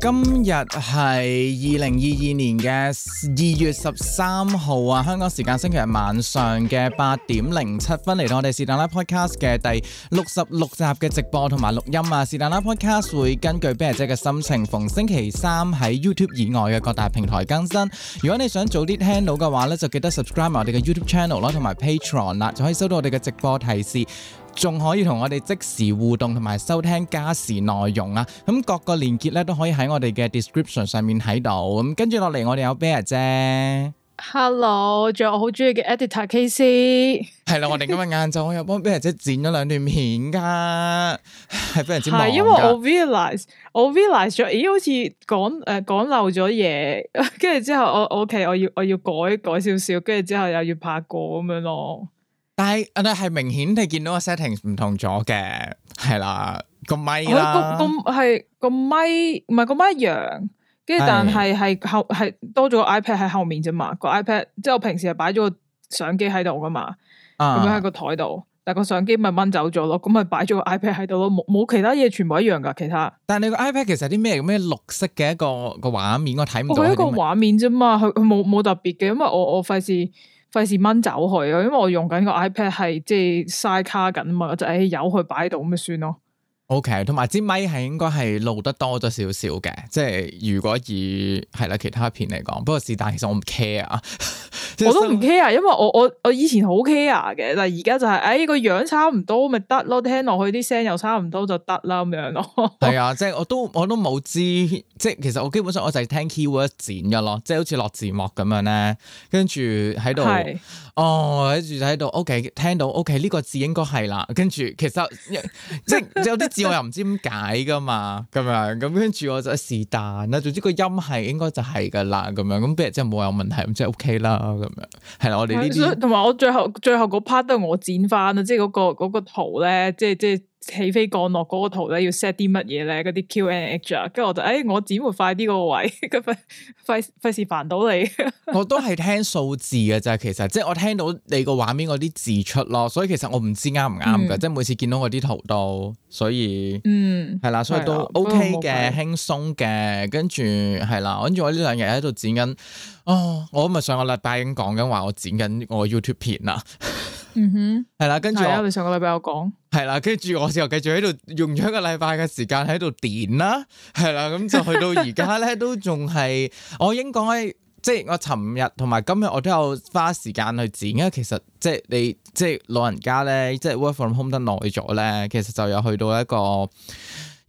今日係二零二二年嘅二月十三號啊，香港時間星期日晚上嘅八點零七分嚟到我哋是但啦 Podcast 嘅第六十六集嘅直播同埋錄音啊！是但啦 Podcast 會根據 B 姐嘅心情，逢星期三喺 YouTube 以外嘅各大平台更新。如果你想早啲聽到嘅話呢，就記得 subscribe 我哋嘅 YouTube Channel 啦，同埋 Patreon 啦，就可以收到我哋嘅直播提示。仲可以同我哋即時互動，同埋收聽加時內容啊！咁各個鏈接咧都可以喺我哋嘅 description 上面睇到。咁跟住落嚟，我哋有 Bear 姐，hello，仲有我好中意嘅 editor KC。係啦，我哋今日晏晝我又幫 Bear 姐剪咗兩段片噶，係 Bear 姐係，因為我 realize，我 realize 咗，咦，好似講誒講漏咗嘢，跟住之後我我 OK，我要我要改改少少，跟住之後又要拍過咁樣咯。但係，我哋係明顯地見到個 setting 唔同咗嘅，係啦個,個咪，啦，個個係個咪唔係個咪一樣，跟住但係係是後係多咗個 iPad 喺後面啫嘛，個 iPad 即係我平時係擺咗個相機喺度噶嘛，咁喺、啊、個台度，但相機個相機咪掹走咗咯，咁咪擺咗個 iPad 喺度咯，冇冇其他嘢，全部一樣噶其他。但係你個 iPad 其實啲咩咩綠色嘅一個個畫面我睇唔到。哦，一個畫面啫嘛，佢佢冇冇特別嘅，因為我我費事。費事掹走佢，因為我用緊個 iPad 係即係嘥卡緊嘛，就唉由佢擺喺度咁咪算咯。O K，同埋支咪係應該係錄得多咗少少嘅，即係如果以係啦其他片嚟講，不過是但其實我唔 care 啊， 我都唔 care，啊，因為我我我以前好 care 嘅，但係而家就係、是、誒、哎、個樣差唔多咪得咯，聽落去啲聲又差唔多就得啦咁樣咯。係 啊，即、就、係、是、我都我都冇知，即係其實我基本上我就係聽 key words 剪嘅咯，即係好似落字幕咁樣咧，跟住喺度哦，跟住喺度 O K 聽到 O K 呢個字應該係啦，跟住其實即係有啲字。 我又唔知點解噶嘛，咁樣咁跟住我就係是但啦，總之個音係應該就係噶啦，咁樣咁，不如即係冇有問題，咁即係 O K 啦，咁樣係啦，我哋呢啲。同埋我最後最後嗰 part 都係我剪翻啦，即係嗰個嗰個圖咧，即係即係。就是起飛降落嗰個圖咧，要 set 啲乜嘢咧？嗰啲 Q&A 啊，跟住我就，誒、哎，我剪會快啲個位，咁費費事煩到你。 我都係聽數字嘅咋，其實即係我聽到你個畫面嗰啲字出咯，所以其實我唔知啱唔啱噶。即係每次見到我啲圖都，所以嗯係啦，所以都 OK 嘅，輕鬆嘅。跟住係啦，跟住我呢兩日喺度剪緊，哦，我咪上個禮拜已經講緊話，我剪緊我 YouTube 片啦。 嗯哼，係啦，跟住我，你上個禮拜有講，係啦，跟住我之後繼續喺度用咗一個禮拜嘅時間喺度剪啦，係啦，咁就去到而家咧， 都仲係我應該即係我尋日同埋今日我都有花時間去剪，因為其實即係你即係老人家咧，即係 work from home 得耐咗咧，其實就有去到一個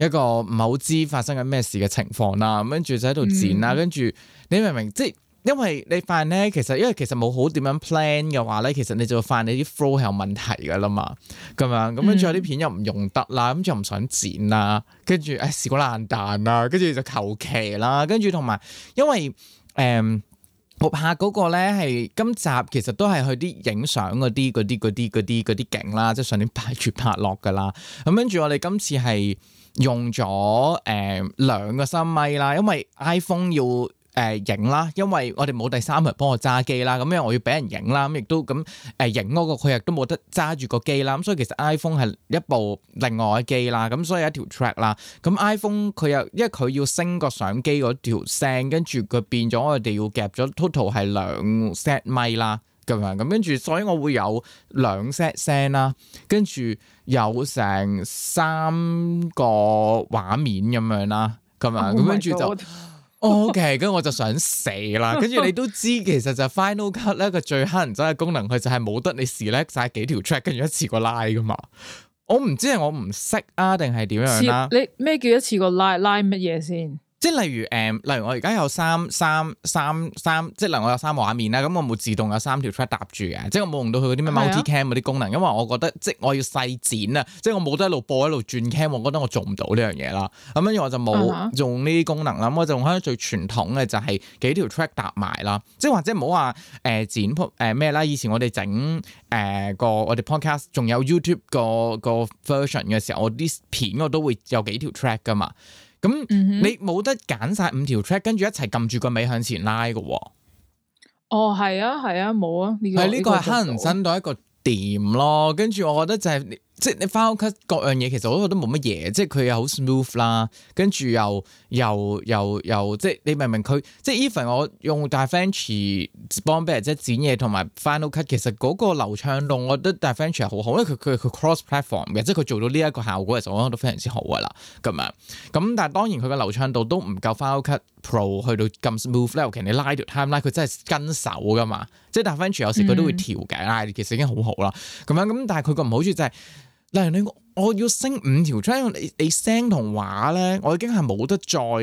一個唔好知發生緊咩事嘅情況啦，跟住就喺度剪啦，嗯嗯、跟住你明明即係。因為你發現咧，其實因為其實冇好點樣 plan 嘅話咧，其實你就會發現你啲 flow 係有問題噶啦嘛，咁樣咁樣，有啲片又唔用得啦，咁就唔想剪啦，跟住誒試過爛彈啊，跟住就求其啦，跟住同埋因為誒、嗯、我拍嗰個咧係今集其實都係去啲影相嗰啲嗰啲嗰啲嗰啲嗰啲景啦，即、就、係、是、上年拍住拍落噶啦。咁跟住我哋今次係用咗誒、嗯、兩個新咪啦，因為 iPhone 要。誒影、呃、啦，因為我哋冇第三個人幫我揸機啦，咁因為我要俾人影啦，咁亦都咁誒影嗰個佢亦都冇得揸住個機啦，咁所以其實 iPhone 係一部另外嘅機啦，咁所以有一條 track 啦，咁、嗯、iPhone 佢又因為佢要升個相機嗰條聲，跟住佢變咗我哋要夾咗 total 係兩 set 咪啦，咁樣咁跟住，所以我會有兩 set 聲啦，跟住有成三個畫面咁樣啦，咁啊，咁、oh、my 跟住就。OK，咁我就想死啦！跟住 你都知，其實就係 Final Cut 呢個最乞人憎嘅功能，佢就係冇得你 select 晒幾條 track，跟住一次過拉㗎嘛。我唔知係我唔識啊，定係點樣啊？你咩叫一次過拉拉乜嘢先？即係例如誒、嗯，例如我而家有三三三三，即係例如我有三個畫面啦，咁我冇自動有三條 track 搭住嘅，即係我冇用到佢啲咩 multi cam 嗰啲功能，的因為我覺得即係我要細剪啊，即係我冇得一路播一路轉 cam，我覺得我做唔到呢樣嘢啦。咁跟住我就冇用呢啲功能啦，咁、uh huh. 我就用翻最傳統嘅就係幾條 track 搭埋啦。即係或者唔好話誒剪 p 咩、呃、啦，以前我哋整誒個我哋 podcast，仲有 YouTube 個個 version 嘅時候，我啲片我都會有幾條 track 㗎嘛。咁、嗯、你冇得揀晒五條 track，跟住一齊撳住個尾向前拉嘅。哦、係、哦、啊，係啊，冇啊，係、這、呢個係可能伸到一個點咯。跟住我覺得就係、是。即係你 Final Cut 各樣嘢，其實我都覺得冇乜嘢。即係佢又好 smooth 啦，跟住又又又又即係你明唔明佢？即係 even 我用 Da Vinci 幫佢即係剪嘢同埋 Final Cut，其實嗰個流暢度，我覺得 Da Vinci 係好好，因為佢佢 cross platform 嘅，即係佢做到呢一個效果，其實我覺得我都非常之好噶啦，咁啊咁。但係當然佢嘅流暢度都唔夠 Final Cut Pro 去到咁 smooth 咧。尤其你拉住 timeline，佢真係跟手噶嘛。即係 Da Vinci 有時佢都會調解啦，嗯、其實已經好好啦。咁樣咁，但係佢個唔好處就係、是。例如你我要升五條 track，你你聲同畫咧，我已經係冇得再誒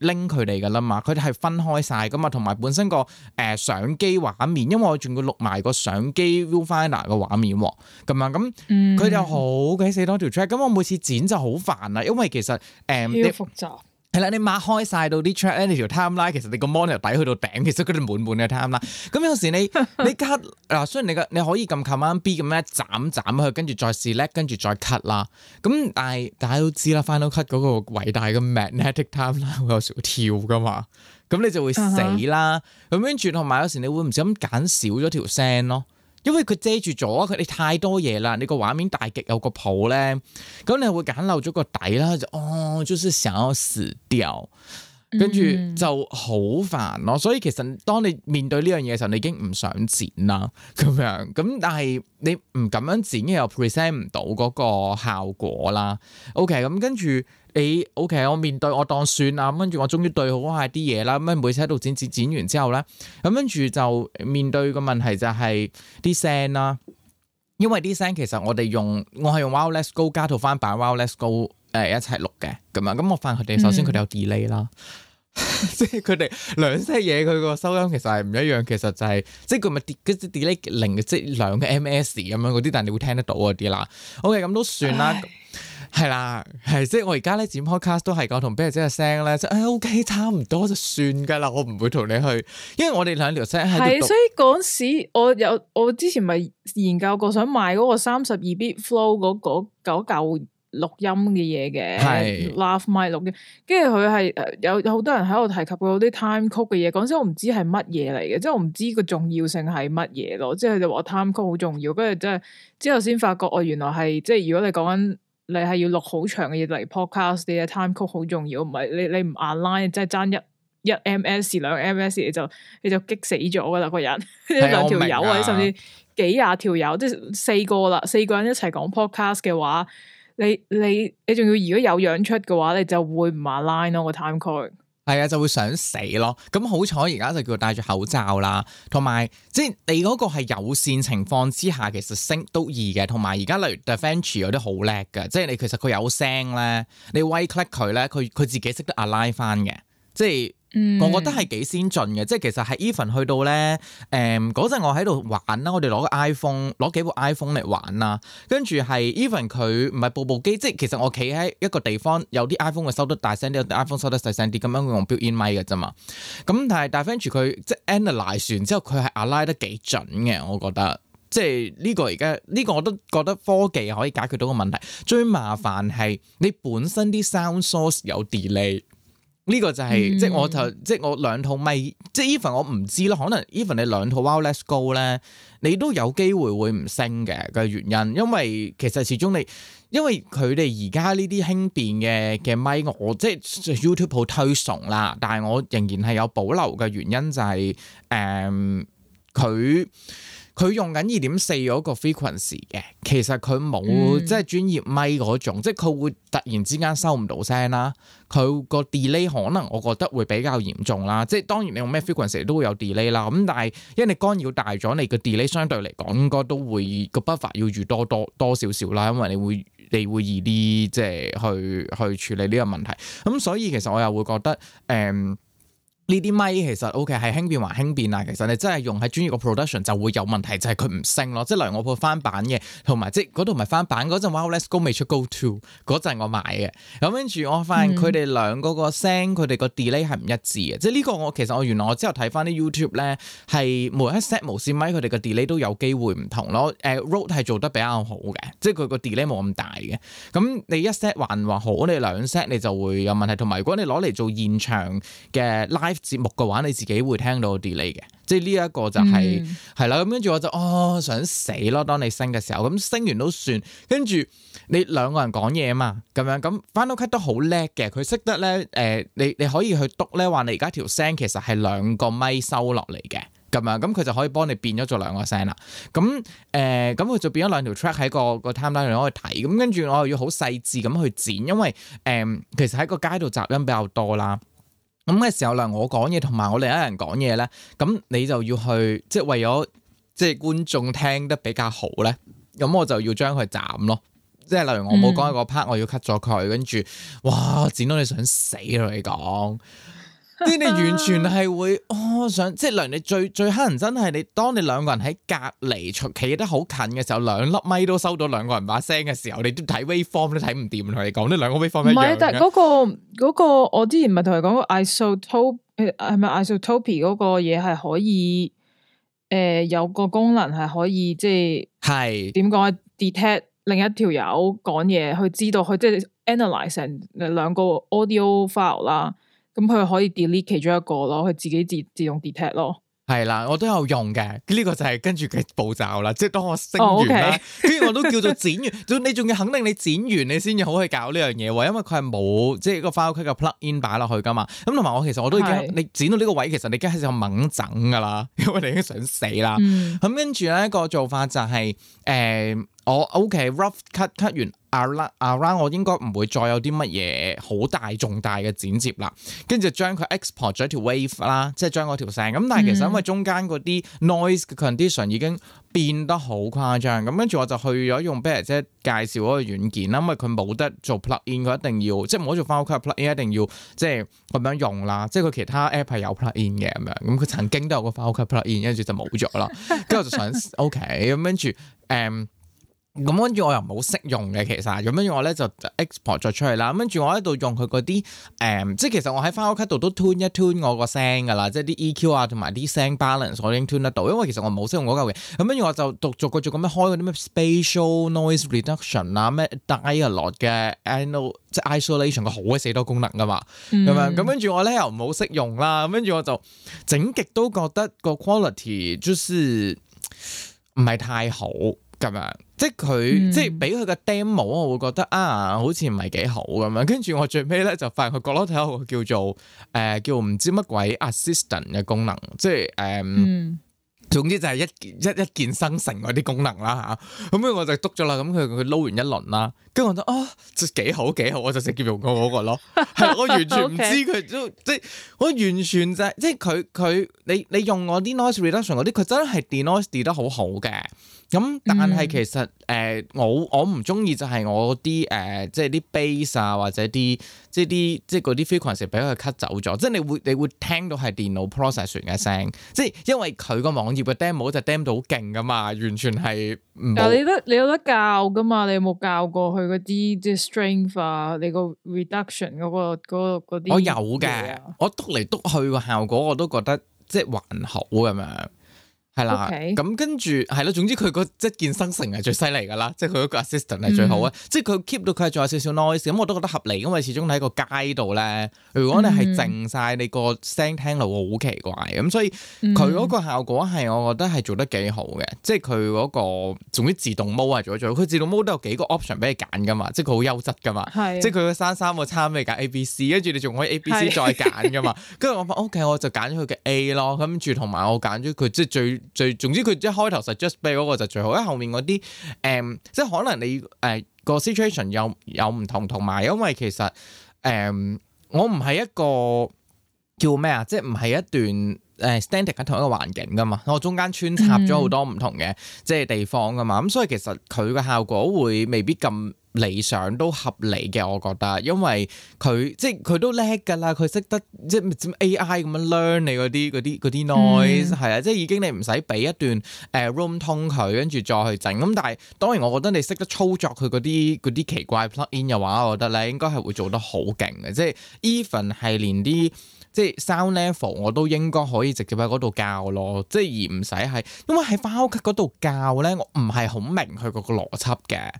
拎佢哋噶啦嘛，佢哋係分開晒，噶嘛，同埋本身個誒、呃、相機畫面，因為我仲要錄埋個相機 viewfinder 嘅畫面咁樣，咁佢就好鬼死多條 track，咁我每次剪就好煩啦，因為其實誒，超、呃、複雜。係啦，你擘開晒到啲 track 咧，你條 time line 其實你個 mon 由底去到頂，其實佢哋滿滿嘅 time line。咁有時你你 cut 嗱，雖然你個你可以撳 command B 咁樣斬斬佢，跟住再試咧，跟住再 cut 啦。咁但係大家都知啦，final cut 嗰個偉大嘅 magnetic time line 會有時會跳噶嘛，咁你就會死啦。咁跟住同埋有時你會唔小心減少咗條聲咯。因為佢遮住咗，佢你太多嘢啦，你個畫面大極，有個譜咧，咁你會揀漏咗個底啦，就哦，就是成個死掉，跟住就好煩咯。嗯、所以其實當你面對呢樣嘢嘅時候，你已經唔想剪啦，咁樣咁，但係你唔咁樣剪又 present 唔到嗰個效果啦。OK，咁跟住。你、欸、OK，我面對我當算啊，跟住我終於對好曬啲嘢啦。咁樣每次喺度剪剪剪完之後咧，咁跟住就面對個問題就係啲聲啦。因為啲聲其實我哋用我係用 Wireless Go 加套翻版 Wireless Go 誒、呃、一齊錄嘅咁樣，咁我發現佢哋首先佢哋有 delay 啦，即係佢哋兩聲嘢佢個收音其實係唔一樣。其實就係、是、即係佢咪 delay 零即係兩個 ms 咁樣嗰啲，但係你會聽得到嗰啲啦。OK，咁都算啦。係啦，係即係我而家咧展 p o c a s t 都係我同 b i l 姐嘅聲咧，就誒 O K 差唔多就算噶啦，我唔會同你去，因為我哋兩條聲係。係所以嗰時我有我之前咪研究過想買嗰個三十二 bit flow 嗰嗰嗰嚿錄音嘅嘢嘅，Love My 錄音，跟住佢係有好多人喺度提及佢嗰啲 time 曲嘅嘢，嗰時我唔知係乜嘢嚟嘅，即係我唔知個重要性係乜嘢咯，即係就話 time 曲好重要，跟住即係之後先發覺我原來係即係如果你講緊。你係要錄好長嘅嘢嚟 podcast，你嘅 time code 好重要，唔係你你唔 online 即係爭一一 ms 兩 ms，你就你就激死咗噶啦，個人 一兩條友或者甚至幾廿條友，即係四個啦，四個人一齊講 podcast 嘅話，你你你仲要如果有樣出嘅話，你就會唔 online 囉，個 time code 係啊，就會想死咯。咁好彩而家就叫戴住口罩啦，同埋即係你嗰個係有線情況之下，其實升都易嘅。同埋而家例如 DaVinci 有啲好叻嘅，即係你其實佢有聲咧，你 w a 微 click 佢咧，佢佢自己識得 align 翻嘅，即係。我覺得係幾先進嘅，即係其實係 even 去到咧，誒嗰陣我喺度玩啦，我哋攞個 iPhone 攞幾部 iPhone 嚟玩啦，跟住係 even 佢唔係部部機，即係其實我企喺一個地方，有啲 iPhone 會收得大聲啲，有啲 iPhone 收得細聲啲，咁樣會用 built-in 麥嘅啫嘛。咁但係但係，反正佢即係 analyze 完之後，佢係 align 得幾準嘅，我覺得。即係呢個而家呢個我都覺得科技可以解決到個問題。最麻煩係你本身啲 sound source 有 delay。呢個就係、是 mm hmm. 即係我就即係我兩套咪，即係 even 我唔知咯，可能 even 你兩套 wireless go 咧，你都有機會會唔升嘅嘅原因，因為其實始終你因為佢哋而家呢啲輕便嘅嘅咪，我即係 YouTube 好推崇啦，但係我仍然係有保留嘅原因就係誒佢。嗯佢用緊二點四嗰個 frequency 嘅，其實佢冇、嗯、即係專業咪嗰種，即係佢會突然之間收唔到聲啦。佢個 delay 可能我覺得會比較嚴重啦。即係當然你用咩 frequency 都會有 delay 啦。咁但係因為你干擾大咗，你個 delay 相對嚟講應該都會個 buffer 要預多多多少少啦，因為你會你會易啲即係去去處理呢個問題。咁、嗯、所以其實我又會覺得誒。嗯呢啲咪其實 OK 係輕便還輕便啊！其實你真係用喺專業個 production 就會有問題，就係佢唔升咯。即係例如我個翻版嘅，同埋即係嗰度唔係翻版嗰陣 Wireless GO 未出 GO II 嗰陣我買嘅。咁跟住我發現佢哋兩個個聲，佢哋個 delay 係唔一致嘅。嗯、即係呢個我其實我原來我之後睇翻啲 YouTube 咧，係每一 set 無線咪佢哋個 delay 都有機會唔同咯。誒、uh，Rode 係做得比較好嘅，即係佢個 delay 冇咁大嘅。咁你一 set 還還好，你兩 set 你就會有問題。同埋如果你攞嚟做現場嘅 live。節目嘅話，你自己會聽到 delay 嘅，即係呢一個就係係啦。咁跟住我就哦想死咯。當你升嘅時候，咁升完都算。跟住你兩個人講嘢啊嘛，咁樣咁 Final Cut 都好叻嘅，佢識得咧誒、呃，你你可以去督咧，話你而家條聲其實係兩個咪收落嚟嘅咁樣，咁佢就可以幫你變咗做兩個聲啦。咁誒咁佢就變咗兩條 track 喺、個、個 timeline 度可以睇。咁跟住我又要好細緻咁去剪，因為誒、呃、其實喺個街度雜音比較多啦。咁嘅時候咧，我講嘢同埋我另一人講嘢咧，咁你就要去，即係為咗即係觀眾聽得比較好咧，咁我就要將佢斬咯。即係例如我冇講一個 part，我要 cut 咗佢，跟住哇剪到你想死同你講。啲 你完全係會、哦，我想即係，人哋最最黑人憎係你，當你兩個人喺隔籬企得好近嘅時候，兩粒咪都收到兩個人把聲嘅時候，你都睇 waveform 都睇唔掂。同你講，呢兩個 waveform 唔係，但係、那、嗰個、那個，我之前咪同你講過 Isotope，係咪 Isotope 嗰個嘢係可以，誒、呃、有個功能係可以即係，係點講是 detect 另一條友講嘢，去知道佢即係 analyse 成兩個 audio file 啦。咁佢可以 delete 其中一個咯，佢自己自自動 detect 咯。係啦，我都有用嘅，呢、這個就係跟住佢步驟啦。即係當我升完啦，跟住、oh, okay. 我都叫做剪完， 你仲要肯定你剪完你先至好去搞呢樣嘢喎。因為佢係冇即係個 file 佢嘅 plug in 擺落去噶嘛。咁同埋我其實我都已經是你剪到呢個位，其實你已經係想猛整噶啦，因為你已經想死啦。咁跟住咧個做法就係、是、誒。呃我、oh, OK rough cut cut 完 around around，我應該唔會再有啲乜嘢好大重大嘅剪接啦。跟住就將佢 export 咗一條 wave 啦，即係將嗰條聲。咁但係其實因為中間嗰啲 noise condition 已經變得好誇張，咁跟住我就去咗用 bear 姐介紹嗰個軟件啦，因為佢冇得做 plugin，佢一定要即係唔好做 Final Cut plugin，一定要即係咁樣用啦。即係佢其他 app 係有 plugin 嘅咁樣，咁佢曾經都有個 Final Cut plugin，跟住就冇咗啦。跟住我就想 OK 咁跟住誒。Um, 咁 跟住我又唔好識用嘅，其實咁跟住我咧就 export 咗出去啦。咁跟住我喺度用佢嗰啲誒，即係其實我喺翻屋企度都 tune 一 tune 我個聲噶啦，即係啲 EQ 啊同埋啲聲 balance 我已經 tune 得到，因為其實我冇識用嗰嚿嘢。咁跟住我就逐逐個做咁樣開嗰啲咩 spatial noise reduction 啊，咩 dialog 嘅 ano、啊、即 isolation 嘅好鬼死多功能噶嘛。咁樣咁跟住我咧又唔好識用啦。咁跟住我就整極都覺得個 quality 就是唔係太好。咁樣，即係佢，即係俾佢個 demo，我會覺得啊，好似唔係幾好咁樣。跟住我最尾咧，就發現佢角落頭有個叫做誒，叫唔知乜鬼 assistant 嘅功能，即係誒，總之就係一一一鍵生成嗰啲功能啦吓。咁樣我就督咗啦，咁佢佢撈完一輪啦。跟住我得啊，就幾好幾好，我就直接用我嗰個咯。我完全唔知佢即係我完全即係即係佢佢你你用我啲 noise reduction 嗰啲，佢真係 de noise de 得好好嘅。咁，嗯、但係其實誒、呃，我我唔中意就係我啲誒、呃，即係啲 base 啊，或者啲即係啲即係嗰啲 frequency 俾佢 cut 走咗，即係你會你會聽到係電腦 process 嘅聲，即係因為佢個網頁嘅 demo 就 demo 到好勁噶嘛，完全係冇。但你得，你有得教噶嘛？你有冇教過佢嗰啲即係 strength 啊？你 re、嗰個 reduction 嗰個嗰啲？啊、我有嘅，啊、我篤嚟篤去個效果我都覺得即係還好咁樣。係啦，咁 Okay. 跟住係咯，總之佢個即係件生成係最犀利噶啦，即係佢嗰個 assistant 係最好啊，嗯、即係佢 keep 到佢係仲有少少 noise，咁我都覺得合理，因為始終喺個街度咧，如果你係靜晒，你個聲聽落會好奇怪，咁所以佢嗰個效果係我覺得係做得幾好嘅，嗯、即係佢嗰個總之自動 mode 係做咗最好，佢自動 mode 都有幾個 option 俾你揀噶嘛，即係佢好優質噶嘛，是即係佢生三個參俾你揀 A B C，跟住你仲可以 A B C 再揀噶嘛，跟住我話 O K，我就揀咗佢嘅 A 咯，咁住同埋我揀咗佢即係最。最總之佢一開頭 suggest 俾嗰個就最好，因為後面嗰啲誒，即係可能你誒、呃嗰個 situation 有有唔同，同埋因為其實誒、呃，我唔係一個叫咩啊，即係唔係一段。誒、uh, standing 喺、oh, mm. 同一個環境㗎嘛，我中間穿插咗好多唔同嘅即係地方㗎嘛，咁、mm. 所以其實佢個效果會未必咁理想，都合理嘅我覺得，因為佢即係佢都叻㗎啦，佢識得即點 AI 咁樣 learn 你嗰啲啲啲 noise 係啊，即係、mm. 已經你唔使俾一段誒、uh, room tone 佢，跟住再去整。咁但係當然我覺得你識得操作佢嗰啲啲奇怪 plug in 嘅話，我覺得咧應該係會做得好勁嘅，即係 even 係連啲。即係 Sound level 我都應該可以直接喺嗰度教咯，即係而唔使係，因為喺 Final Cut 嗰度教咧，我唔係好明佢個邏輯嘅，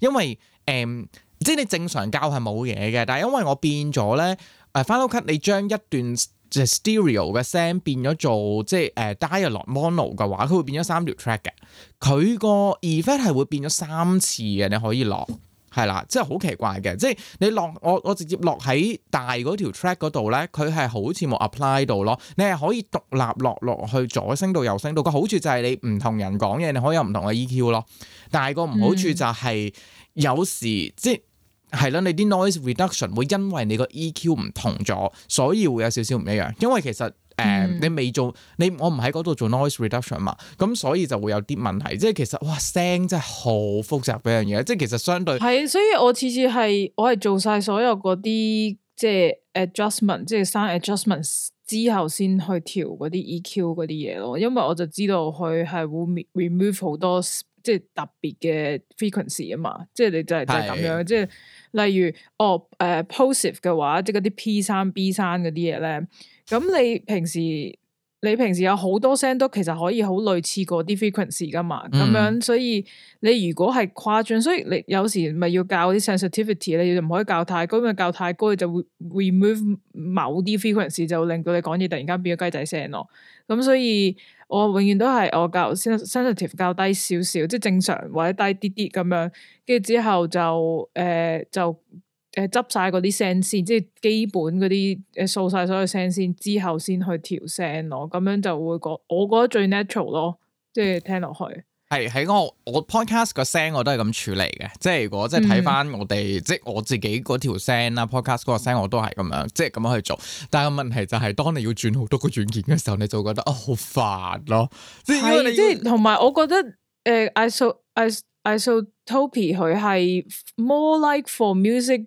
因為誒、嗯，即係你正常教係冇嘢嘅，但係因為我變咗咧，誒 Final Cut 你將一段 stereo 嘅聲變咗做即係誒、呃、Dialogue mono 嘅話，佢會變咗三條 track 嘅，佢個 effect 係會變咗三次嘅，你可以落。係啦，即係好奇怪嘅，即係你落我我直接落喺大嗰條 track 嗰度咧，佢係好似冇 apply 到咯。你係可以獨立落落去左聲道右聲道。個好處就係你唔同人講嘢，你可以有唔同嘅 EQ 咯。但係個唔好處就係有時、嗯、即係啦，你啲 noise reduction 會因為你個 EQ 唔同咗，所以會有少少唔一樣。因為其實。誒，um, 你未做你我唔喺嗰度做 noise reduction 嘛？咁所以就會有啲問題，即係其實哇聲真係好複雜嗰樣嘢，即係其實相對係啊，所以我次次係我係做晒所有嗰啲即係 adjustment，即係 sound adjustments 之後先去調嗰啲 EQ 嗰啲嘢咯，因為我就知道佢係會 remove 好多即係特別嘅 frequency 啊嘛，即係你就係就係咁樣，是即係例如哦誒、oh, uh, plosive 嘅話，即係嗰啲 P 三 B 三嗰啲嘢咧。咁你平時你平時有好多聲都其實可以好類似過啲 frequency 噶嘛，咁、嗯、樣所以你如果係誇張，所以你有時咪要較啲 sensitivity 咧，你就唔可以較太高，因為較太高你就會 remove 某啲 frequency，就令到你講嘢突然間變咗雞仔聲咯。咁所以我永遠都係我較 sensitive 較低少少，即係正常或者低啲啲咁樣，跟住之後就誒、呃、就。誒執晒嗰啲聲線，即係基本嗰啲掃晒所有聲線之後，先去調聲咯。咁樣就會覺我覺得最 natural 咯，即係聽落去。係喺我我 podcast 個聲我都係咁處理嘅，即係如果即係睇翻我哋，即係我、嗯、我自己嗰條聲啦，podcast 嗰個聲我都係咁樣，即係咁去做。但係問題就係當你要轉好多個軟件嘅時候，你就覺得啊好煩咯。即係即係同埋我覺得誒、呃、I saw, I saw, I saw Topi 佢係 more like for music。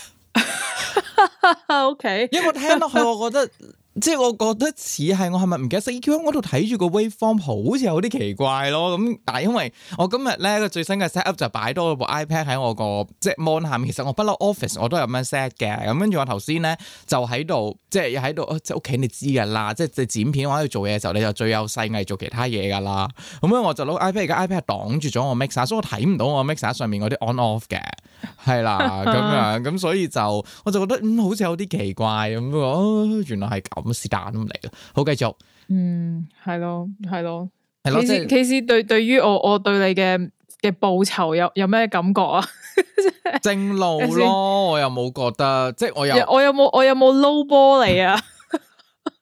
O K，因為我聽落去，我覺得。即係我覺得似係我係咪唔記得？喺我度睇住個 waveform 好似有啲奇怪咯。咁但係因為我今日咧個最新嘅 set up 就擺多部 iPad 喺我個即係 mon 下面。其實我不嬲 office 我都係咁樣 set 嘅。咁跟住我頭先咧就喺度即係喺度即係屋企你知㗎啦。即係剪片或者做嘢嘅時候，你就最有細藝做其他嘢㗎啦。咁樣我就攞 iPad 而家 iPad 擋住咗我 mixer，所以我睇唔到我 mixer 上面嗰啲 on off 嘅。係啦，咁樣咁、 嗯、所以就我就覺得、嗯、好似有啲奇怪咁喎、嗯。原來係咁是但都唔嚟啦，好繼續，嗯，係咯，係咯，其實其對對於我我對你嘅嘅報酬有有咩感覺啊？正路咯，的我又冇覺得，即係我又我有冇我有冇撈波嚟啊？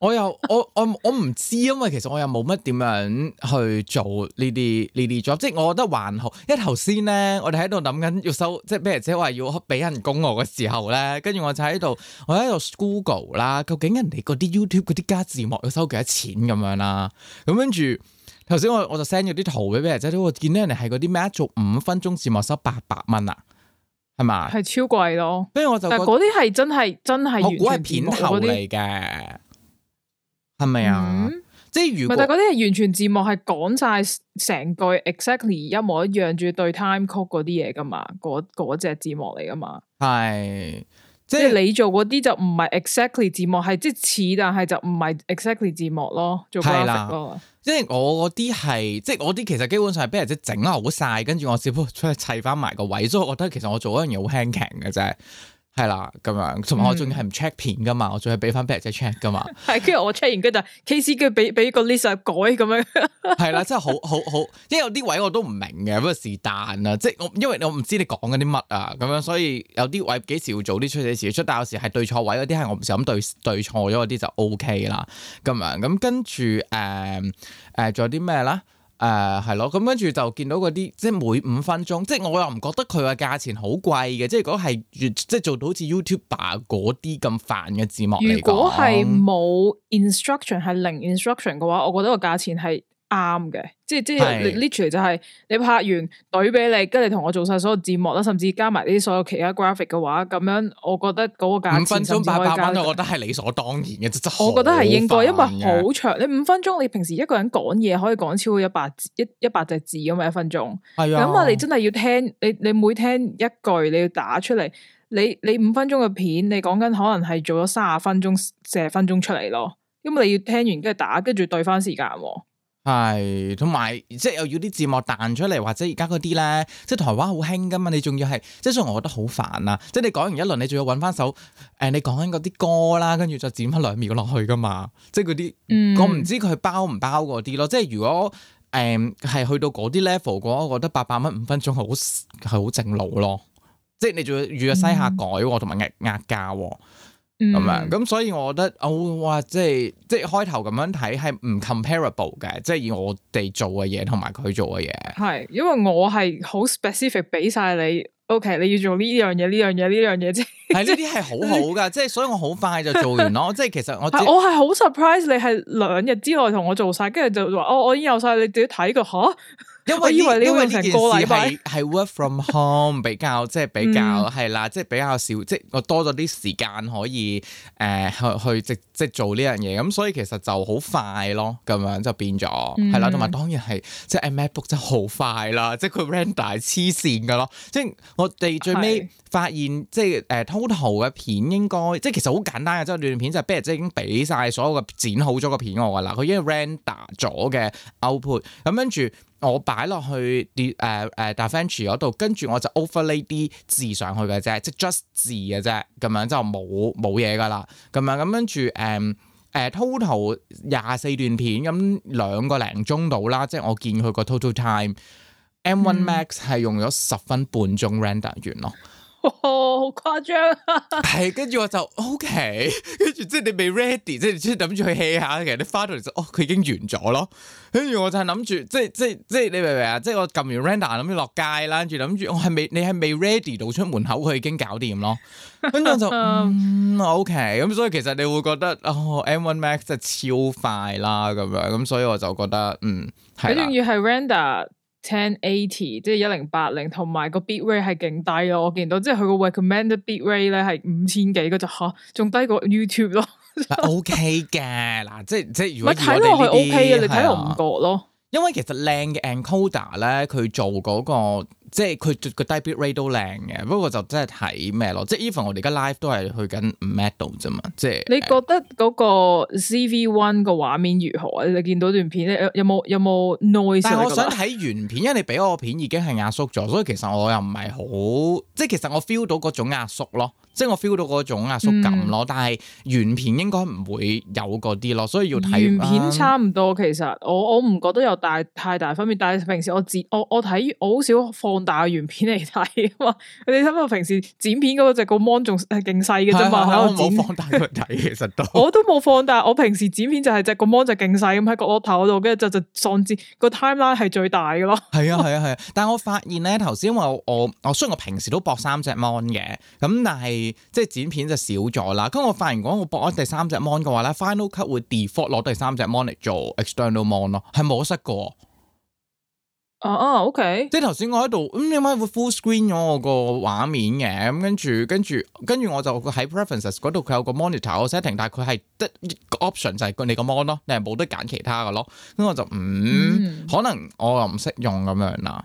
我又我我我唔知，因為其實我又冇乜點樣去做呢啲呢啲 job，即係我覺得還好。一頭先咧，我哋喺度諗緊要收，即係譬如姐話要俾人工我嘅時候咧，跟住我就喺度，我喺度 Google 啦，究竟人哋嗰啲 YouTube 嗰啲加字幕要收幾多錢咁樣啦。咁跟住頭先我我就 send 咗啲圖俾俾阿姐，都見到人哋係嗰啲咩做五分鐘字幕收八百蚊啊，係嘛？係超貴咯。跟住我就但嗰啲係真係真係完全我估係片頭嚟嘅些。係咪啊？嗯、即係如果，但啲係完全字幕，係講晒成句，exactly 一模一樣，住對 time code 嗰啲嘢噶嘛？嗰嗰隻字幕嚟噶嘛？係即係你做嗰啲就唔係 exactly 字幕，係即係似，但係就唔係 exactly 字幕咯。做啦的了，即係我嗰啲係即係我啲其實基本上係俾人哋整好晒，跟住我只不過出去砌翻埋個位，所以我覺得其實我做嗰樣嘢好輕巧嘅啫。.係啦，咁樣，同埋我仲要係唔 check 片噶嘛，嗯、我仲要俾翻 back check 噶嘛。係， 跟住我 check 完跟住 KC 跟住俾俾個 list 改咁樣。係啦，即係好好好，因為有啲位我都唔明嘅，不過是但啦，即係我因為我唔知你講緊啲乜啊，咁樣，所以有啲位幾時要做啲出，幾時出，但有時係對錯位嗰啲係我唔小心對對錯咗嗰啲就 OK 啦，咁樣，咁跟住誒誒，仲、呃呃、有啲咩咧？誒係咯，咁、uh，跟住就見到嗰啲，即係每五分鐘，即係我又唔覺得佢個價錢好貴嘅，即係如果係即係做到好似 YouTuber 嗰啲咁煩嘅字幕嚟講，如果係冇 instruction 係零 instruction 嘅話，我覺得個價錢係啱嘅。即係即係，literally 就係你拍完懟俾你，你跟住同我做晒所有字幕啦，甚至加埋啲所有其他 graphic 嘅話，咁樣我覺得嗰個價，五分鐘八百蚊，我覺得係理所當然嘅，我我覺得係應該，因為好長，你五分鐘你平時一個人講嘢可以講超過一百字，一一百隻字咁咪一分鐘，係啊的，咁我哋真係要聽你，你每聽一句你要打出嚟，你你五分鐘嘅片，你講緊可能係做咗卅分鐘、四十分鐘出嚟咯，因為你要聽完跟住打，跟住對翻時間。係，同埋即係又要啲字幕彈出嚟，或者而家嗰啲咧，即係台灣好興噶嘛，你仲要係，即係所以我覺得好煩啊！即係你講完一輪，你仲要揾翻首誒、呃，你講緊嗰啲歌啦，跟住再剪翻兩秒落去噶嘛，即係嗰啲，嗯、我唔知佢包唔包嗰啲咯。即係如果誒係、呃、去到嗰啲 level 嘅話，我覺得八百蚊五分鐘係好係好正路咯。即係你仲要預下西下改，同埋壓壓價。咁、嗯、樣，咁所以我覺得，哦、哇，即係即係開頭咁樣睇係唔 comparable 嘅，即係以我哋做嘅嘢同埋佢做嘅嘢，係，因為我係好 specific 俾晒你，OK，你要做呢樣嘢，呢樣嘢，呢樣嘢啫，係呢啲係好好噶，即係你 所以我好快就做完咯， 即係其實我我係好 surprise 你係兩日之內同我做晒，跟住就話、哦、我已經我有晒，你自己睇個吓。因為，以為因為呢件事係係 work from home 比較 即係比較係啦，即係比較少即係我多咗啲時間可以誒、呃、去去即即做呢樣嘢，咁所以其實就好快咯，咁樣就變咗係 啦，同埋當然係即係 MacBook 就好快啦，即係佢 render 係黐線㗎咯，即係我哋最尾。發現即係誒、uh, total 嘅片應該即係其實好簡單嘅，即係段片就 base 即係已經俾曬所有嘅剪好咗個片我噶啦，佢已經 render 咗嘅 output，咁跟住我擺落去啲誒誒 Da Vinci 嗰度，跟住我就 overlay 啲字上去嘅啫，即係 just 字嘅啫，咁樣就冇冇嘢噶啦，咁樣，咁跟住誒誒 total 廿四段片咁兩個零鐘度啦，即係我見佢個 total time M1 Max 係用咗十分半鐘 render 完咯。嗯哇、哦，好誇張、啊！ 係，跟住我就 OK，跟住即係你未 ready，即係即係諗住去 hea 下，其實你翻到嚟就哦，佢已經完咗咯。跟住我就係諗住，即係即係即係你明唔明啊？即係我撳完 render 諗住落街啦，跟住諗住我係未，你係未 ready 到出門口，佢已經搞掂咯。跟住就嗯 OK，咁、嗯、所以其實你會覺得哦，M1 Max 真係超快啦咁樣，咁所以我就覺得嗯，你仲要係 render。ten eighty 即係一零八零，同埋個 bit rate 係勁低咯，我見到即係佢個 recommended bit rate 咧係五千幾，嗰就吓仲低過 YouTube 咯。O K 嘅，嗱即係即係如果、OK、你睇落去 O K 嘅，你睇落唔覺咯。因為其實靚嘅 encoder 咧，佢做嗰個即係佢佢低 bit rate 都靚嘅，不過就真係睇咩咯，即係 even 我哋而家 live 都係去緊 metal 啫嘛，即係你覺得嗰個 CV one 個畫面如何啊？你見到段片咧，有冇有冇 noise？但係我想睇原片，因為你俾我個片已經係壓縮咗，所以其實我又唔係好，即係其實我 feel 到嗰種壓縮咯。即係我 feel 到嗰種啊壓縮感咯，嗯、但係原片應該唔會有嗰啲咯，所以要睇原片差唔多。其實我我唔覺得有大太大分別。但係平時我自我我睇我好少放大原片嚟睇啊嘛。 你睇下平時剪片嗰隻個 mon 仲係勁細嘅啫嘛，啊、我冇放大佢睇。 其實都我都冇放大。我平時剪片就係隻個 mon 就勁細咁喺個角落頭度，跟住就就上至、嗰個 timeline 係最大嘅咯。係 啊係啊係啊！但我發現咧，頭先因為我我雖然我平時都搏三隻 mon 嘅，咁但係。即係剪片就少咗啦，咁我發現講我播咗第三隻 mon 嘅話咧、mm hmm.，final cut 會 default 攞第三隻 mon 嚟做 external mon、mm、咯，係冇失噶。哦哦，OK。即係頭先我喺度，咁點解會 full screen 咗我個畫面嘅？咁跟住，跟住，跟住我就喺 preferences 嗰度，佢有個 monitor setting，但係佢係得一個 option 就係你個 mon 咯，你係冇得揀其他噶咯。咁我就唔，嗯 mm hmm. 可能我又唔識用咁樣啦。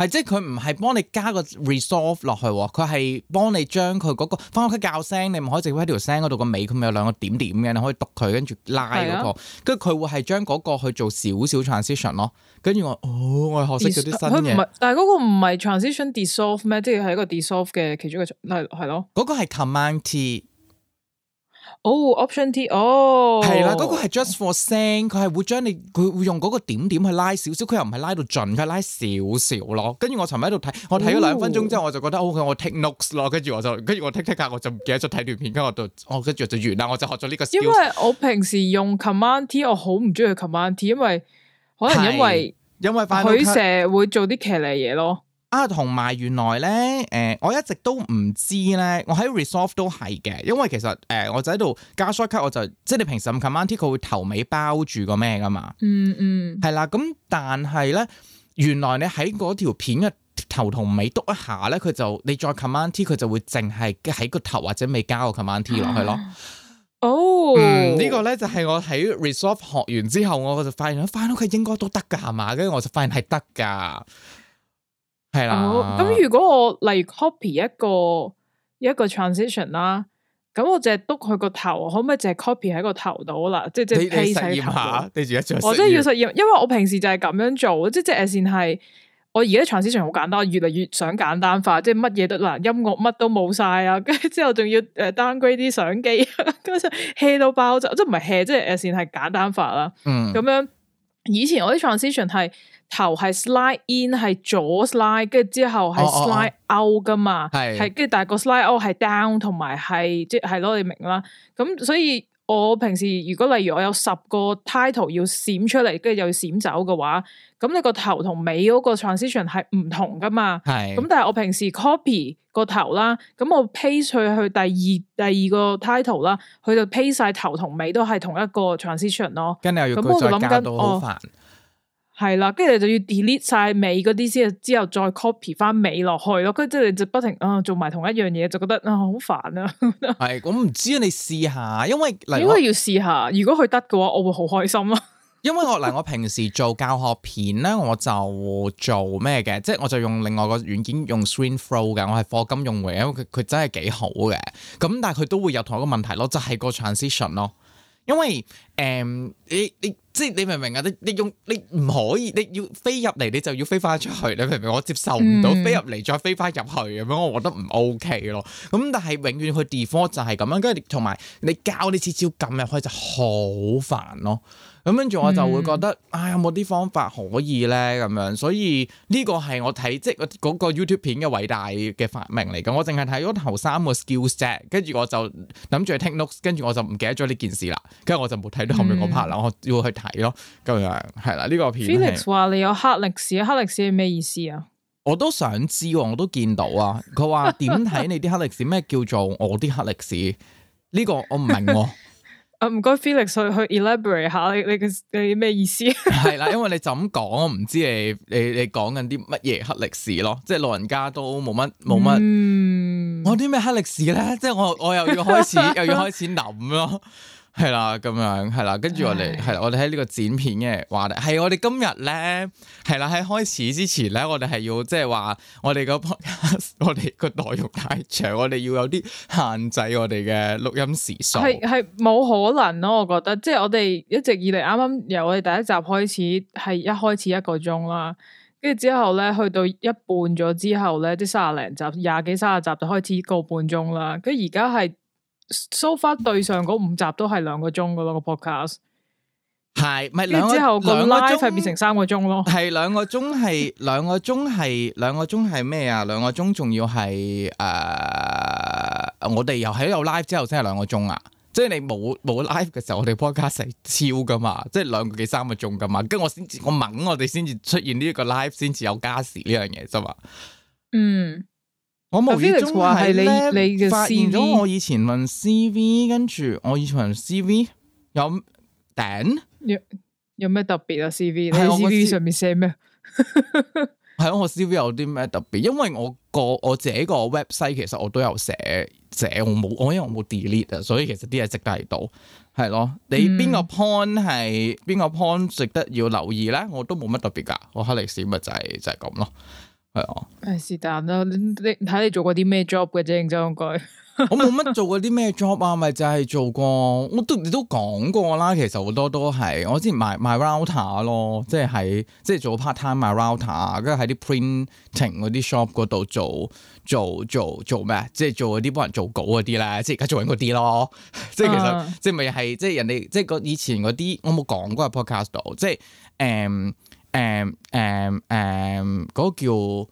係即係佢唔係幫你加個 resolve 落去，佢係幫你將佢嗰個翻屋企教聲，你唔可以直喺條聲嗰度個尾，佢咪有兩個點點嘅，你可以讀佢，跟住拉嗰個，跟住佢會係將嗰個去做少少 transition 咯。跟住我，哦，我係學識咗啲新嘢。唔係，但係嗰個唔係 transition dissolve 咩？即係係一個 dissolve 嘅其中一個係係咯。嗰個係 command t。哦、oh，option T 哦、oh，係啦，嗰個係 just for 聲，佢係會將你，佢會用嗰個點點去拉少少，佢又唔係拉到盡，佢拉少少咯。跟住我尋日喺度睇，我睇咗兩分鐘之後，我就覺得 OK，oh. 哦、我 take notes 咯。跟住我就，跟住我 take take 下，我就唔記得咗睇段片，跟住我就，我跟住就完啦，我就學咗呢個。因為我平時用 command T，我好唔中意 command T，因為可能因為因為佢成日會做啲騎呢嘢咯。啊，同埋原來咧，誒、呃，我一直都唔知咧，我喺 Resolve 都係嘅，因為其實誒、呃，我就喺度加 shortcut，我就即係你平時咁 command，佢會頭尾包住個咩噶嘛？嗯嗯，係、嗯、啦，咁、嗯、但係咧，原來你喺嗰條片嘅頭同尾篤一下咧，佢就你再 command 佢就會淨係喺個頭或者尾加個 command 落去咯。啊、哦，嗯這個、呢個咧就係、是、我喺 Resolve 學完之後，我就發現翻咯，佢應該都得噶係嘛，跟住我就發現係得噶。係是啦、嗯，咁如果我例如 copy 一個一個 transition 啦、啊，咁我淨係督佢個頭，可唔可以淨係 copy 喺個頭度啦？即係即係實驗下，對住一張，我真係要實驗，因為我平時就係咁樣做，即係即係線係。我而家 transition 好簡單，越嚟越想簡單化，即係乜嘢都嗱，音樂乜都冇晒啊！跟住之後仲要誒 downgrade 啲相機，跟住氣到爆炸，即係唔係氣，即係誒線係簡單化啦。樣嗯，咁樣以前我啲 transition 係。頭係 slide in 係左 slide，跟住之後係 slide、oh oh oh、slide out 噶嘛，係跟住，但係個 slide out 係 down 同埋係即係咯，你明啦。咁所以我平時如果例如我有十個 title 要閃出嚟，跟住又要閃走嘅話，咁你頭個頭同尾嗰個 transition 係唔同噶嘛，係。咁但係我平時 copy 個頭啦，咁我 paste 佢去第二第二個 title 啦，佢就 paste 晒頭同尾都係同一個 transition 咯。咁我就諗緊，哦。係啦，跟住你就要 delete 晒尾嗰啲先，之後再 copy 翻尾落去咯。跟住即係就不停啊、呃，做埋同一樣嘢，就覺得啊好、呃、煩啊。係， 我唔知你試下，因為因為你要試下。 如果佢得嘅話，我會好開心啊。因為我嗱，我平時做教學片咧，我就做咩嘅？即係 我就用另外個軟件用 ScreenFlow 嘅，我係課金用戶，因為佢佢真係幾好嘅。咁但係佢都會有同一個問題咯，就係、是、個 transition 咯。因為誒、呃，你你。你即係你明唔明啊？你用你用你唔可以，你要飛入嚟，你就要飛翻出去。你明唔明？我接受唔到、嗯、飛入嚟再飛翻入去咁樣，我覺得唔 OK 咯。咁但係永遠去 default 就係咁樣，跟住同埋你教你次次撳入去就好煩咯。咁跟住我就會覺得，唉、哎，有冇啲方法可以咧咁樣？所以呢、這個係我睇即係嗰、那個 YouTube 片嘅偉大嘅發明嚟嘅。我淨係睇咗頭三個 skills set，跟住我就諗住去 take notes，跟住我就唔記得咗呢件事啦。跟住我就冇睇到後面嗰 part 啦。嗯、我要去睇咯，咁樣係啦，呢、這個片。Felix 話你有黑歷史，黑歷史係咩意思啊？我都想知，我都見到啊。佢話點睇你啲黑歷史？咩 叫做我啲黑歷史？呢、這個我唔明喎、啊。 啊，唔該，uh，Felix 去去 elaborate 下你你你咩意思？係 啦，因為你就咁講，我唔知你你你講緊啲乜嘢黑歷史咯，即係老人家都冇乜冇乜。嗯，我啲咩黑歷史咧？即係我我又要開始 又要開始諗咯。係啦，咁樣係啦，跟住我哋係，我哋喺呢個剪片嘅話題，係我哋今日咧係啦，喺開始之前咧，我哋係要即係話我哋個 podcast，我哋個內容太長，我哋要有啲限制我哋嘅錄音時數。係係冇可能咯，我覺得，即係我哋一直以嚟，啱啱由我哋第一集開始係一開始一個鐘啦，跟住之後咧去到一半咗之後咧，即卅零集、廿幾卅集就開始個半鐘啦，跟而家係。So far 對上嗰五集都係兩個鐘噶咯，個 podcast 係咪兩個鐘？之後個 live 變成三個鐘咯。係兩個鐘，係兩個鐘，係兩個鐘係咩啊？兩個鐘仲要係誒，我哋又喺度 live 之後先係兩個鐘啊！即係你冇冇 live 嘅時候，我哋 podcast 係超噶嘛，即係兩個幾三個鐘噶嘛。跟住我先至，我掹我哋先至出現呢一個 live，先至有加時呢樣嘢，知嘛？嗯。我無意中係咧發現咗我以前問 C V，跟住我以前問 C V 有頂有有咩特別啊？C V 喺 C V 上面寫咩？係 咯，我 C V 有啲咩特別？因為我個我自己個 website 其實我都有寫寫，我冇我因為我冇 delete 啊，所以其實啲嘢值得喺到係咯。你邊個 point 係邊個 point 值得要留意咧？我都冇乜特別噶，我黑歷史咪就係、是、就係、是、咁咯。係啊，係是但啦，你睇你做過啲咩 job 嘅啫，應該 我冇乜做過啲咩 job 啊，咪就係做過，我都你都講過啦。其實好多都係我之前賣賣 router 咯，即係喺即係做 part time 賣 router，跟住喺啲 printing 嗰啲 shop 嗰度做做做做咩？即係做嗰啲幫人做稿嗰啲咧，即係而家做緊嗰啲咯。即係其實、uh huh. 即係咪係即係人哋即係以前嗰啲我冇講過喺 podcast 度，即係誒。誒誒誒，嗰、um, um, um, 個叫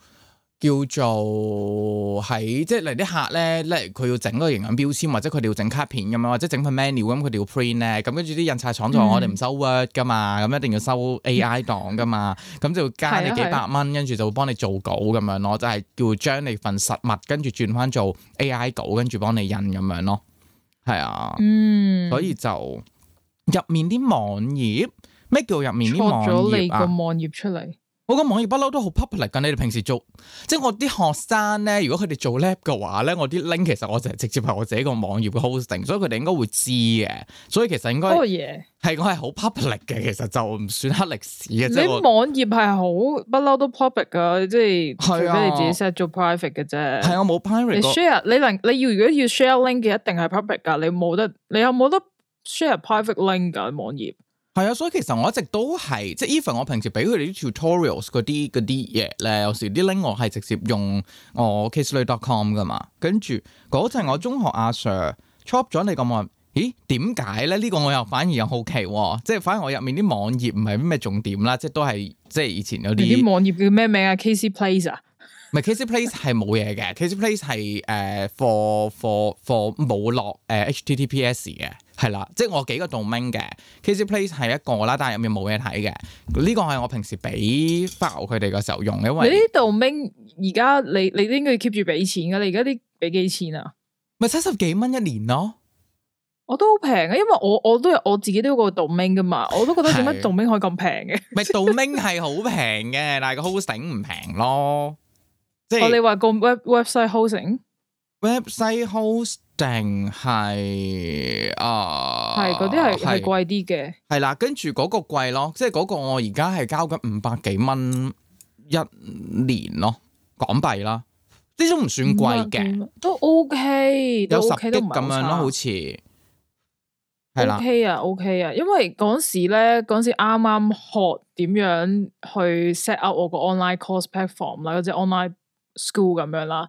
叫做喺即係嚟啲客咧，例如佢要整嗰個營養標籤，或者佢哋要整卡片咁樣，或者整份 menu 咁，佢哋要 print 咧，咁跟住啲印刷廠就話我哋唔收 word 噶、嗯、嘛，咁一定要收 AI 檔噶嘛，咁 就加你幾百蚊，跟住 就會幫你做稿咁樣咯，就係、是、叫將你份實物跟住轉翻做 AI 稿，跟住幫你印咁樣咯，係啊，嗯，所以就入面啲網頁。咩叫入面啲網頁啊？錯咗你個網頁出嚟。我個網頁不嬲都好 public 噶。你哋平時做，即係我啲學生咧，如果佢哋做 lab 嘅話咧，我啲 link 其實我就係直接係我自己個網頁嘅 hosting，所以佢哋應該會知嘅。所以其實應該係、oh、yeah，我係好 public 嘅，其實就唔算黑歷史嘅。你網頁係好不嬲都 public 噶，即係除、啊、非你自己 set 做 private 嘅啫。係我冇 private。你 share 你令你要如果要 share link 嘅一定係 public 噶，你冇得你有冇得 share private link 噶網頁？係啊、 嗯，所以其實我一直都係即係 even 我平時俾佢哋啲 tutorials 嗰啲啲嘢咧，有時啲 link 我係直接用我、哦、casele.com 噶嘛。跟住嗰陣我中學阿、啊、sir chop 咗你咁話，咦點解咧？呢、呢個我又反而又好奇喎、哦。即係反而我入面啲網頁唔係咩重點啦，即係都係即係以前有啲網頁叫咩名啊？Casey Place 啊？唔 係 Casey Place 係冇嘢嘅，Casey Place 係誒、uh, for for for 冇落誒、uh, HTTPS 嘅。係啦，即係我幾個 domain 嘅，Kitty Place 係一個啦，但係入面冇嘢睇嘅。呢個係我平時俾翻我佢哋嘅時候用，因為呢個 domain 而家你你應該 keep 住俾錢噶，你而家啲俾幾錢啊？咪七十幾蚊一年咯，我都好平嘅，因為我我都我自己都有個 domain 噶嘛，我都覺得點解 domain 可以咁平嘅？咪 domain 係好平嘅，但係個 hosting 唔平咯。即係你話個 web website hosting website host。定係啊，係嗰啲係係貴啲嘅，係、呃、啦，跟住嗰個貴咯，即係嗰個我而家係交緊五百幾蚊一年咯，港幣啦，呢種唔算貴嘅、嗯啊嗯，都 OK，都 OK 有十億咁樣咯，好似係啦，OK 啊，OK 啊，因為嗰時咧，嗰時啱啱學點樣去 set up 我個 online course platform 啦，嗰隻 online school 咁樣啦。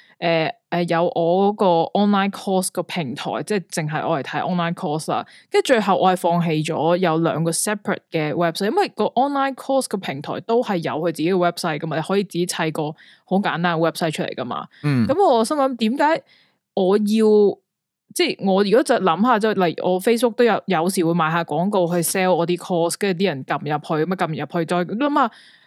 誒誒、呃呃、有我嗰個 online course 個平台，即係淨係我嚟睇 online course 啦。跟住最後我係放棄咗有兩個 separate 嘅 website，因為個 online course 個平台都係有佢自己嘅 website 噶嘛，你可以自己砌個好簡單嘅 website 出嚟噶嘛。嗯，咁我心諗點解我要即係我如果就諗下，就例如我 Facebook 都有有時會買下廣告去 sell 我啲 course，跟住啲人撳入去，咁啊撳入去再諗下。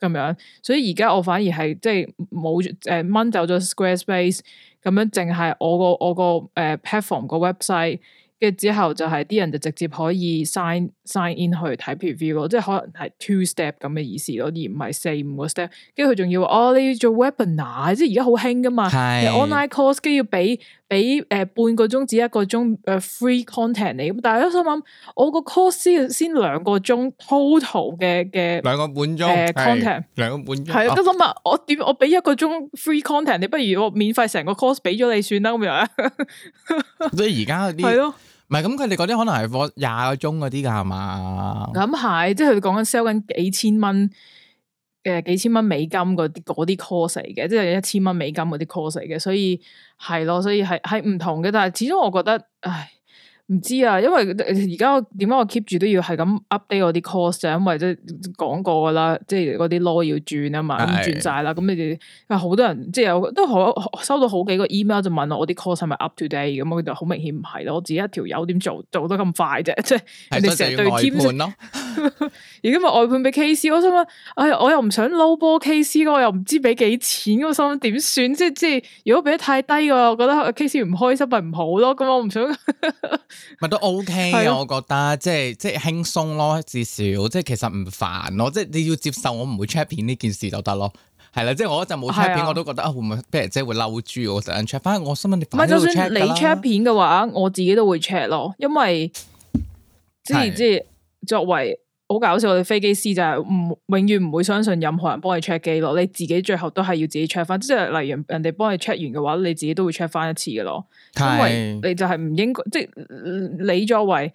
咁樣，所以而家我反而係即係冇掹走咗 Squarespace，咁樣淨係我個我個誒、呃、platform 個 website 跟住之後、就是，就係啲人就直接可以 sign。Sign in 去睇 preview 咯，即係可能係 two step 咁嘅意思咯，而唔係四五 m 個 step。跟住佢仲要哦，你要做 webinar，即係而家好興噶嘛？係是 online course 跟住要俾俾誒半個鐘至一個鐘誒 free、呃啊、free content 你。咁但係都心諗，我個 course 先兩個鐘 total 嘅嘅兩個半鐘誒 content 兩個半鐘，係啊，得心啊！我點我俾一個鐘 free content 你，不如我免費成個 course 俾咗你算啦咁樣。即係而家啲係咯。嗯唔係咁，佢哋嗰啲可能係課廿個鐘嗰啲噶係嘛？咁係、嗯，即係佢講緊 sell 緊幾千蚊嘅、呃、幾千蚊美金嗰啲啲 course 嚟嘅，即係一千蚊美金嗰啲 course 嚟嘅，所以係咯，所以係係唔同嘅，但係始終我覺得，唉。唔知啊，因為而家點解我 keep 住都要係咁 update 我啲 course 啊？因為即係講過噶啦，即係嗰啲 law 要轉啊嘛，咁的轉晒啦。咁你哋，好多人即係有都可收到好幾個 email 就問我我啲 course 係咪 up to date？咁我就好明顯唔係咯。我自己一條友點做做得咁快啫？即係你成日對 team 咯。而家咪外判俾 KC，我心諗，哎，我又唔想撈波 KC，我又唔知俾幾錢，我心諗點算？即係即係如果俾得太低個，我覺得 KC 唔開心咪唔好咯。咁我唔想。 咪都 OK 啊，的我覺得即係即係輕鬆咯，至少即係其實唔煩咯，即係你要接受我唔會 check 片呢件事就得咯，係啦，即係我一陣冇 check 片，是的 我都覺得啊，會唔會畀人即係會嬲住我成日 check？反正我心諗你唔係就算你 check 片嘅話，我自己都會 check 咯，因為即係即係作為。好搞笑！我哋飛機師就係唔永遠唔會相信任何人幫你 check 機咯，你自己最後都係要自己 check 翻。即係例如人哋幫你 check 完嘅話，你自己都會 check 翻一次嘅咯。因為，你就係唔應該，即係你作為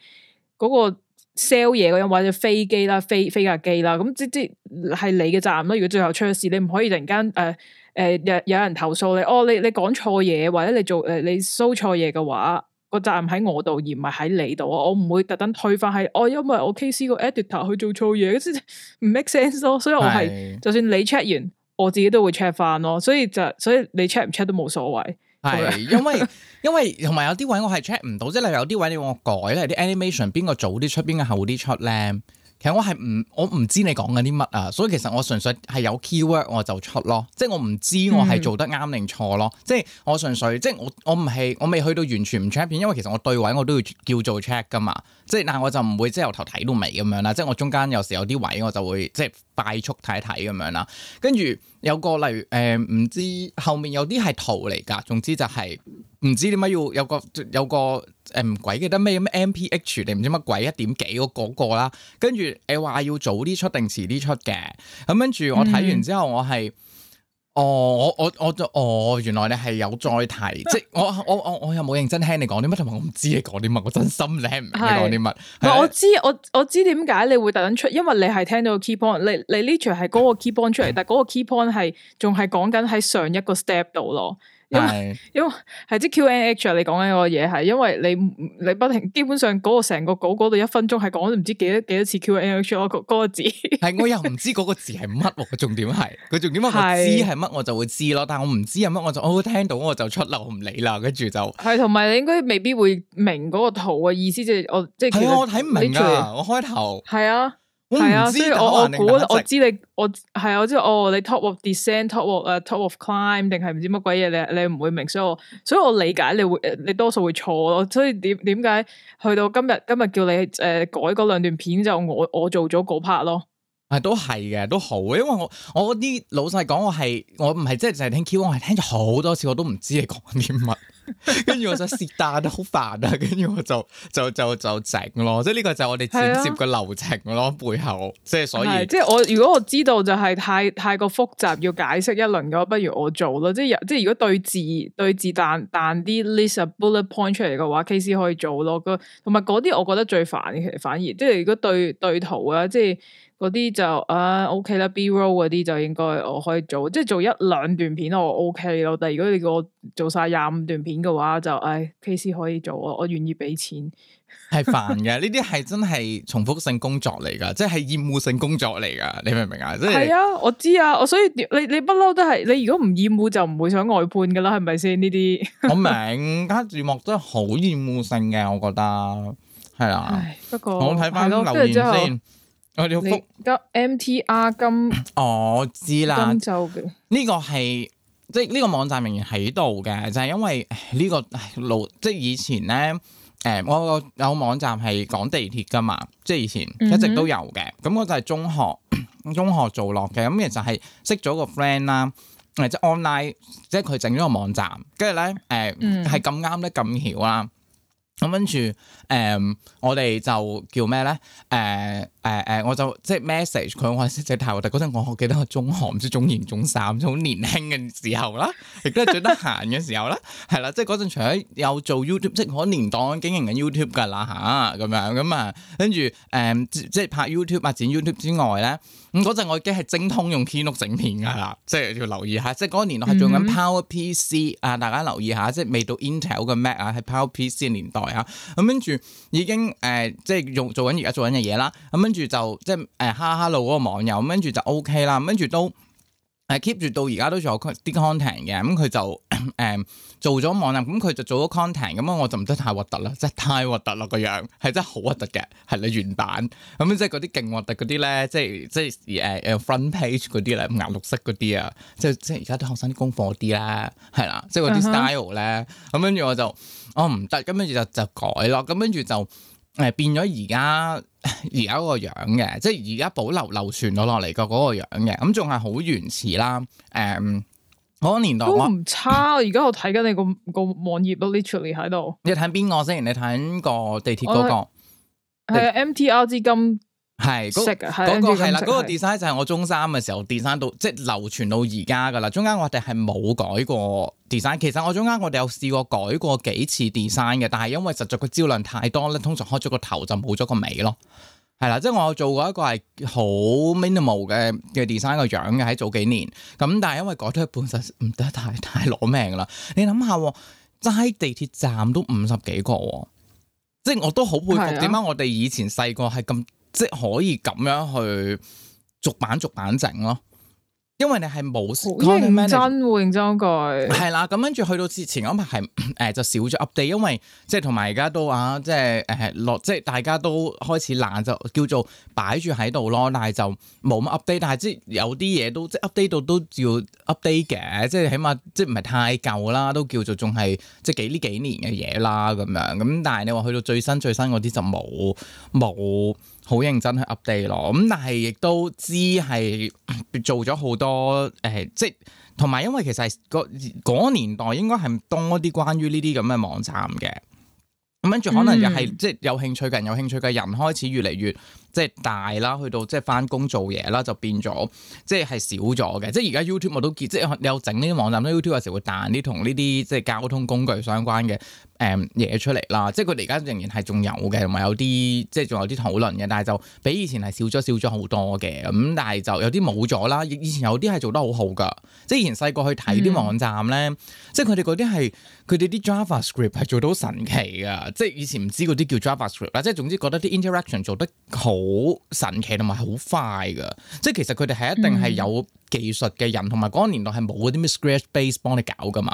嗰個 sell 嘢嗰人或者飛機啦、飛飛架機啦，咁即係係你嘅責任咯。如果最後出咗事，你唔可以突然間誒誒有有人投訴你，哦，你你講錯嘢，或者你做誒你收錯嘢嘅話。個責任喺我度，而唔係喺你度啊！我唔會特登退翻，係、哦、我因為我 KC 個 editor 去做錯嘢，即唔 make sense 咯。所以我係是就算你 check 完，我自己都會 check 翻咯。所以就所以你 check 唔 check 都冇所謂。係是嗎因為因為同埋有啲位我係 check 唔到，即係例如有啲位你要我改咧，啲 animation 邊個早啲出，邊個後啲出咧。其實我係唔，我唔知你講緊啲乜啊，所以其實我純粹係有 keyword 我就出咯，即係我唔知我係做得啱定錯咯，嗯、即係我純粹，即係我我唔係我未去到完全唔 check 片，因為其實我對位我都要叫做 check 噶嘛，即係但我就唔會即係由頭睇到尾咁樣啦，即係我中間有時有啲位我就會即係快速睇一睇咁樣啦，跟住有個例如誒呃，唔知後面有啲係圖嚟㗎，總之就係、係、唔知點解要有個有個。誒，唔鬼記得咩咩 MPH 定唔知乜鬼一點幾嗰嗰個啦，跟住你話要早啲出定遲啲出嘅，咁跟住我睇完之後我係、嗯哼哦，哦我我我哦原來你係有再提， 即係我我我我又冇認真聽你講啲乜同埋我唔知你講啲乜，我真心你唔是 知講啲乜，我知我我知點解你會突然出，因為你係聽到 key point，你你 literally 係嗰個 key point 出嚟， 但嗰個 key point 係仲係講緊喺上一個 step 度咯。因為因為係即係 QNH 啊，是是 H，你講緊個嘢，係因為你你不停，基本上嗰個成個稿嗰度一分鐘係講唔知幾多幾多次 QNH 嗰個字，係我又唔知嗰個字係乜，重點係佢重點係是知係乜，我就會知咯。但我唔知係乜，我就我、哦、聽到我就出漏唔理啦。跟住就係同埋你應該未必會明嗰個圖嘅意思，即係我即係我睇唔明啊！我開頭係啊。係、嗯、啊，所以我我估我知你我係、啊、我知道哦，你 top of descent，top of 誒、uh, top of climb，定係唔知乜鬼嘢？你你唔會明，所以我，所以我理解你會你多數會錯咯。所以點點解去到今日今日叫你誒、呃、改嗰兩段片就我我做咗嗰 part 咯。都係嘅，都好，因為我我啲老細講我係我唔係，即係就係聽 Q，我係聽咗好多次，我都唔知你講緊啲乜，跟 住我就撕單都好煩啊，跟住我就就就就整咯，即係呢個就係我哋剪接嘅流程咯，啊、背後即係所以，即係我如果我知道就係太太過複雜要解釋一輪嘅話，不如我做咯，即係即係如果對字對字但但啲 list、啊、bullet point 出嚟嘅話 KC 可以做咯，同埋嗰啲我覺得最煩嘅，其實反而即係如果對對圖啊，即係。即嗰啲就啊，OK 啦，B-roll 嗰啲就應該我可以做，即係做一兩段片我 OK 咯。但係如果你叫我做晒廿五段片嘅話，就唉、哎、K C 可以做啊，我願意俾錢。係煩嘅，呢啲係真係重複性工作嚟噶，即係厭惡性工作嚟噶，你明唔明啊？即係係啊，我知啊，我所以你你不嬲都係，你如果唔厭惡就唔會想外判噶啦，係咪先呢啲？ 我明，加字幕都係好厭惡性嘅，我覺得係啦、啊。不過我睇翻留言先。我 MTR 金，我知啦週。州嘅呢個係即係呢個網站仍然喺度嘅，就係、是、因為呢、呢個路，即係以前咧，誒、呃、我有個網站係講地鐵噶嘛，即、就、係、是、以前一直都有嘅。咁我、嗯、哼就係中學中學做落嘅，咁其實係識咗個 friend 啦，即 online，即係佢整咗個網站，跟住咧誒係咁啱得咁巧啦，咁跟住。誒，um, 我哋就叫咩咧？誒、uh, uh, uh,，誒，誒，我就即係 message 佢，我係即係太和第嗰陣我記得我中學唔知中二、中三，好年輕嘅時候啦，亦都係最得閒嘅時候啦，係啦， 即係嗰陣除咗有做 YouTube，即係嗰年代經營緊 YouTube 噶啦吓，咁樣，咁啊，跟住誒即係拍 YouTube 啊、剪 YouTube 之外咧，咁嗰陣我已經係精通用 Keynote 整片噶啦，即係要留意下，即係個年代係做緊 Power PC 啊、嗯哼，大家留意下，即係未到 Intel 嘅 Mac 啊，係 Power PC 嘅年代啊，咁跟住。已經誒、呃，即係用做緊而家做緊嘅嘢啦。咁跟住就即係誒 hello 嗰個網友，跟住就 O K 啦。跟住都誒 keep 住到而家都仲有啲 content 嘅。咁佢就誒、呃、做咗網啊。咁佢就做咗 content。咁我就唔得太核突啦，即係太核突啦個樣，係真係好核突嘅，係你原版。咁即係嗰啲勁核突嗰啲咧，即係即係誒誒 front page 嗰啲咧，五顏六色嗰啲啊，即係即係而家啲學生啲功課啲啦，係啦，即係嗰啲 style 咧。咁跟住我就。哦，唔得，咁跟住就就改咯，咁跟住就誒、呃、變咗而家而家個樣嘅，即係而家保留流傳咗落嚟個嗰個樣嘅，咁仲係好原始啦。誒，好多年代我唔差，而家 我睇緊你個個網頁都 literally 喺度。你睇邊個先？你睇個地鐵嗰、那個的你、係啊？MTR 基金。係，嗰、嗰個係啦，是嗰個 design 就係我中三嘅時候 design 到，即係流傳到而家噶啦。中間我哋係冇改過 design，其實我中間我哋有試過改過幾次 design 嘅，但係因為實在個焦量太多咧，通常開咗個頭就冇咗個尾咯。係啦，即係我有做過一個係好 minimal 嘅嘅 design 個樣嘅喺早幾年，咁但係因為改得本身唔得太太攞命啦。你諗下，齋地鐵站都五十幾個，即係我都好佩服點解的我哋以前細個係咁。即係可以咁樣去逐版逐版整咯，因為你係冇好認真，好認具。句係啦。咁跟住去到之前安排係就少咗 update，因為即係同埋而家都話，即係誒落即係、呃、大家都開始懶，就叫做擺住喺度咯。但係就冇乜 update，但係即有啲嘢都即 update 到都要 update 嘅，即係起碼即係唔係太舊啦，都叫做仲係即係幾呢幾年嘅嘢啦咁樣。咁但係你話去到最新最新嗰啲就冇冇。好認真去 update 咯，咁但係亦都知係做咗好多誒、呃，即係同埋因為其實係、個嗰年代應該係多啲關於呢啲咁嘅網站嘅，咁跟住可能又係、嗯、即係有興趣嘅人，有興趣嘅人開始越嚟越即係大啦，去到即係翻工做嘢啦，就變咗即係係少咗嘅。即係而家 YouTube 我都結即係有整呢啲網站啦，YouTube 有時會彈啲同呢啲即係交通工具相關嘅。誒嘢、嗯、出嚟啦，即係佢哋而家仍然係仲有嘅，同埋有啲即係仲有啲討論嘅，但係就比以前係少咗少咗好多嘅咁，但係就有啲冇咗啦。以前有啲係做得好好噶，即係以前細個去睇啲網站咧、嗯，即係佢哋嗰啲係佢哋啲 JavaScript 係做到神奇嘅，即係以前唔知嗰啲叫 JavaScript 啦，即係總之覺得啲 interaction 做得好神奇同埋好快嘅，即係其實佢哋係一定係有技術嘅人，同埋嗰個年代係冇嗰啲咩 Scratch base 幫你搞噶嘛。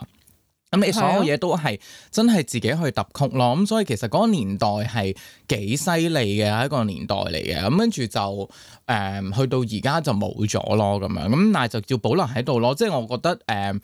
咁、嗯、你所有嘢都係真係自己去揼曲咯，咁、嗯、所以其實嗰個年代係幾犀利嘅一個年代嚟嘅，咁跟住就誒、嗯、去到而家就冇咗咯，咁樣咁，但係就要保留喺度咯。即係我覺得誒誒、嗯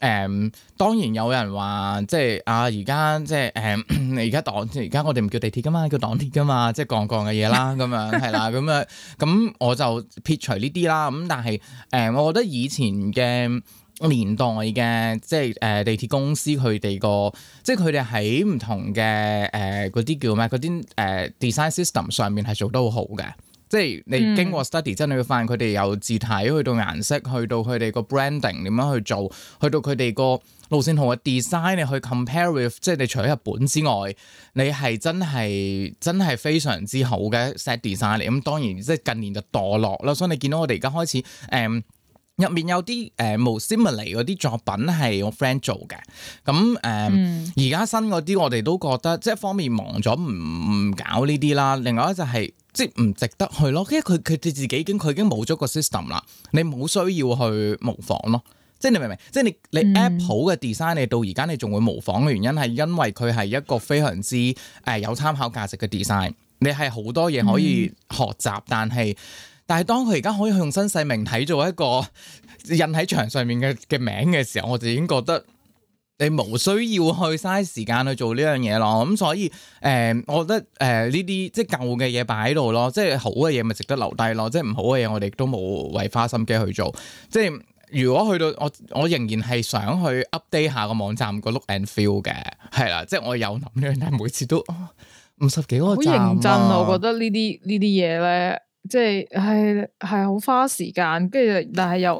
嗯，當然有人話即係啊，而家即係誒，而家黨而家我哋唔叫地鐵噶嘛，叫黨鐵噶嘛，即係杠杠嘅嘢啦，咁樣係啦，咁樣咁我就撇除呢啲啦，咁但係誒、嗯，我覺得以前嘅。年代嘅即係誒、呃、地鐵公司佢哋個，即係佢哋喺唔同嘅誒嗰啲叫咩？嗰啲誒、呃、design system 上面係做得好好嘅。即係你經過 study，真係、嗯、會發現佢哋有字體去到顏色，去到佢哋個 branding 點樣去做，去到佢哋個路線圖嘅 design，你去 compare with，即係你除咗日本之外，你係真係真係非常之好嘅 set design 嚟。咁當然即係近年就墮落啦，所以你見到我哋而家開始誒。嗯入面有啲誒、呃、similar 嗰啲作品係我 friend 做嘅。咁、嗯、誒，而家、嗯、新嗰啲我哋都覺得，即係一方面忙咗唔唔搞呢啲啦。另外一就係、是、即係唔值得去咯。因為佢佢哋自己已經佢已經冇咗個 system 啦，你冇需要去模仿咯。即係你明唔明？即係你你 Apple 嘅 design，你到而家你仲會模仿嘅原因係因為佢係一個非常之誒有參考價值嘅 design。你係好多嘢可以學習，嗯、但係。但係當佢而家可以用新世名睇做一個印喺牆上面嘅嘅名嘅時候，我就已經覺得你無需要去嘥時間去做呢樣嘢咯。咁、嗯、所以誒、呃，我覺得誒呢啲即係舊嘅嘢擺喺度咯，即係好嘅嘢咪值得留低咯，即係唔好嘅嘢我哋都冇為花心機去做。即係如果去到我我仍然係想去 update 下個網站個 look and feel 嘅，係啦，即係我有諗呢樣，但係每次都五十幾個字好、啊、認真啊！我覺得呢啲呢啲嘢咧。即係係係好花時間，跟住但係又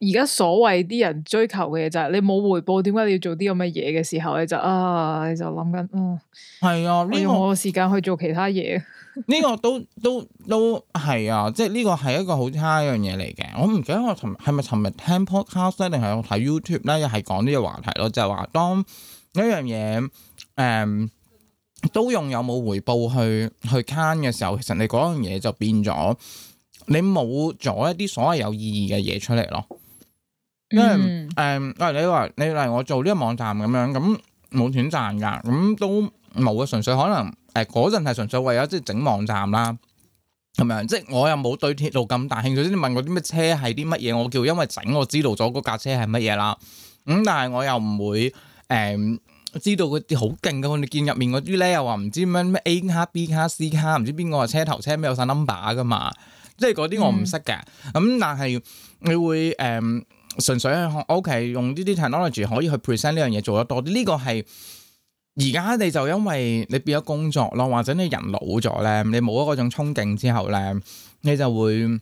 而家所謂啲人追求嘅嘢就係你冇回報，點解你要做啲咁嘅嘢嘅時候你就啊，你就諗緊，嗯，係啊，啊這個，用我時間去做其他嘢。呢 個都都都係啊，即係呢個係一個好差一樣嘢嚟嘅。我唔記得我尋係咪尋日聽 Podcast 咧，定係我睇 YouTube 咧，又係講呢個話題咯，就係話當一樣嘢，嗯。都用有冇回報去去慳嘅時候，其實你嗰樣嘢就變咗，你冇咗一啲所謂有意義嘅嘢出嚟咯。因為誒，嗯、你你例如你話你嚟我做呢個網站咁樣，咁冇錢賺噶，咁都冇嘅。純粹可能誒嗰陣係純粹為咗即係整網站啦，咁樣即係我又冇對鐵路咁大興趣。先問你啲咩車係啲乜嘢，我叫因為整我知道咗嗰架車係乜嘢啦。咁、嗯、但係我又唔會誒。嗯知道嗰啲好勁嘅，你見入面嗰啲咧，又話唔知乜乜 A 卡、B 卡、C 卡，唔知邊個話車頭車尾有晒 number 嘅嘛？即係嗰啲我唔識嘅。咁、嗯、但係你會誒、呃、純粹去我屋企用呢啲 technology 可以去 present 呢樣嘢做得多啲。呢個係而家你就因為你變咗工作咯，或者你人老咗咧，你冇咗嗰種衝勁之後咧，你就會。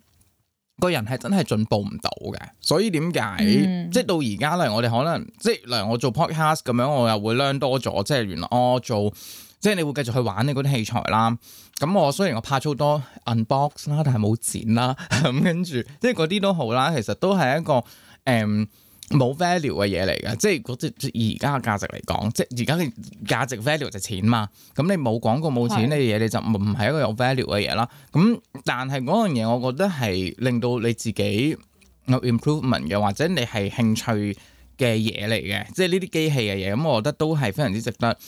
個人係真係進步唔到嘅，所以點解、嗯、即係到而家咧？我哋可能即係，例如我，例如我做 podcast 咁樣，我又會 learn 多咗。即係原來我做，即係你會繼續去玩你嗰啲器材啦。咁我雖然我拍咗好多 unbox 啦，但係冇剪啦。咁跟住，即係嗰啲都好啦。其實都係一個誒。嗯冇 value 嘅嘢嚟噶，即係嗰即而家嘅價值嚟講，即係而家嘅價值 value 就係錢嘛。咁你冇講過冇錢嘅嘢，是你就唔係一個有 value 嘅嘢啦。咁但係嗰樣嘢，我覺得係令到你自己有 improvement 嘅，或者你係興趣嘅嘢嚟嘅，即係呢啲機器嘅嘢。咁我覺得都係非常之值得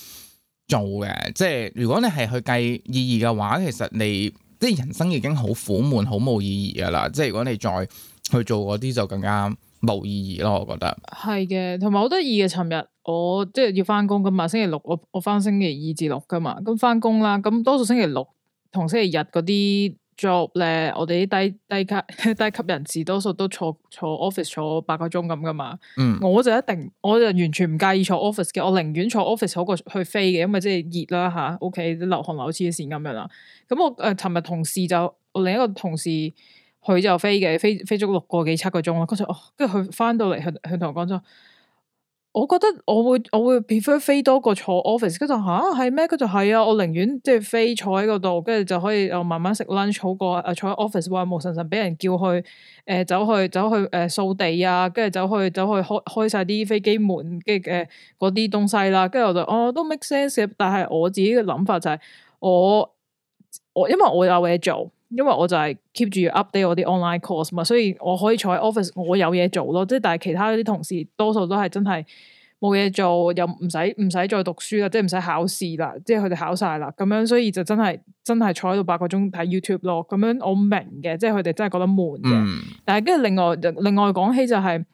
做嘅。即係如果你係去計意義嘅話，其實你即係人生已經好苦悶、好冇意義噶啦。即係如果你再去做嗰啲，就更加。冇意義咯，我覺得係嘅，同埋好得意嘅。尋日我即係要翻工噶嘛，星期六我我翻星期二至六噶嘛，咁翻工啦。咁多數星期六同星期日嗰啲 job 咧，我哋啲低低級低級人士多數都坐坐 office 坐八個鐘咁噶嘛。嗯，我就一定我就完全唔介意坐 office 嘅，我寧願坐 office 好過去飛嘅，因為即係熱啦嚇。OK，流汗流黐線咁樣啦。咁我誒尋日同事就我另一個同事。佢就飛嘅，飛飛足六個幾七個鐘咯。跟住哦，跟住佢翻到嚟，佢佢同我講咗：「我覺得我會我會 prefer 飛多過坐 office。佢就嚇係咩？佢、啊、就係啊！我寧願即係、就是、飛坐喺嗰度，跟住就可以慢慢食 lunch 好過坐喺 office 哇！我無神神俾人叫去誒、呃、走去走去誒掃地啊，跟住走去走去開開晒啲飛機門嘅嘅嗰啲東西啦。跟住我就哦都 make sense，但係我自己嘅諗法就係、是、我我因為我有嘢做。因為我就係 keep 住要 update 我啲 online course 嘛，所以我可以坐喺 office 我有嘢做咯，即係但係其他啲同事多數都係真係冇嘢做，又唔使唔使再讀書啦，即係唔使考試啦，即係佢哋考晒啦，咁樣所以就真係真係坐喺度八個鐘睇 YouTube 咯，咁樣我明嘅，即係佢哋真係覺得悶嘅。但係跟住另外另外講起就係，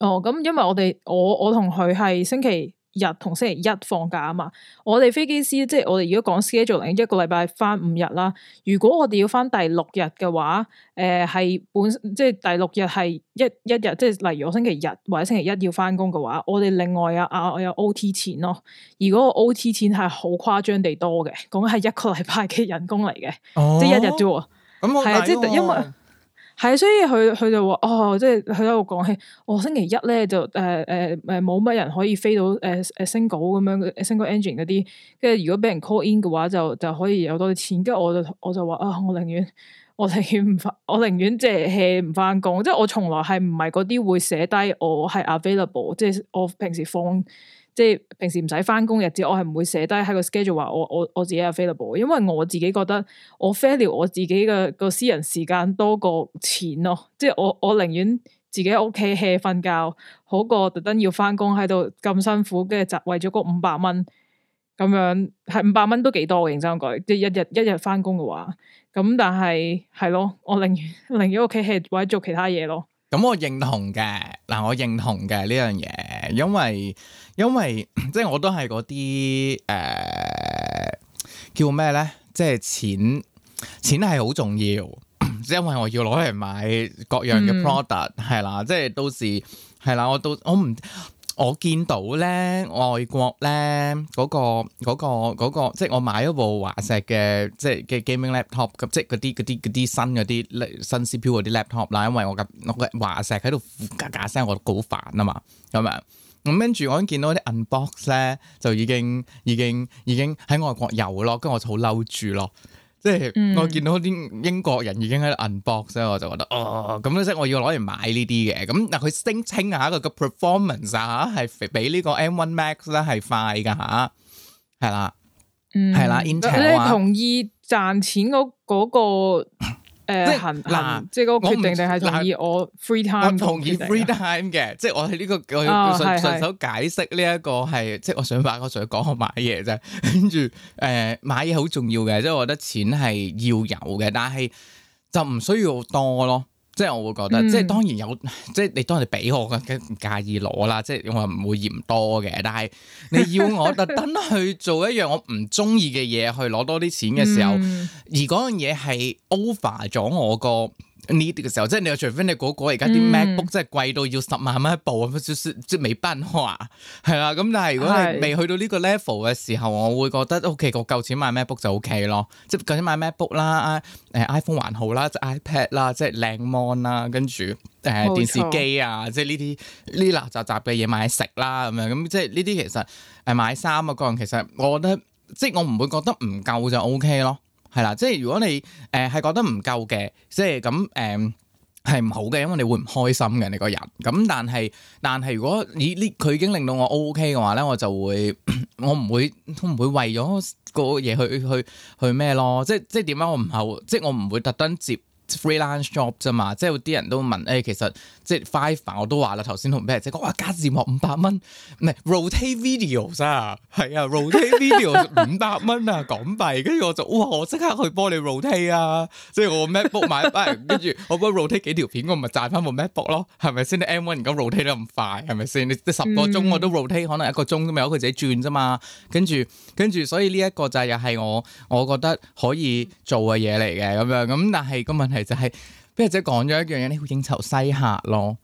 哦咁，因為我哋我我同佢係星期。日同星期一放假啊嘛，我哋飛機師即係我哋如果講 schedule 一個禮拜翻五日啦，如果我哋要翻第六日嘅話，誒、呃、係本即係第六日係一一日，即係例如我星期日或者星期一要翻工嘅話，我哋另外有啊啊我有 O T 錢咯，而個 O T 錢係好誇張地多嘅，講緊係一個禮拜嘅人工嚟嘅，即係一日啫，咁係啊即係因為。係啊，所以佢佢就話哦，即係佢喺度講起，我、哦、星期一咧就誒誒誒冇乜人可以飛到誒誒 single 咁樣 single engine 嗰啲，跟住如果俾人 call in 嘅話，就就可以有多啲錢。跟住我就我就話啊、哦，我寧願我寧願唔翻，我寧願即係唔翻工。即係我從來係唔係嗰啲會寫低我係 available，即係我平時放。即係平時唔使翻工日子，我係唔會寫低喺個 schedule 話我我我自己 available，因為我自己覺得我 value 我自己嘅個私人時間多過錢咯。即係我我寧願自己喺屋企 hea 瞓覺，好過特登要翻工喺度咁辛苦，跟住就為咗個五百蚊咁樣，係五百蚊都幾多，認真講，即係一日一日翻工嘅話。咁但係係咯，我寧願寧願屋企 hea 或者做其他嘢咯。咁、嗯、我認同嘅，嗱、嗯、我認同嘅呢樣嘢，因為。因為即係我都係嗰啲誒叫咩咧？即係錢錢係好重要，因為我要攞嚟買各樣嘅 product 係、嗯、啦。即係到時係啦，我到我唔我見到咧外國咧嗰個、嗰個、嗰個，即係我買一部華碩嘅即係嘅 gaming laptop，即係嗰啲嗰啲嗰啲新嗰啲新 CPU 嗰啲 laptop。因為我嘅我嘅華碩喺度架架聲我好煩啊嘛，咁樣。咁跟住我見到啲 unbox 咧，就已經已經已經喺外國遊咯，跟住我就好嬲住咯。即係我見到啲英國人已經喺度 unbox，所以我就覺得哦，哦哦，咁即係我要攞嚟買呢啲嘅。咁嗱佢聲稱下，佢個 performance 啊係比呢個 M1 Max 咧係快噶吓、啊？係啦，係、嗯、啦。嗯啊、你係同意賺錢嗰嗰、嗰個？誒，呃、即係男，行喊即係嗰個決定定係不同意我 free time，我同意 free time 嘅，即係我係、這、呢個，我順手解釋呢一個係、哦呃，即係我想把個嘴講我買嘢啫，跟住誒買嘢好重要嘅，即係我覺得錢係要有嘅，但係就唔需要多咯。即係我會覺得，即係當然有，即係你當你俾我梗唔介意攞啦，即係我唔會嫌多嘅。但係你要我特登去做一樣我唔中意嘅嘢去攞多啲錢嘅時候，嗯、而嗰樣嘢係 over 咗我個。呢啲嘅時候，即係你又除非你果果而家啲 MacBook 即係貴到要十萬蚊一部，咁、嗯、即係未崩開，係啊。咁、啊、但係如果你未去到呢個 level 嘅時候，是我會覺得 OK，我夠錢買 MacBook 就 OK 咯。即係夠錢買 MacBook 啦，誒、啊啊、iPhone 還好啦，啊、iPad 啦，即係靚 mon 啦，跟住誒電視機啊，錯即係呢啲呢雜雜雜嘅嘢買食啦咁樣。咁即係呢啲其實誒買衫啊，個人其實我覺得即係我唔會覺得唔夠就 OK 咯。係啦，即係如果你誒係覺得唔夠嘅，即係咁誒係唔好嘅，因為你會唔開心嘅你個人。咁但係但係如果你，呢佢已經令到我 OK 嘅話咧，我就會我唔會都唔會為咗個嘢去去去咩咯？即係即係點解我唔後？即係我唔會特登接 freelance job 咋嘛？即係啲人都問誒、欸，其實即係 five，我都話啦，頭先同咩即係我加字幕五百蚊，唔係 rotate videos 啊，係啊 rotate videos 五百蚊啊港幣，跟住我就哇，我即刻去幫你 rotate 啊！即係我 macbook 買翻嚟。跟住 我幫 rotate 幾條片，我咪賺翻部 macbook 咯，係咪先？你 M1 而家 rotate 得咁快，係咪先？你十個鐘我都 rotate、嗯、可能一個鐘都未，由佢自己轉咋嘛？跟住跟住，所以呢一個就又係我我覺得可以做嘅嘢嚟嘅咁樣咁，但係今日。係就係，是，不如即係講咗一樣嘢，你應酬西客咯，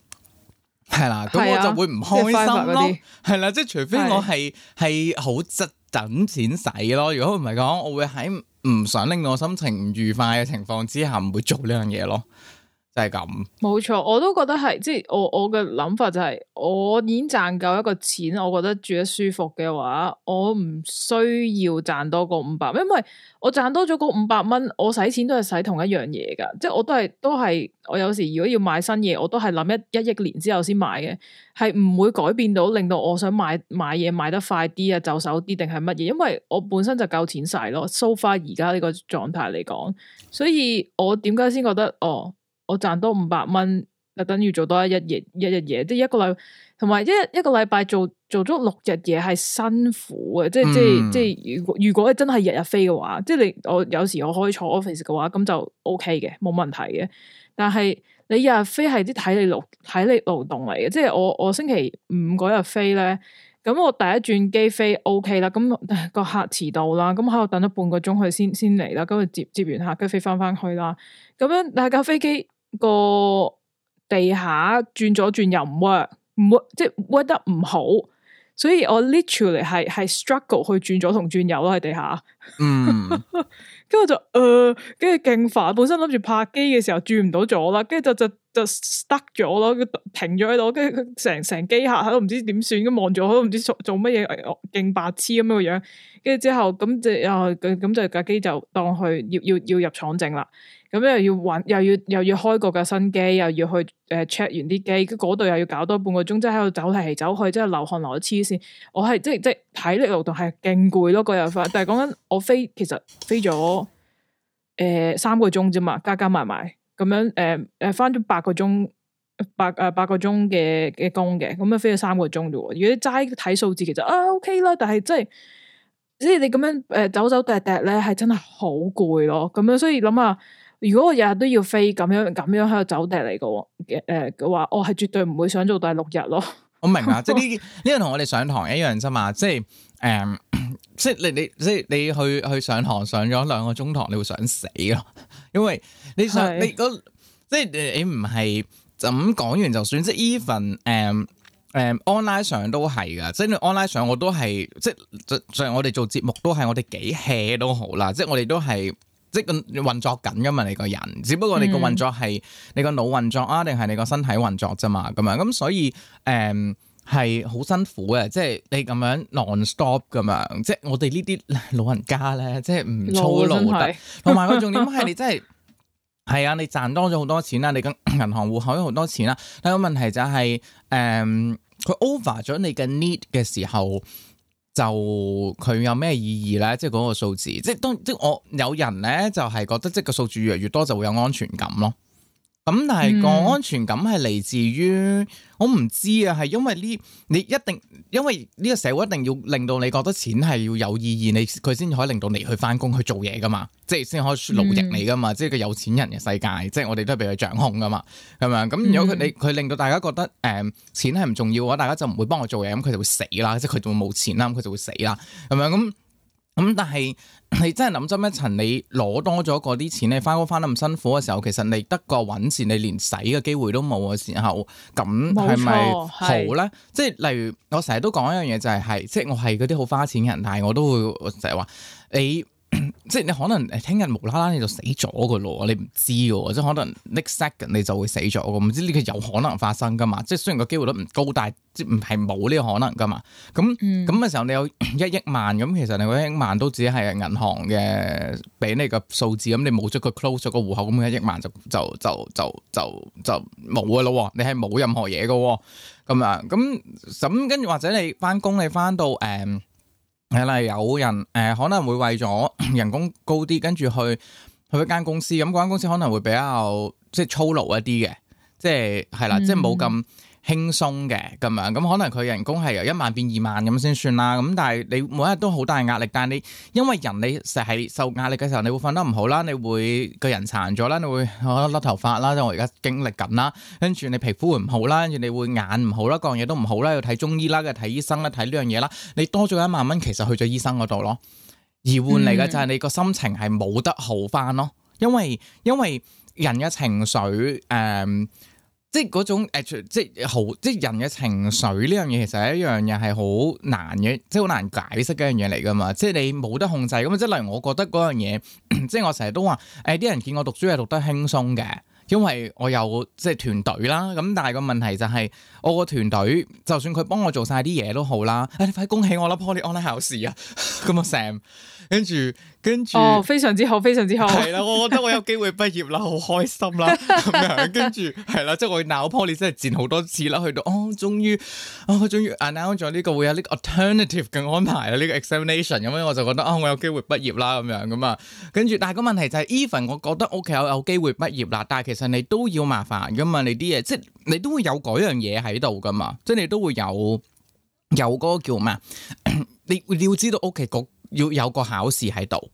係啦，咁我就會唔開心咯，係、啊、啦，即係除非我係係好執等錢使咯，如果唔係講，我會喺唔想令我心情唔愉快嘅情況之下唔會做呢樣嘢咯。就係咁，冇錯，我都覺得係，即係我我嘅諗法就係，我已經賺夠一個錢，我覺得住得舒服嘅話，我唔需要賺多過五百蚊，因為我賺多咗嗰五百蚊，我使錢都係使同一樣嘢噶，即係我都係都係，我有時如果要買新嘢，我都係諗一一億年之後先買嘅，係唔會改變到令到我想買買嘢買得快啲啊，就手啲定係乜嘢，因為我本身就夠錢晒咯，So far 而家呢個狀態嚟講，所以我點解先覺得哦？我賺多五百蚊就等於做多一日一日嘢，即係一個禮，同埋一一個禮拜做做足六日嘢係辛苦嘅，即係、嗯、即係即係如果如果真係日日飛嘅話，即係你我有時我可以坐 office 嘅話，咁就 O K 嘅，冇問題嘅。但係你日日飛係啲體力勞體力勞動嚟嘅，即係我我星期五嗰日飛咧，咁我第一轉機飛 O K 啦，咁、OK 那個客遲到啦，咁喺度等咗半個鐘佢先先嚟啦，咁佢接接完客跟住飛翻翻去啦，咁樣，但係架飛機。個地下轉左轉右唔 work，唔即係 work 得唔好，所以我 literally 係係 struggle 去轉左同轉右咯喺地下，嗯，跟住就誒，跟住勁煩，本身諗住拍機嘅時候轉唔到左啦，跟住就就就 stuck 咗咯，停咗喺度，跟住成成機械都唔知點算，咁望住我都唔知做乜嘢，勁白痴咁樣個樣，跟住之後咁就啊咁就架機就當去要要要入廠整啦。咁又要搵，又要又要開個架新機，又要去誒 check、呃、完啲機，跟嗰度又要搞多半個鐘，即係喺度走嚟走去，即係流汗流到黐線。我係即係即係體力勞動係勁攰咯，個又快。但係講緊我飛，其實飛咗誒、呃、三個鐘啫嘛，加加埋埋咁樣誒誒、呃，翻咗八個鐘，八誒八個鐘嘅嘅工嘅，咁啊飛咗三個鐘啫。如果齋睇數字，其實啊 OK 啦。但係即係即係你咁樣誒、呃、走走趯趯咧，係真係好攰咯。咁樣所以諗下。如果我日日都要飛咁樣咁樣喺度走笛嚟嘅喎，嘅話，我、呃、係、呃呃、絕對唔會想做第六日咯。我明啊，即係呢呢個同我哋上堂一樣啫嘛，即係誒、嗯，即係你你即係你去去上堂上咗兩個鐘堂，你會想死咯。因為你上是你、嗰個、即係你唔係就咁講完就算，即係 even 誒、嗯、誒、嗯、online 上都係噶，即係你 online 上我都係即係，即係我哋做節目都係我哋幾 hea 都好啦，即係我哋都係。即係運作緊噶嘛，你個人，只不過你個運作係你個腦運作啊，定係你個身體運作咋嘛？咁樣，咁所以誒係好辛苦嘅，即係你咁樣 non stop 咁樣，即係我哋呢啲老人家咧，即係唔操勞。同埋個重點係你真係係啊，你賺多咗好多錢啦、啊，你嘅銀行戶口有好多錢啦、啊。但係個問題就係、是、誒，佢、嗯、over 咗你嘅 need 嘅時候。就佢有咩意義呢？即係嗰個數字，即係當即係我有人呢，就係覺得即係個數字越嚟越多就會有安全感咯。咁但係個安全感係嚟自於，我唔知啊，係因為呢，你一定因為呢個社會一定要令到你覺得錢係要有意義，你佢先至可以令到你去返工去做嘢噶嘛，即係先可以勞役你噶嘛，嗯、即係個有錢人嘅世界，即係我哋都係畀佢掌控噶嘛，咁樣咁如果佢、嗯、你佢令到大家覺得，誒、嗯、錢係唔重要嘅話，大家就唔會幫我做嘢，咁、嗯、佢就會死啦，即係佢就會冇錢啦，咁、嗯、佢就會死啦，咁樣咁。咁但係你真係諗深一層，你攞多咗嗰啲錢，你翻工翻得咁辛苦嘅時候，其實你得個揾錢，你連使嘅機會都冇嘅時候，咁係咪好咧？即係例如我成日都講一樣嘢就係、是、係，即係我係嗰啲好花錢嘅人，但係我都會成日話你。 即係你可能聽日無啦啦你就死咗噶咯，你唔知噶，即係可能 next second 你就會死咗噶，唔知呢個有可能發生噶嘛？即係雖然個機會率唔高，但係即唔係冇呢個可能噶嘛？咁咁嘅時候你有一億萬，咁其實你嗰一億萬都只係銀行嘅俾你個數字，咁你冇咗個 close 咗個戶口，咁一億萬就就就就就就冇噶咯，你係冇任何嘢噶，咁啊咁咁跟住或者你翻工你翻到誒。Um, 係啦，有人誒、呃、可能會為咗人工高啲，跟住去去一間公司，咁嗰間公司可能會比較即係粗魯一啲嘅，即係係啦，即係冇咁輕鬆嘅咁樣，咁可能佢人工係由一萬變二萬咁先算啦。咁但係你每一日都好大壓力，但係你因為人你成日係受壓力嘅時候，你會瞓得唔好啦，你會個人殘咗啦，你會甩甩頭髮啦，即係我而家經歷緊啦。跟住你皮膚會唔好啦，跟住你會眼唔好啦，各樣嘢都唔好啦，要睇中醫啦，嘅睇醫生啦，睇呢樣嘢啦。你多咗一萬蚊，其實去咗醫生嗰度咯。而換嚟嘅就係你個心情係冇得好返咯，因為因為人嘅情緒誒。嗯.即係嗰種、欸、即係好，即係人嘅情緒呢樣嘢，其實係一樣嘢係好難嘅，即係好難解釋嘅一樣嘢嚟㗎嘛。即係你冇得控制咁，即係例如我覺得嗰樣嘢，即係我成日都話誒，啲、欸、人見我讀書係讀得輕鬆嘅，因為我有即係團隊啦。咁但係個問題就係、是、我個團隊，就算佢幫我做晒啲嘢都好啦，誒、哎，你快恭喜我啦，Poly Online 考試啊，咁啊成。 跟住，跟住哦，非常之好，非常之好。係 啦，我覺得我有機會畢業啦，好開心啦，咁 樣。跟住係啦，即係我鬧 p 你真係戰好多次啦，去到哦，終於哦，終於 announce 咗呢個會有呢個 alternative 嘅安排啦，呢、這個 examination 咁樣，我就覺得哦，我有機會畢業啦，咁樣咁啊。跟住，但係個問題就係、是、even，我覺得屋企我有機會畢業啦，但係其實你都要麻煩噶嘛，你啲嘢即係你都會有嗰樣嘢喺度噶嘛，即係你都會有有嗰個叫咩？你 你要知道屋企。局。要有個考試喺度，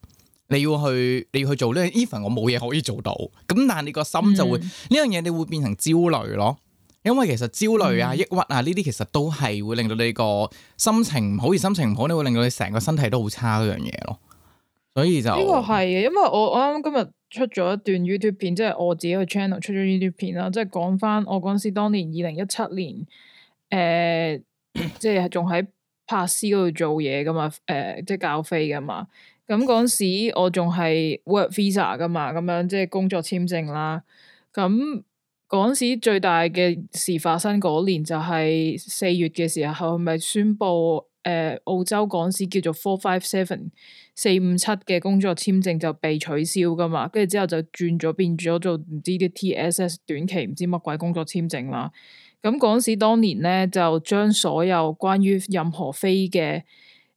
你要去你要去做呢？even 我冇嘢可以做到，咁但係你個心就會呢、嗯、樣嘢，你會變成焦慮咯。因為其實焦慮啊、嗯、抑鬱啊呢啲，其實都係會令到你個心情唔好，而心情唔好你會令到你成個身體都好差嗰樣嘢咯。所以就呢個係嘅，因為我我啱啱今日出咗一段 YouTube 片，即係我自己個 channel 出咗 YouTube 片啦，即係講翻我嗰陣時，當年二零一七年，誒、呃，即係仲喺 拍斯嗰度做嘢噶嘛，誒、呃，即係教飛噶嘛。咁嗰時我仲係 work visa 噶嘛，咁樣即係工作簽證啦。咁嗰時最大嘅事發生嗰年就係四月嘅時候，係咪宣布誒、呃、澳洲嗰時叫做 four five seven 四五七嘅工作簽證就被取消噶嘛？跟住之後就轉咗變咗做唔知啲 T S S 短期唔知乜鬼工作簽證啦。咁嗰時當年咧，就將所有關於任何飛嘅誒、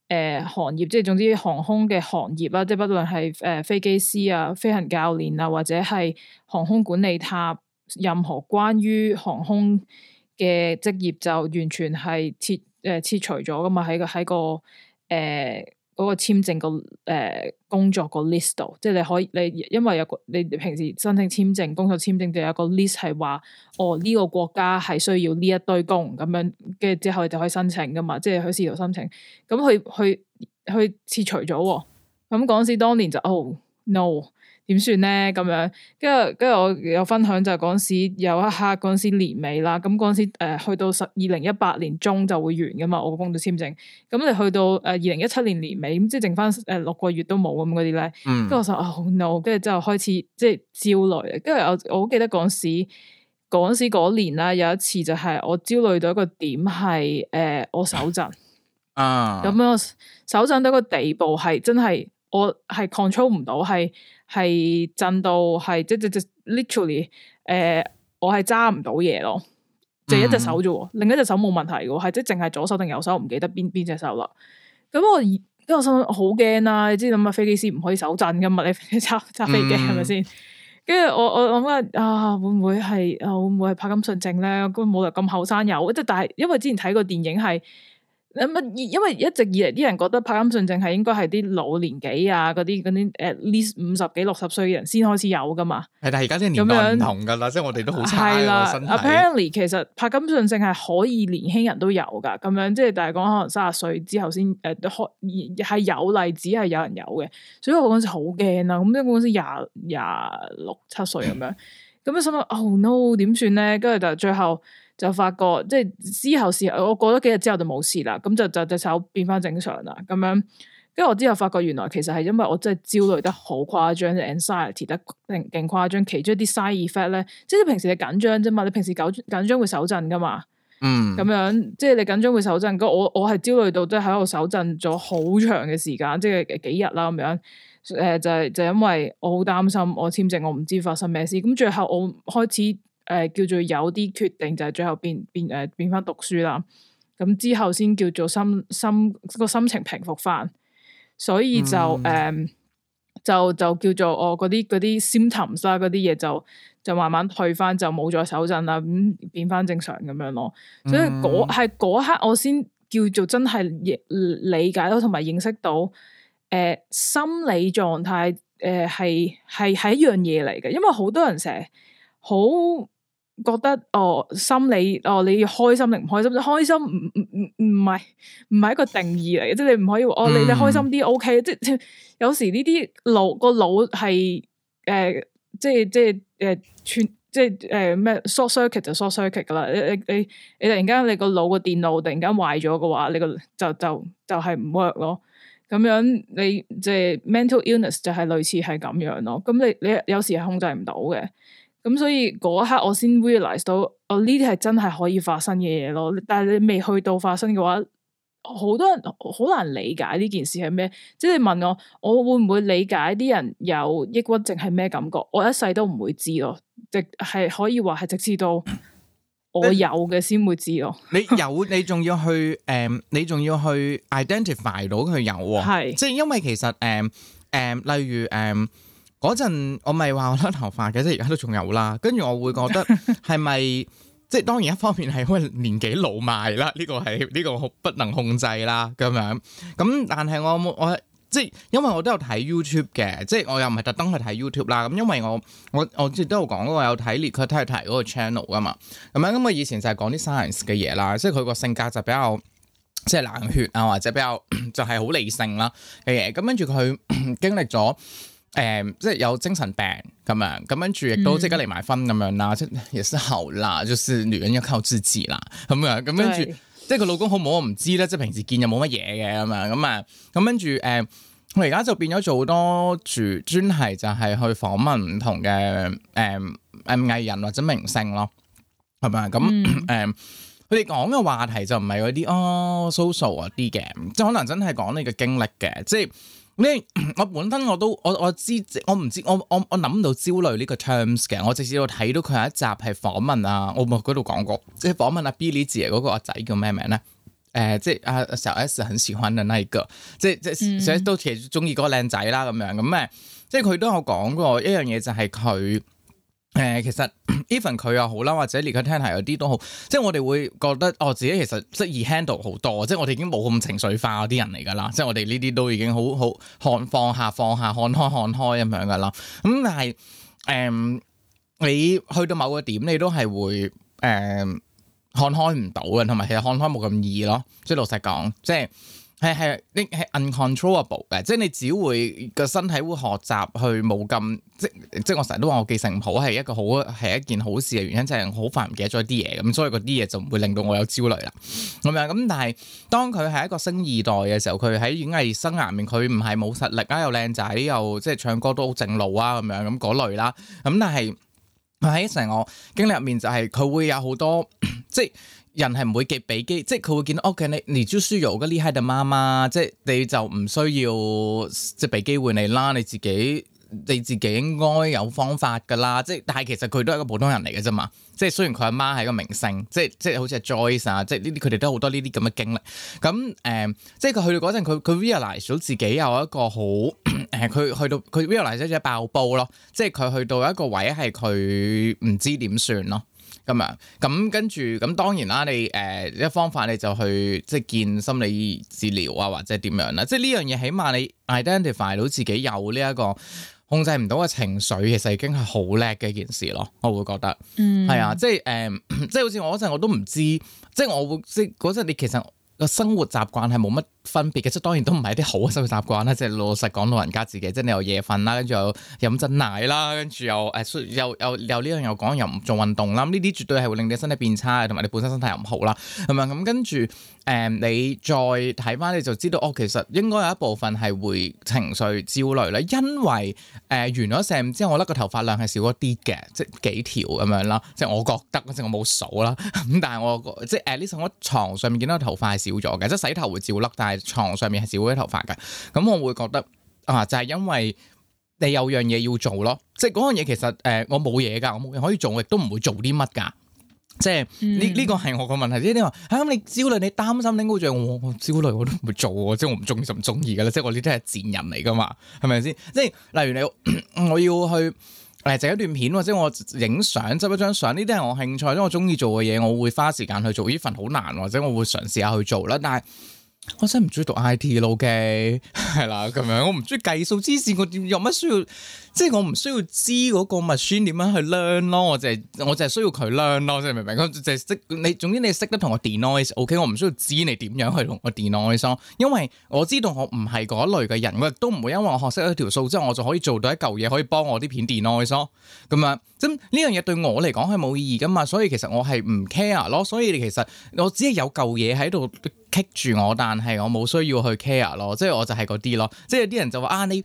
呃、行業，即係總之航空嘅行業啦，即係不論係誒飛機師啊、飛行教練啊，或者係航空管理塔，任何關於航空嘅職業，就完全係撤誒撤除咗㗎嘛，喺個喺個誒。呃嗰個簽證個，呃，工作個 list 度，即係你可以你因為有個你平時申請簽證工作簽證，就有一個 list 係話哦，呢、呢個國家係需要呢一堆工咁樣，跟住之後你就可以申請噶嘛，即係去以試圖申請。咁佢佢佢撤除咗，哦，咁嗰陣時當年就哦 no。點算咧？咁樣，跟住跟住，我有分享就係嗰陣時有一刻，嗰陣時年尾啦，咁嗰陣時誒、呃、去到十二零一八年中就會完噶嘛，我個工作簽證，咁你去到誒二零一七年年尾，咁即係剩翻誒六個月都冇咁嗰啲咧。跟住、嗯、我就哦、oh, no，跟住之後開始即係焦慮。跟住我我好記得嗰陣時，嗰陣時嗰年啦，有一次就係我焦慮到一個點係誒、呃、我手震啊，咁樣手震到一個地步係真係我係 control 唔到係。係震到係即即即 literally，誒、呃，我係揸唔到嘢咯，就一隻手啫，另一隻手冇問題嘅，係即淨係左手定右手唔記得邊邊隻手啦。咁我而，因為我心好驚啦，你知咁啊，飛機師唔可以手震噶嘛，你揸揸飛機係咪先？跟住、嗯、我我諗啊，啊會唔會係啊會唔會係柏金遜症咧？咁冇話咁後生有，即但係因為之前睇過電影係。咁因為一直以嚟啲人覺得柏金遜症係應該係啲老年紀啊，嗰啲嗰啲誒 at least 五十幾六十歲嘅人先開始有噶嘛。係但係而家即係年代唔同噶啦，樣即係我哋都好差係、啊、啦的，apparently 其實柏金遜症係可以年輕人都有噶，咁樣即係但係講可能卅歲之後先誒係有例子係有人有嘅。所以我嗰陣時好驚啊，咁因為我陣時廿廿六七歲咁樣，咁啊心諗 oh no 點算咧？跟住就最後。就發覺即係之後事，我過咗幾日之後就冇事啦，咁就就隻手變翻正常啦，咁樣。跟住我之後發覺，原來其實係因為我真係焦慮得好誇張，即係 anxiety 得勁勁誇張。其中一啲 side effect 咧，即係你平時嘅緊張啫嘛，你平時搞緊張會手震噶嘛，嗯，咁樣，即係你緊張會手震。我我係焦慮到即都喺度手震咗好長嘅時間，即係幾日啦咁樣。誒、呃，就係就因為我好擔心我簽證，我唔知發生咩事，咁最後我開始。誒、呃，叫做有啲決定就係、是、最後變變誒、呃、變翻讀書啦，咁之後先叫做心心個心情平復翻，所以就誒、嗯呃、就就叫做我嗰啲嗰啲 symptoms 嗰啲嘢就就慢慢退翻，就冇咗手震啦，咁、嗯、變翻正常咁樣咯。所以嗰係、嗯、刻我先叫做真係理解到同埋認識到誒、呃、心理狀態誒係係係一樣嘢嚟嘅，因為好多人成日好。覺得哦，心理哦，你要開心定唔開心？開心唔唔唔唔係，唔係一個定義嚟嘅，即係你唔可以話哦，你你開心啲 OK，即係有時呢啲腦個腦係誒，即係即係誒，全即係誒咩 short circuit 就 short circuit 噶啦，你你你你突然間你個腦個電腦突然間壞咗嘅話，你個就就就係唔 work 咯。咁樣你即係 mental illness 就係類似係咁樣咯。咁你你有時係控制唔到嘅。咁所以嗰一刻我先 realize 到，我呢啲係真係可以發生嘅嘢咯。但係你未去到發生嘅話，好多人好難理解呢件事係咩。即係你問我，我會唔會理解啲人有抑鬱症係咩感覺？我一世都唔會知咯。即係可以話係直至到我有嘅先會知咯。你有，你仲要去誒？ 你仲要去 identify 到佢有啊？係是，即係因為其實誒誒、呃呃，例如誒。呃嗰陣我咪話我甩頭髮嘅，即係而家都仲有啦。跟住我會覺得係咪， 即係當然一方面係因為年紀老邁啦，呢、這個係呢、這個不能控制啦咁樣。咁但係我冇我即係因為我都有睇 YouTube 嘅，即係我又唔係特登去睇 YouTube 啦。咁因為我我我之前都有講過有睇列佢睇嗰個 channel 㗎嘛。咁樣咁我以前就係講啲 science 嘅嘢啦，即係佢個性格就比較即係、就是、冷血啊，或者比較 就係、是、好理性啦。誒，咁跟住佢經歷咗。誒，嗯、即係有精神病咁樣，嗯、樣，咁跟住亦都即刻離埋婚咁樣啦，即係也是好啦，就是女人要靠自己啦，咁樣，咁跟住，即係佢老公好唔好，我唔知咧，即係平時見又冇乜嘢嘅啊嘛，咁啊，咁跟住誒，我而家就變咗做多住，專係就係去訪問唔同嘅誒誒藝人或者明星咯，係咪？咁誒，佢哋講嘅話題就唔係嗰啲哦 social 嗰啲嘅，即係可能真係講你嘅經歷嘅，即係。你我本身我都我我知我唔知我我我諗唔到焦慮呢個 terms 嘅，我直至到睇到佢有一集係訪問啊，我冇嗰度講過，即係訪問阿、啊、Billy 姐嗰個阿仔叫咩名咧？誒、呃，即係阿小 S 很喜歡的那一個，即係即小 S,、mm. 小 S 都其實中意嗰個靚仔啦，咁樣咁咩，即係佢都有講過一樣嘢就係佢誒，其實。even 佢又好啦，或者你佢聽係有啲都好，即係我哋會覺得，哦，自己其實易 handle 好多，即係我哋已經冇咁情緒化啲人嚟噶啦，即係我哋呢啲都已經好好看放下放下看開看開咁樣噶啦。咁但係誒、嗯，你去到某個點，你都係會誒、嗯、看開唔到嘅，同埋其實看開冇咁易咯。即係老實講，即係。係係，你係 uncontrollable 嘅，即係你只會個身體會學習去冇咁即即，即我成日都話我記性唔好係一個好係一件好事嘅原因，就係好快唔記得咗啲嘢咁，所以嗰啲嘢就唔會令到我有焦慮啦咁樣。咁但係當佢係一個星二代嘅時候，佢喺演藝生涯面，佢唔係冇實力啊，又靚仔又即係唱歌都好正路啊咁樣咁嗰類啦。咁但係喺成個經歷入面就係、係、佢會有好多即。人係唔會寄俾機，即係佢會見到，屋企 a 你你讀書又覺得叻定媽媽，即係你就唔需要即係俾機會你啦。你自己你自己應該有方法噶啦。即係但係其實佢都係一個普通人嚟嘅啫嘛。即係雖然佢阿媽係一個明星，即係即係好似 Joyce 啊，即係呢啲佢哋都好多呢啲咁嘅經歷。咁誒、嗯，即係佢去到嗰陣，佢佢 realize 到自己有一個好誒，佢去 到佢 realize 咗一隻爆煲咯。即係佢去到一個位係佢唔知點算咯。咁樣，咁跟住，咁當然啦，你誒、呃、一方法你就去即係見心理治療啊，或者點樣啦，即係呢樣嘢，起碼你 identify 到自己有呢一個控制唔到嘅情緒，其實已經係好叻嘅一件事咯，我會覺得，嗯，係啊，即係誒、呃，即係好似我嗰陣我都唔知，即係我會即係嗰陣你其實個生活習慣係冇乜分別嘅，即係當然都唔係啲好嘅生活習慣啦。即係老老實講，老人家自己，即係你又夜瞓啦，跟住又飲珍奶啦，跟住又誒、呃，又又又呢樣又講又唔做運動啦。咁呢啲絕對係會令你身體變差，同埋你本身身體又唔好啦，係咪？咁跟住誒，你再睇翻你就知道，哦，其實應該有一部分係會情緒焦慮啦，因為誒、呃、完咗成之後，我甩個頭髮量係少咗啲嘅，即係幾條咁樣啦，即係我覺得，即我冇數啦。咁但係我即係呢？我牀上面見到頭髮少咗嘅，即洗頭會照甩，床上面係少啲頭髮嘅，咁我會覺得啊，就係、是、因為你有樣嘢要做咯，即係嗰樣嘢其實誒、呃，我冇嘢噶，我冇嘢可以做，我亦都唔會做啲乜噶，即係呢呢個係我個問題。即係你話啊，你焦慮，你擔心你烏像我焦慮，我都唔會做，即係我唔中唔中意噶啦，即係我呢啲係賤人嚟噶嘛，係咪先？即係例如你我要去誒整一段片，或者我影相，執一張相，呢啲係我興趣，因為我中意做嘅嘢，我會花時間去做呢份好難，或者我會嘗試下去做啦，但係。但我真係唔中意讀 I T 咯，okay，係啦咁樣，我唔中意計數黐線，我點有乜需要？即係我唔需要知嗰個物酸點樣去 learn 咯，我淨係我淨係需要佢 learn 咯，即係明唔明？即就係你，總之你識得同我 denoise，OK，我唔需要知你點樣去同我 denoise。因為我知道我唔係嗰類嘅人，我亦都唔會因為我學識咗條數之後，我就可以做到一嚿嘢可以幫我啲片 denoise 咯。咁啊，咁呢樣嘢對我嚟講係冇意義噶嘛，所以其實我係唔 care 咯。所以其實我只係有嚿嘢喺度棘住我，但係我冇需要去 care 咯。即係我就係嗰啲咯。即係有啲人就話啊，你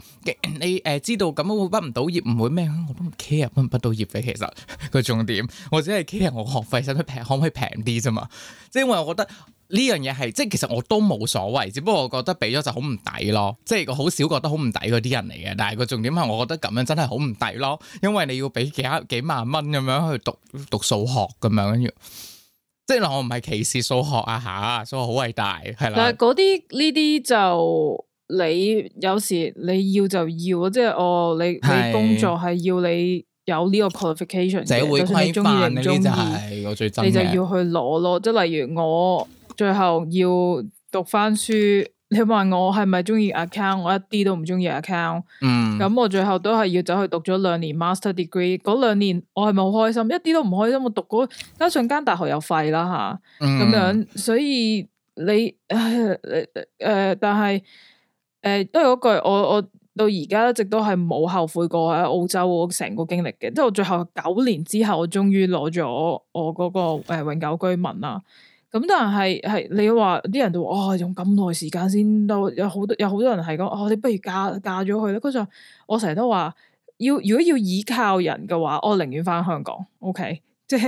你誒、呃、知道咁畢唔到業唔會咩？我都唔 care。畢唔到業嘅其實個重點，我只係 care 我學費使唔使平，可唔可以平啲啫嘛。即係因為我覺得呢樣嘢係，即係其實我都冇所謂，只不過我覺得俾咗就好唔抵咯。即係我好少覺得好唔抵嗰啲人嚟嘅，但係個重點係，我覺得咁樣真係好唔抵咯。因為你要俾其他幾萬蚊咁樣去讀讀數學咁樣，跟住即係我唔係歧視數學啊吓，數學好偉大係啦。嗱，嗰啲呢啲就。你有時你要就要，即係我、哦、你是你工作係要你有呢個 qualification，社會規範就你，你就要去攞咯。即係例如我最後要讀返書，你問我係咪中意 account，我一啲都唔中意 account。嗯，咁我最後都係要走去讀咗兩年 master degree。嗰兩年我係咪好開心？一啲都唔開心。我讀嗰加、那個、上間大學又廢啦嚇，咁、啊嗯、樣。所以你誒、呃呃、但係。誒、呃，都係嗰句，我我到而家一直都係冇後悔過喺澳洲成個經歷嘅，即係我最後九年之後，我終於攞咗我嗰個誒永久居民啦。咁但係係你話啲人都話，哦，用咁耐時間先到，有好多有好多人係講，哦，你不如嫁嫁咗去咧。嗰時我成日都話，要如果要依靠人嘅話，我寧願返香港。O、okay? K，即係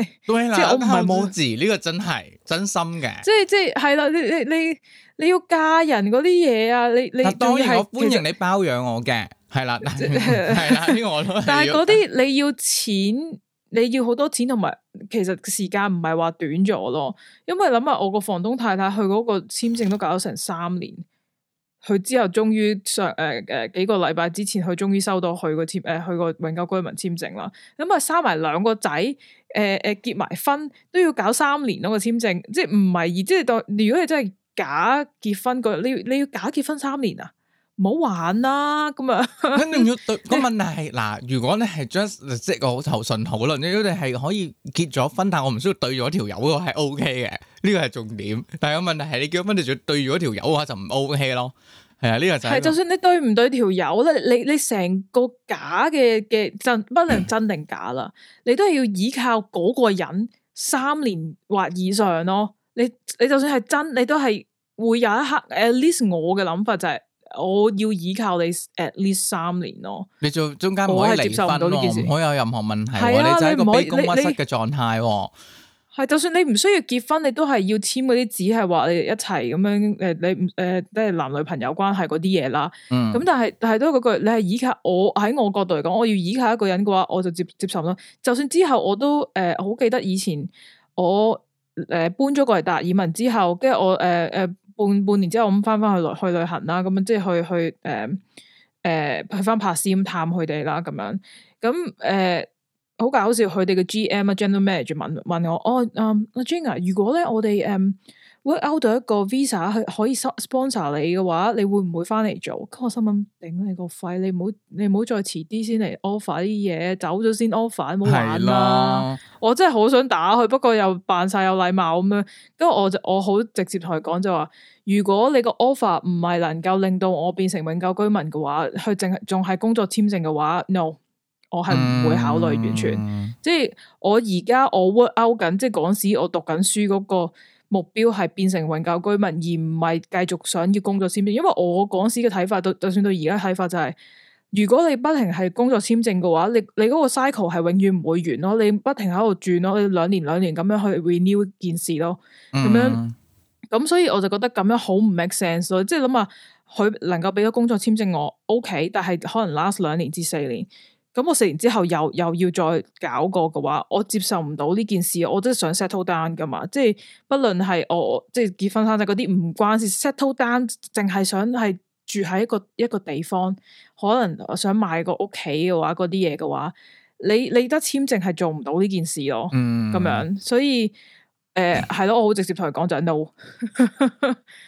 了 即係我唔係冇字，呢、這個真係真心嘅。即係即係係啦，你你你。你你要嫁人嗰啲嘢啊！你你當然我歡迎你包養我嘅，係實啦，係 啦，這個、我但係嗰啲你要錢， 你要好多錢，同埋其實時間唔係話短咗咯。因為諗下我個房東太太去嗰個簽證都搞咗成三年，佢之後終於上誒誒、呃、幾個禮拜之前，佢終於收到佢個簽誒佢個永久居民簽證啦。咁啊，生埋兩個仔，誒誒結埋婚都要搞三年嗰、那個簽證，即係唔係而即係當如果你真係。假結婚個，你要你要假結婚三年啊？唔好玩啦！咁啊，肯 定要對個問題係嗱，你如果 just, 你係將即係我求順好啦，如果你係可以結咗婚，但係我唔需要對住嗰條友，我係 O K 嘅，呢個係重點。但係個問題係你結咗婚，你對就對住嗰條友，就唔 O K 咯。係啊，呢、呢個就係、那個、就算你對唔對條友咧，你你成個假嘅嘅真不能真定假啦， 你都係要依靠嗰個人三年或以上咯。你你，你就算係真，你都係。會有一刻，at least 我嘅諗法就係我要依靠你 at least 三年咯。你做中間唔可以離，接受到呢件事，唔可以有任何問題。係啊，啊你唔可以嘅你你。係、啊、就算你唔需要結婚，你都係要簽嗰啲紙，係話你一齊咁樣誒，你唔誒即係男女朋友關係嗰啲嘢啦。嗯。咁但係係都嗰句，你係依靠我喺我角度嚟講，我要依靠一個人嘅話，我就接接受咯。就算之後我都誒好、呃、記得以前我誒搬咗過嚟達爾文之後，跟住我誒誒。呃呃呃呃半半年之後，我咁翻翻去去旅行啦，咁樣即係去去誒誒、呃、去翻、呃、拍攝探佢哋啦，咁樣，咁誒好搞笑，佢哋嘅 G M 啊 General Manager 問問我，哦，阿、嗯、Jane 啊，如果咧我哋誒。嗯 work out 到一個 visa 佢可以 sponsor 你嘅話，你會唔會翻嚟做？咁我心諗頂 你個肺，你唔好你唔好再遲啲先嚟 offer 啲嘢，走咗先 offer，唔好玩啦！ 我真係好想打佢，不過又扮晒有禮貌咁樣。咁我我好直接同佢講就話、是：如果你個 offer 唔係能夠令到我變成永久居民嘅話，佢淨仲係工作簽證嘅話，no，我係唔會考慮完全。嗯、即係我而家我 work out 緊，即係講時我讀緊書嗰、那個。目標係變成永久居民，而唔係繼續想要工作簽證。因為我嗰時嘅睇法，到就算到而家睇法就係、是，如果你不停係工作簽證嘅話，你你嗰個 cycle 係永遠唔會完咯，你不停喺度轉咯，你兩年兩年咁樣去 renew 一件事咯，咁樣，咁、mm hmm. 所以我就覺得咁樣好唔 make sense 咯，即係諗下，佢能夠俾咗工作簽證我，OK，但係可能 last 兩年至四年。咁我食完之後又又要再搞過嘅話，我接受唔到呢件事，我真係想 settle down 噶嘛。即係不論係我即係、就是、結婚生仔嗰啲唔關事，settle down 淨係想係住喺一個一個地方，可能我想買個屋企嘅話，嗰啲嘢嘅話，你你得簽證係做唔到呢件事咯。咁、嗯、樣，所以誒係咯，我好直接同佢講就係 no，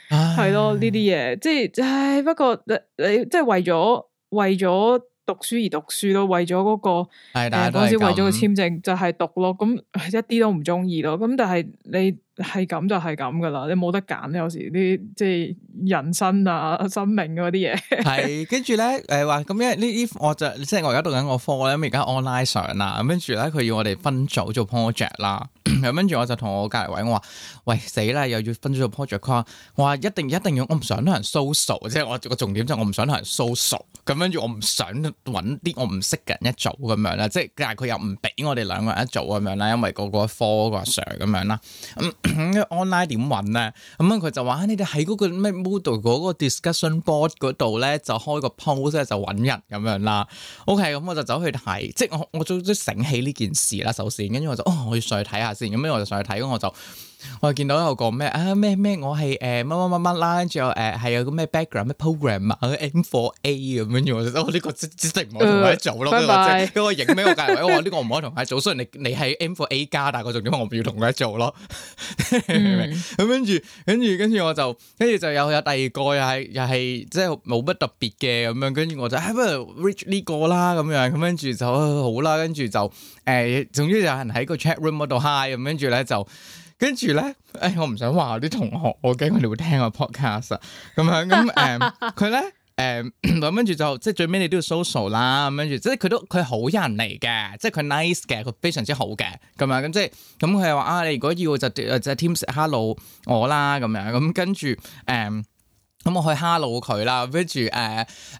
係咯呢啲嘢，即係唉。不過、呃、你你即係為咗為咗。為讀書而讀書咯，為咗、嗰個，嗰個嗰時為咗個簽證就係讀咯，咁一啲都唔中意咯，咁但係你。係咁就係咁噶啦，你冇得揀。有時啲即係人生啊、生命嗰啲嘢。係，跟住咧誒話咁樣呢啲，我就即係我而家讀緊個科咧，咁而家 online 上啦。跟住咧佢要我哋分組做 project 啦。咁跟住我就同我隔離位我話：喂死啦！又要分組做 project。佢話：我話一定一定要，我唔想同人 social。So, 即係我個重點就係我唔想同人 social。咁跟住我唔想揾啲我唔識嘅人一組咁樣啦。即係但係佢又唔俾我哋兩個人一組咁樣啦，因為個個科、個阿 Sir 咁樣啦。咳咳 嗯、online 點揾咧？咁啊佢就話你哋喺嗰個咩 module 嗰個 discussion board 嗰度咧，就開個 post 咧，就揾人咁樣啦。OK，咁、嗯、我就走去睇，即係我我早都醒起呢件事啦。首先，跟住我就哦，我要上去睇下先。咁樣我就上去睇，咁我就。我見到有個咩啊咩咩，我係誒乜乜乜乜啦，跟住又誒係有個咩 background 咩 program 啊，M four A 咁樣。我我呢個真真真唔可以同佢一組咯，即係咁我影咩我介，我話呢個唔可以同佢一組。雖然你你係 M four A 加，但係個重點我唔要同佢一組咯。咁跟住跟住跟住我就跟住就有有第二個又係又係即係冇乜特別嘅咁樣。跟住我就啊不如 reach 呢個啦咁樣，咁跟住就好啦。跟住就誒，總之有人喺個 chat room 度 hi，咁跟住咧就。跟住咧，誒我唔想話啲同學，我驚佢哋會聽我 podcast 咁樣咁，誒，佢咧誒，咁跟住就即係最尾你都要 social 啦，咁跟住即係佢都佢好人嚟嘅，即係佢 nice 嘅，佢非常之好嘅，咁啊，咁即係咁佢又話啊，你如果要就就 Teams hello 我啦咁樣，咁跟住誒。嗯咁我去 hello 佢啦，跟住誒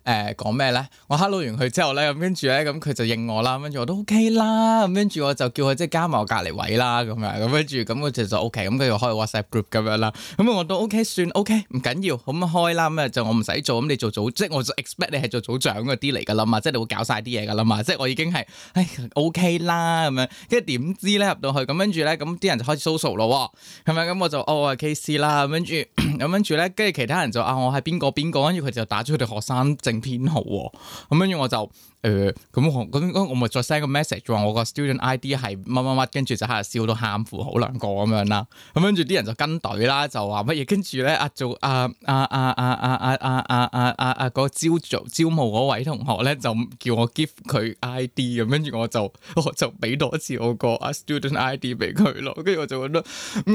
誒講咩咧？我 hello 完佢之後咧，咁跟住咧，咁佢就應我啦，跟住我都 OK, OK, OK、哎、OK 啦，咁跟住我就叫佢即係加埋我隔離位啦，咁樣咁跟住咁我就就 OK，咁佢就開 WhatsApp group 咁樣啦，咁我都 OK 算 OK，唔緊要，咁開啦，咁就我唔使做，咁你做組，即我就 expect 你係做組長嗰啲嚟㗎啦嘛，即係你會搞晒啲嘢㗎啦嘛，即係我已經係誒 OK 啦咁樣，跟住點知咧入到去，咁跟住咧，咁啲人就開始 social 咯，係咪？咁我就哦，我係 case 啦，咁跟住，咁跟住咧，跟住其他人就我係邊個邊個，跟住佢就打咗佢哋學生證編號，咁跟住我就誒，咁我咁我咪再 send 個 message 話我個 student ID 係乜乜乜，跟住就係笑到喊苦好難過咁樣啦，咁跟住啲人就跟隊啦，就話乜嘢，跟住咧啊做啊啊啊啊啊啊啊啊阿阿個招招招募嗰位同學咧就叫我 give 佢 ID，咁跟住我就我就俾多次我個 student ID 俾佢咯，跟住我就覺得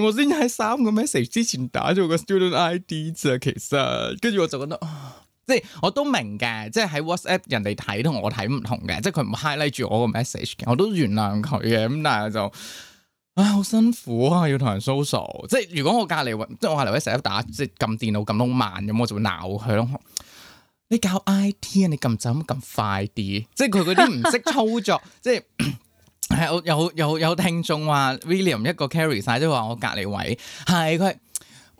我先喺三個 message 之前打咗個 student ID 咋，其實。誒，跟住我就覺得，即係我都明嘅，即係喺 WhatsApp 人哋睇同我睇唔同嘅，即係佢唔 highlight 住我個 message 嘅，我都原諒佢嘅。咁但係就，唉，好辛苦啊，要同人 social。即係如果我隔籬位，即係我隔籬位成日打，即係撳電腦撳到慢，咁我就會鬧佢咯。你搞 IT 啊，你撳就咁撳快啲。即係佢嗰啲唔識操作， 即係係有有有，有聽眾話 William 一個 carry 晒，即係話我隔籬位係佢。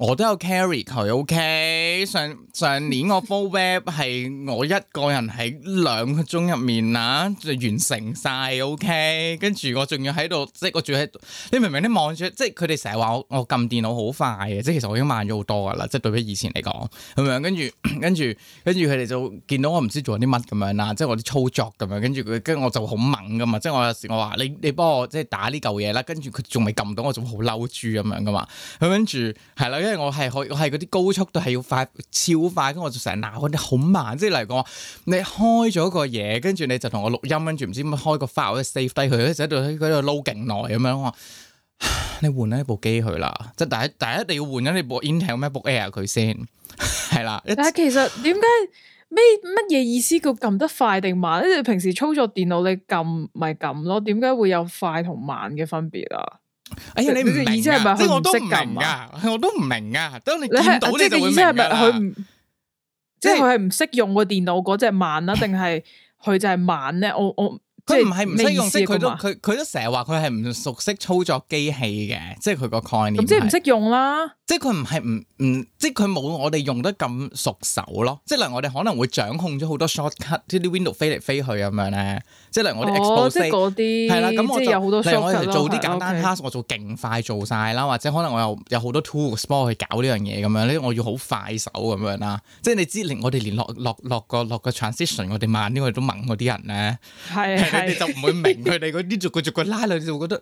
我都有 carry，佢 OK 上。上上年我 full web 係我一個人喺兩個鐘入面啊，就完成晒 OK。跟住我仲要喺度，即係我仲要喺度，你明明咧望住，即係佢哋成日話我我撳電腦好快嘅，即係其實我已經慢咗好多噶啦，即係對比以前嚟講，咁樣。跟住跟住跟住佢哋就見到我唔知做啲乜咁樣啦，即係我啲操作咁樣，跟住佢跟住我就好猛噶嘛，即係我有時我話你你幫我即係打呢嚿嘢啦，跟住佢仲未撳到我，我仲好嬲豬咁樣噶嘛。咁跟住係啦，我係可我係嗰啲高速都係要快超快，咁我就成日鬧你好慢。即係嚟講，你開咗個嘢，跟住你就同我錄音，跟住唔知乜開個 file，save 低佢，喺度喺度撈勁耐咁樣。我話你換呢部機去啦，即係第第一，一定要換咗你部 Intel MacBook Air 佢先係啦。 了但係其實點解咩乜嘢意思？叫「撳得快定慢」？即你平時操作電腦你撳咪撳咯，點解會有快同慢嘅分別啊？哎呀，你唔知意思係咪即佢唔識撳啊？係我都唔明啊！當你見到你就會明啦。意思係咪？佢唔，即係佢係唔識用個電腦嗰隻慢啦，定係佢就係慢咧？我我，即係唔係唔識用？佢、啊、都佢佢都成日話佢係唔熟悉操作機器嘅，即係佢個概念。咁即係唔識用啦。即係佢唔係唔唔，即係佢冇我哋用得咁熟手咯。即係例如我哋可能會掌控咗好多 shortcut，即係啲 window 飛嚟飛去咁樣咧。即係我，哦，嗰啲，係啦，咁我，例如我做啲簡單 task，我做勁快做晒啦，或者可能我又有好多 tools 幫我去搞呢樣嘢咁樣咧，我要好快手咁樣啦。即係你知，連我哋連落落落個落個 transition，我哋慢啲，我哋都問嗰啲人咧，係係，你就唔會明佢哋嗰啲逐個逐個拉，你就會覺得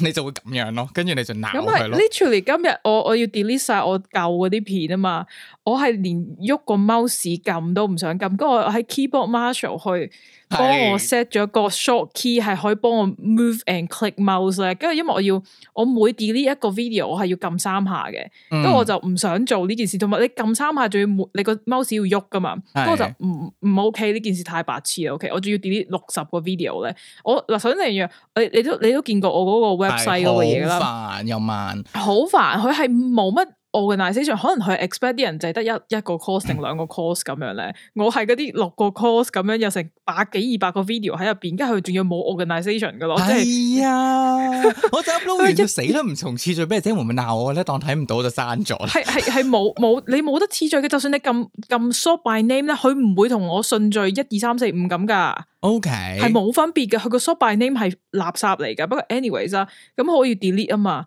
你就會咁樣咯。跟住你就鬧佢咯。Literally 今日我我要 delete 晒我舊嗰啲片啊嘛，我係連喐個 mouse 撳都唔想撳，跟住我喺 keyboard Marshall 去。幫是我 set 咗個 short key 係可以幫我 move and click mouse 咧，跟住因為我要我每 delete 一個 video 我係要撳三下嘅，咁、嗯、我就唔想做呢件事，同埋你撳三下仲要你個 mouse 要喐噶嘛，咁是我就唔唔 ok 呢件事太白痴啦，ok 我仲要 delete 六十個 video 咧，我嗱首先第一樣你你都你都見過我嗰個 website 嗰個嘢啦，好煩又慢，好煩佢係冇乜。organization 可能佢 expect 啲人就係得一一個 course 定兩個 course 咁樣咧，我係嗰啲六個 course 咁樣有成百幾二百個 video 喺入邊，跟住佢仲要冇 organization 噶咯。係啊，我 set 要死都唔從次序俾阿唔們鬧我咧，當睇唔到就刪咗。係係係冇冇你冇得次序嘅，就算你咁咁 sort by name 咧，佢唔會同我順序一二三四五咁噶。OK，係冇分別嘅，佢個 sort by name 係垃圾嚟噶。不過 anyways 啊，咁可以 delete 啊嘛。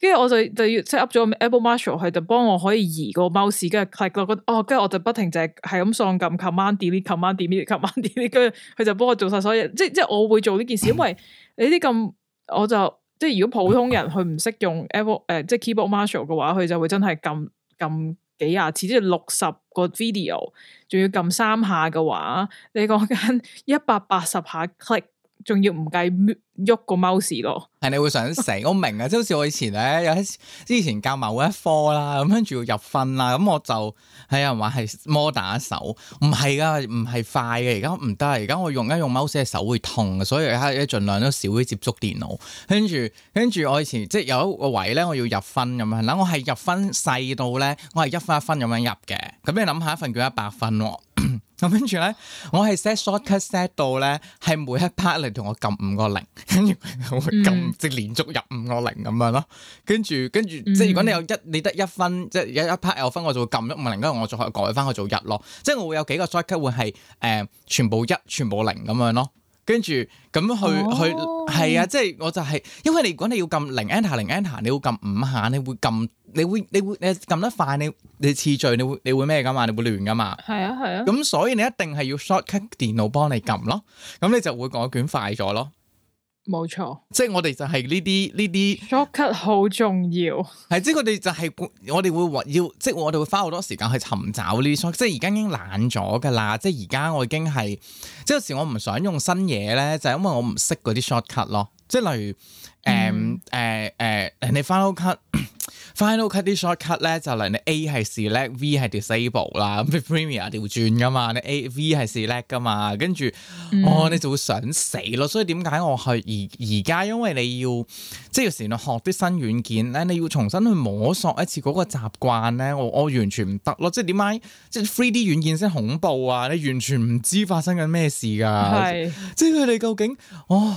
跟住我就就要即 set up 咗個佢就幫我可以移個 mouse，跟住係 click 咯哦，跟住我就不停就係係咁喪撳 command command command，跟住佢就幫我做晒所有，即即係我會做呢件事，因為你啲咁，我就即係如果普通人佢唔識用誒，即係 keyboard Marshall 嘅話，佢就會真係撳撳幾廿次，即係六十個 video，仲要撳三下嘅話，你講緊一百八十下 click。仲要唔計喐個 mouse 咯，係 你會想死，我明啊，即好似我以前咧，有啲之前教某一科啦，咁跟住要入分啦，咁我就係有人話係摩打手，唔係噶，唔係快嘅，而家唔得，而家我用一用 mouse 嘅手會痛，所以而家盡量都少啲接觸電腦，跟住跟住我以前即係有一個位咧，我要入分咁樣，嗱我係入分細到咧，我係一分一分咁樣入嘅，咁你諗下一份叫一百分咯，啊？咁跟住咧，我係 set shortcut set 到咧，係每一 part 嚟，同我撳五個零，跟住我撳即係連續入五個零咁樣咯。跟住跟住，嗯、即係如果你有一你得一分，即係有一 part 有分，我就會撳一五個零，跟住我就可以改翻去做一咯。即係我會有幾個 shortcut 會係誒、呃，全部一，全部零咁樣咯。跟住咁去去係啊，即係我就係，因為你如果你要撳零 enter 零 enter，你要撳五下，你會撳你會你會你撳得快，你你次序你會你會咩㗎嘛，你會亂㗎嘛。係啊係啊。咁、啊、所以你一定係要 shortcut 電腦幫你撳咯，咁你就會改卷快咗咯。冇錯，錯，即係我哋就係呢啲呢啲 shortcut 好重要，係即係、就是、我哋就係我哋會要，即係我哋會花好多時間去尋找呢啲 shortcut。即係而家已經懶咗㗎啦，即係而家我已經係即係有時我唔想用新嘢咧，就係、是、因為我唔識嗰啲 shortcut 咯。即係例如誒誒誒，你、嗯呃呃呃、Final Cut。 Final Cut 啲 shortcut 咧，就嚟你 A 係 select，V 係 disable 啦、嗯。咁 Premiere 調轉噶嘛，你 A V 係 select 噶嘛，跟住哦，你就會想死咯。所以點解我係而而家？因為你要即係、就是、要試學啲新軟件咧，你要重新去摸索一次嗰個習慣咧。我我完全唔得咯。即係點解？即係 3D 軟件先恐怖啊！你完全唔知發生緊咩事噶。係是即係佢哋究竟哦。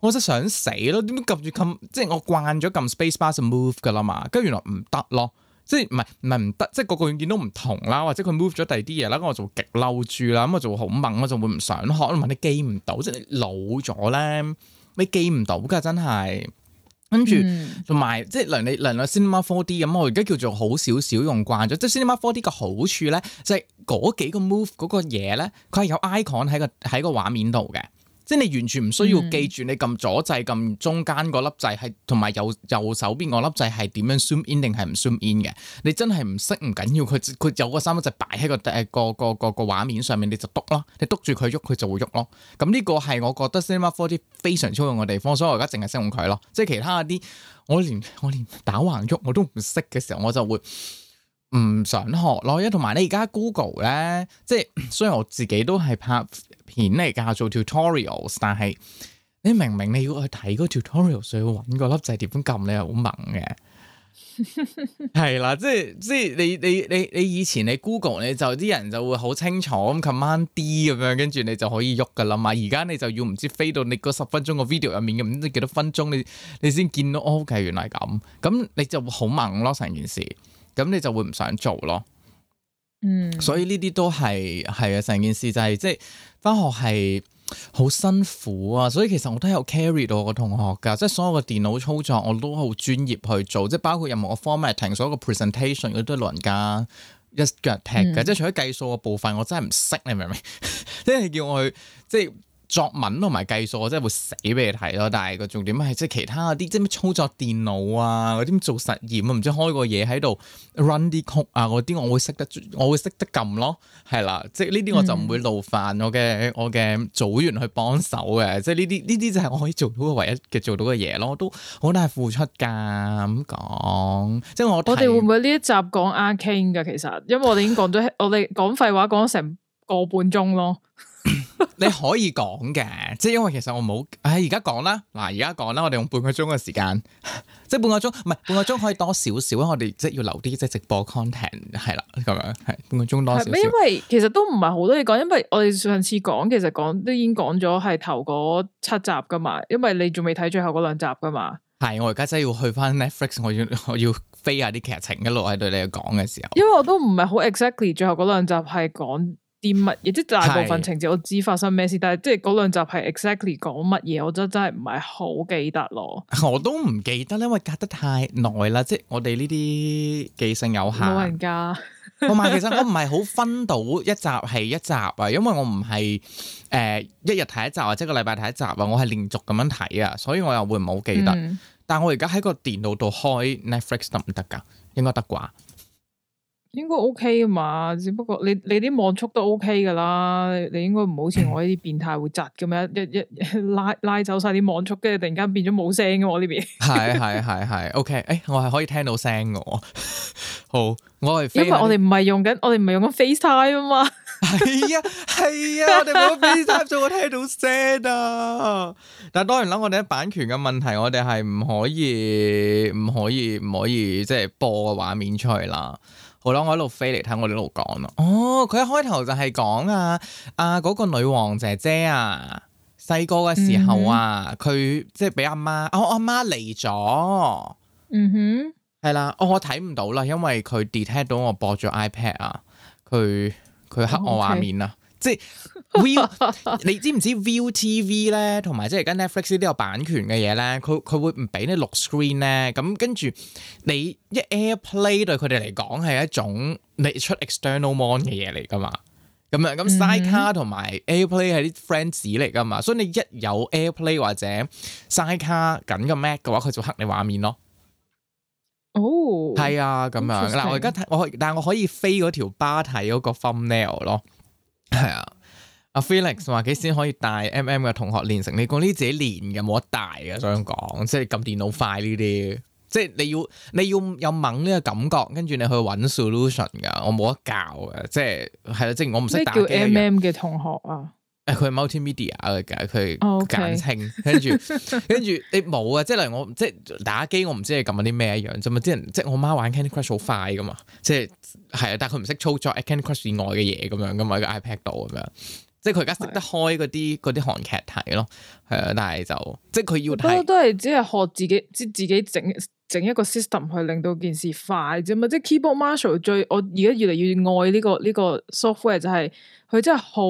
我真係想死咯！點解撳住撳？即係我慣咗撳 spacebar 就 move 噶啦嘛，跟住原來唔得咯。即係唔係唔係唔得？即係個個軟件都唔同啦，或者佢 move 咗第二啲嘢啦。咁我就極嬲住啦，咁我就會好猛，猛，我就會唔想學。問你記唔到？即係你老咗咧，你記唔到噶真係。跟住同埋即係論你論 c Cinema 4D 咁，我而家叫做好少少用慣咗。即係 Cinema 4D 嘅好處咧，就係、是、嗰幾個 move 嗰個嘢咧，佢係有 icon 喺個喺個畫面度嘅。即係你完全唔需要記住你撳咗掣、撳中間嗰粒掣，係同埋右右手邊嗰粒掣係點樣 zoom in 定係唔 zoom in 嘅。你真係唔識唔緊要，佢佢有個三粒掣擺喺個誒個個個,個畫面上面，你就篤咯，你篤住佢喐，佢就會喐咯。咁呢個係我覺得 Cinema 4D 非常超用嘅地方，所以我而家淨係識用佢咯。即係其他啲我連我連打橫喐我都唔識嘅時候，我就會唔想學咯。因為同埋你而家 Google 咧，即係雖然我自己都係怕。片嚟教做 tutorials 但係你明明你要去睇個 tutorials 要搵個粒掣點樣撳你係好盲嘅，係啦， 即係即係你你你你以前你 Google 你就啲人就會好清楚咁 command D 咁樣，跟住你就可以喐噶啦嘛。而家你就要唔知飛到你嗰十分鐘個 video 入面咁，唔知幾多分鐘你，你你先見到。O、哦、K，原來咁咁你,你就會好盲咯，成件事咁你就會唔想做咯。嗯，所以呢啲都係係啊，成件事就係、是、即係。翻學係好辛苦啊，所以其實我都有 carry 到我個同學噶，即係所有嘅電腦操作我都好專業去做，即係包括任何個 formatting，所有嘅 presentation 佢都係老人家一腳踢噶，嗯、即係除咗計數嘅部分我真係唔識，你明唔明？ 即係你叫我去即係。作文同埋計數，我真係會死俾你睇咯。但係個重點係即係其他啲，即係咩操作電腦啊，嗰啲做實驗啊，唔知開個嘢喺度 run 啲曲啊，嗰啲我會識得，我會識得撳咯，係啦。即係呢啲我就唔會勞煩我嘅、嗯、我嘅組員去幫手嘅。即係呢啲呢啲就係我可以做到嘅唯一嘅做到嘅嘢咯。都好大係付出噶咁講。即係我我哋會唔會呢一集講阿 King 噶？其實，因為我哋已經講咗， 我哋講廢話講咗成個半鐘咯。 你可以講嘅，即係因為其實我冇，誒而家講啦，嗱而家講啦，我哋用半個鐘嘅時間，即係半個鐘，唔係半個鐘可以多少少啊， 我哋即係要留啲即係直播 content 係啦，咁樣係半個鐘多少少，因為其實都唔係好多嘢講，因為我哋上次講其實講都已經講咗係頭嗰七集噶嘛，因為你仲未睇最後嗰兩集噶嘛，係我而家真係要去翻 Netflix，我要我要飛一下飛下啲劇情一路喺對你講嘅時候，因為我都唔係好 exactly 最後嗰兩集係講。啲乜嘢？即大部分情節我知發生咩事，是但係即係嗰兩集係 exactly 講乜嘢，我真真係唔係好記得咯。我都唔記得，因為隔得太耐啦，即係我哋呢啲記性有限。老人家，同 埋其實我唔係好分到一集係一集啊，因為我唔係誒一日睇一集或者個禮拜睇一集啊，我係連續咁樣睇啊，所以我又會唔好記得。嗯，但係我而家喺個電腦度開 Netflix 得唔得噶？應該得啩？應該 OK 啊嘛，只不過你你啲網速都 OK 噶啦，你應該唔好似我呢啲變態會窒咁樣、嗯一，一一拉拉走曬啲網速，跟住突然間變咗冇聲噶我呢邊。係係係係 OK，誒我係可以聽到聲噶，好我係，因為我哋唔係用緊， 我哋唔係用緊 FaceTime 啊嘛。係啊係啊，我哋用 FaceTime 就會聽到聲啊！但係當然啦，我哋喺版權嘅問題，我哋係唔可以唔可以唔可以，唔可以即係播個畫面出去啦。好咯，我一路飛嚟睇，我哋一路講咯。哦，佢一開頭就係講啊啊嗰、嗰個女王姐姐啊，細個嘅時候啊，佢、mm hmm. 即係俾阿媽，我阿媽嚟咗。嗯哼，係啦，我睇唔到啦，因為佢 detect 到我播咗 iPad 啊，佢佢黑我畫面啊，Okay. 即係。 v 你知唔知 view T V 咧，同埋即係跟 Netflix 呢個有版權嘅嘢咧，佢佢會唔俾你錄 screen 咧？咁跟住你一 AirPlay 對佢哋嚟講係一種你出 external mon 嘅嘢嚟噶嘛？咁樣咁 Sidecar 同埋 AirPlay 係啲 friend 紙嚟噶嘛？嗯、所以你一有 AirPlay 或者 Sidecar 緊個 Mac 嘅話，佢就黑你畫面咯。哦，係啊，咁樣嗱，我而家我但係我可以飛嗰條巴睇嗰個 Thumbnail 咯，係啊。Felix 話幾先可以帶 MM 嘅同學練成？你講呢自己練嘅，冇得帶噶。想講即係撳電腦快呢啲，即係你要你要有猛呢個感覺，跟住你去揾 solution 噶。我冇得教嘅，即係係啦。即係我唔識打機一樣。咩叫 MM 嘅同學啊？誒，佢係 Multimedia 嘅，佢簡稱。跟住跟住你冇啊！即係例如我即係打機，我唔知你撳緊啲咩一樣啫嘛。即係即係我媽媽玩 Candy Crush 好快噶嘛，即係係啊。但係佢唔識操作 Candy Crush 以外嘅嘢咁樣噶嘛，個 iPad 度咁樣。即係佢而家識得開嗰啲嗰啲韓劇睇咯，係啊，但係就即係佢要睇都都係只係學自己即係自己整整一個 system 去令到件事快啫嘛。即係 Keyboard Marshal 最我而家越嚟越愛呢個呢個 software 就係、是、佢真係好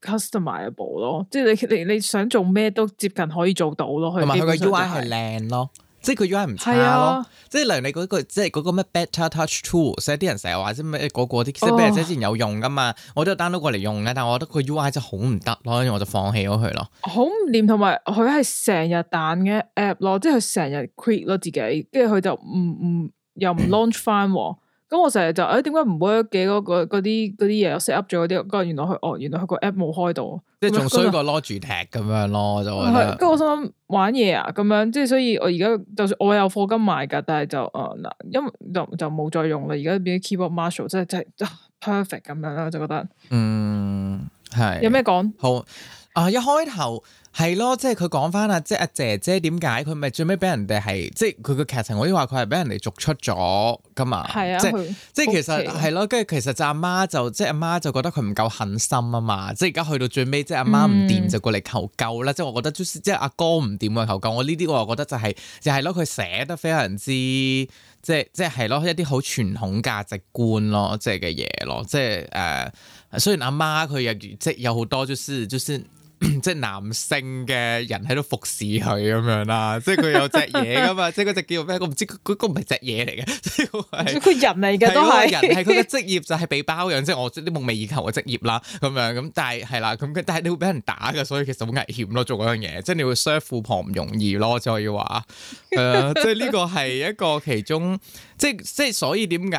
customizable 咯，即係你你你想做咩都接近可以做到咯。同埋佢個 UI 係靚咯。即係佢 UI 唔差咯， 即係例如你嗰、嗰個即係個咩 Better Touch Tool，所以啲人成日話即係咩嗰個啲，即係比如即之前有用噶嘛，我都 download 過嚟用咧，但係我覺得佢 UI 真係好唔得咯，跟住我就放棄咗佢咯。好唔掂，同埋佢係成日彈嘅 app 咯，即係佢成日 create 咯自己，跟住佢就唔唔又唔 launch 翻喎。 咁我成日就誒，點解唔 work 嗰個啲啲嘢 set up 咗嗰啲，跟住、那個、原來佢哦，原來佢個 app 冇開到，即係仲衰過攞住踢咁樣咯，就係。跟住我想玩嘢啊，咁樣即係所以我，我而家就算我有課金買㗎，但係就誒嗱、呃，因為就就冇再用啦，而家變咗 keyboard marshal 即係即係、就是、perfect 咁樣啦，就覺得嗯係。有咩講？好。啊、哦！一開頭係咯，即係佢講翻啊，即係阿姐姐點解佢咪最尾俾人哋係，即係佢個劇情，可以話佢係俾人哋逐出咗咁啊！係啊，即係即係其實係咯，跟住其實阿媽就即係阿媽就覺得佢唔夠狠心啊嘛！即係而家去到最尾，即係阿媽唔掂就過嚟求救啦！嗯、即係我覺得、就是、即係阿哥唔掂嘅求救，我呢啲我又覺得就係、是、就係、是、咯，佢寫得非常之即係即係係咯，就是、一啲好傳統價值觀咯，即係嘅嘢咯，即係誒、呃，雖然阿媽佢又即有好多、就是，就是就是。就是嗯即係男性嘅人喺度服侍佢咁樣啦，即係佢有隻嘢噶嘛， 即係嗰隻叫咩？我唔知嗰嗰個唔係隻嘢嚟嘅，即係佢人嚟嘅、啊、都係是。 人，係佢嘅職業就係、是、被包養，即係我啲夢寐以求嘅職業啦。咁樣咁，但係係啦，咁、啊、但係你會俾人打嘅，所以其實好危險咯。做嗰樣嘢，即係你會 serve 富婆唔容易咯，就可以話，係、呃、 即係呢個係一個其中，即係即係所以點解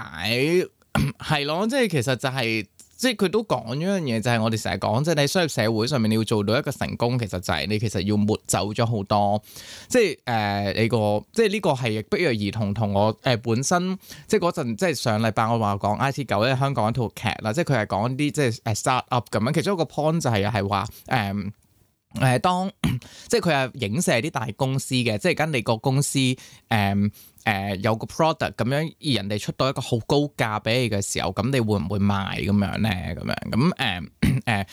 係咯？即係、啊、其實就係、是。即係佢都講咗一樣嘢，就係、是、我哋成日講，即係你商業社會上面，你要做到一個成功，其實就係你其實要抹走咗好多，即係誒、呃、你個，即係呢個係不約而同同我誒、呃、本身，即係嗰陣，即係上禮拜我話講 I T 狗係香港一套劇啦，即係佢係講啲即係誒 start up 咁樣，其中一個 point 就係係話誒誒當即係佢係影射啲大公司嘅，即係跟你個公司誒。呃誒、呃、有個 product 咁樣，而人哋出到一個好高價俾你嘅時候，咁你會唔會賣咁樣咧？咁樣咁誒誒，佢、呃呃、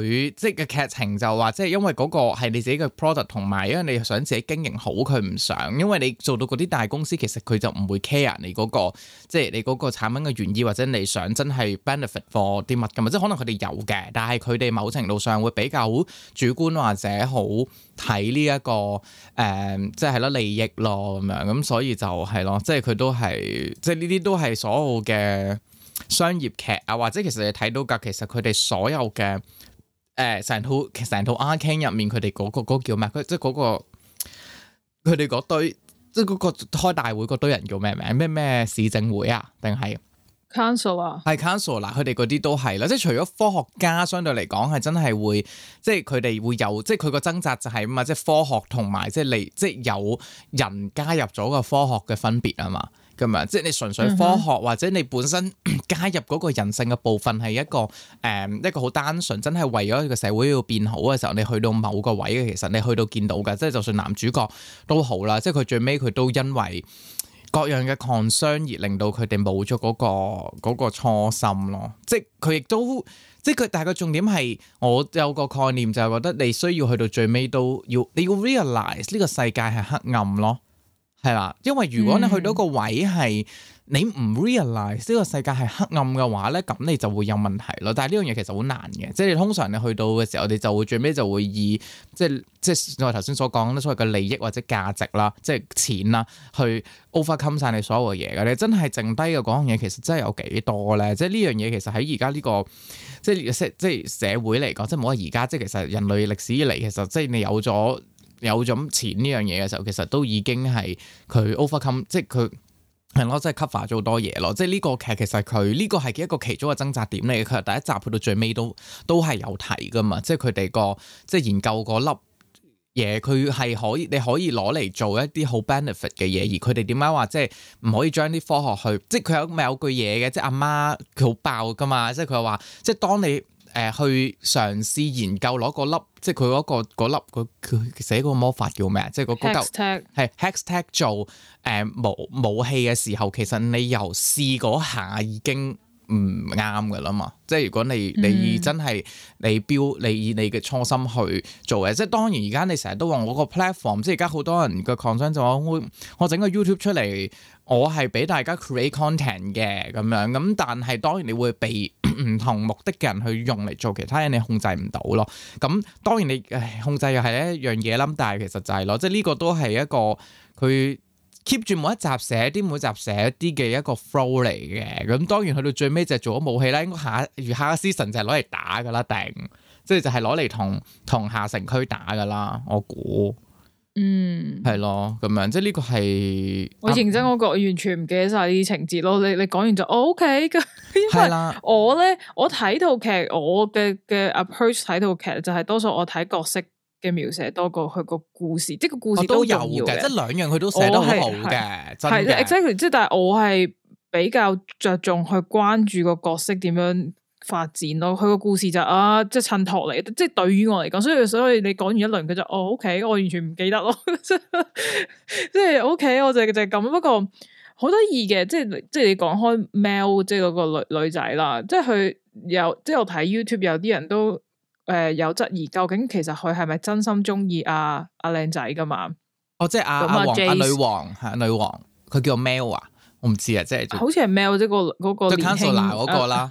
即係嘅劇情就話，即係因為嗰個係你自己嘅 product，同埋因為你想自己經營好佢唔想，因為你做到嗰啲大公司，其實佢就唔會 care 你嗰個，即係你嗰個產品嘅原意或者你想真係 benefit for 啲乜咁啊？即係可能佢哋有嘅，但係佢哋某程度上會比較主觀或者好。睇呢一個誒，即係咯利益咯咁樣，咁所以就係、是、咯，即係佢都係，即係呢啲都係所有嘅商業劇啊，或者其實你睇到㗎，其實佢哋所有嘅誒成套成套 Arcane 入面，佢哋嗰個嗰個叫咩？即係嗰個佢哋嗰堆，即係嗰個開大會嗰堆人叫咩名？咩咩市政會啊？定係？cancel 啊，係 cancel 嗱，佢哋嗰啲都係咯，即係除咗科學家，相對嚟講係真係會，即係佢哋會有，即係佢個掙扎就係嘛，即係科學同埋即係你，即係有人加入咗個科學嘅分別啊嘛，咁啊，即係你純粹科學或者你本身 加入嗰個人性嘅部分係一個誒、嗯、一個好單純，真係為咗個社會要變好嘅時候，你去到某個位，其實你去到見到嘅，即係就算男主角都好啦，即係佢最尾佢都因為。各樣嘅 concern 而令到佢哋冇咗嗰個初心咯，即係佢亦都即係佢，大概重點係，我有個概念就係覺得你需要去到最尾都要你要 realize 呢個世界係黑暗咯。係啦，因為如果你去到個位係你唔 realize 呢個世界係黑暗嘅話咧，咁你就會有問題咯。但係呢樣嘢其實好難嘅，即係你通常你去到嘅時候，你就會最尾就會以即係即係我頭先所講咧，所謂嘅利益或者價值啦，即係錢啦，去 overcome 晒你所有嘅嘢嘅咧。但真係剩低嘅嗰樣嘢，其實真係有幾多咧？即係呢樣嘢，其實喺而家呢個即係即係社會嚟講，即係唔好話而家，即係其實人類歷史以嚟，其實即係你有咗。有咁錢呢樣嘢嘅時候，其實都已經係佢 overcome，即係佢係咯，即係 cover 咗好多嘢咯。即係呢個劇其實佢呢個係一個其中嘅掙扎點嚟嘅。佢第一集去到最尾都都係有提噶嘛。即係佢哋個即係研究嗰粒嘢，佢係可以你可以攞嚟做一啲好 benefit 嘅嘢。而佢哋點解話即係唔可以將啲科學去？即係佢有咪有句嘢嘅？即係阿媽佢好爆噶嘛？即係佢話即係當你。誒去嘗試研究攞、那個粒，即係佢嗰個粒，佢、那、佢、個那個、寫個魔法叫咩啊？即係、那個 Hextech 係 HexTech 做誒、uh, 武武器嘅時候，其實你由試嗰下已經唔啱㗎喇嘛。即係如果你你真係、mm. 你標你以你嘅初心去做嘅，即係當然而家你成日都話我個 platform，即係而家好多人嘅 concern 就話我我整個 YouTube 出嚟。我係俾大家 create content 嘅咁樣，咁但係當然你會被唔 同目的嘅人去用嚟做，其他人你控制唔到咯。咁當然你控制又係一樣嘢諗，但係其實就係、是、咯，即係呢個都係一個佢 keep 住每一集寫啲，每集寫啲嘅一個 flow 嚟嘅。咁當然去到最尾就做咗武器啦，應該下如下一個 season 就係攞嚟打㗎啦，定即係就係攞嚟同同下城區打㗎啦，我估。嗯，係咯，咁樣即係呢個係我認真嗰、嗰個，嗯、我完全唔記得晒啲情節咯。你你講完就 O K 嘅，哦、okay, 因為我咧的我睇套劇，我嘅嘅 approach 睇套劇就係多數我睇角色嘅描寫多過佢個故事，即係個故事、哦、都有嘅。即係兩樣佢都寫得好好嘅，真嘅的。係 exactly，即係但係我係比較着重去關注個角色點樣。發展咯，佢個故事就啊，即係襯托嚟，即係對於我嚟講，所以所以你講完一輪，佢就哦，OK，我完全唔記得咯，即係 OK，我就就係咁。不過好得意嘅，即係即係你講開 Mel，即係嗰個女女仔啦，即係佢有即係我睇 YouTube 有啲人都誒有質疑，究竟其實佢係咪真心鍾意阿阿靚仔㗎嘛？哦，即係阿阿王阿女王吓女王，佢叫 Mel 啊，我唔知啊，即係好似係 Mel 即個嗰個。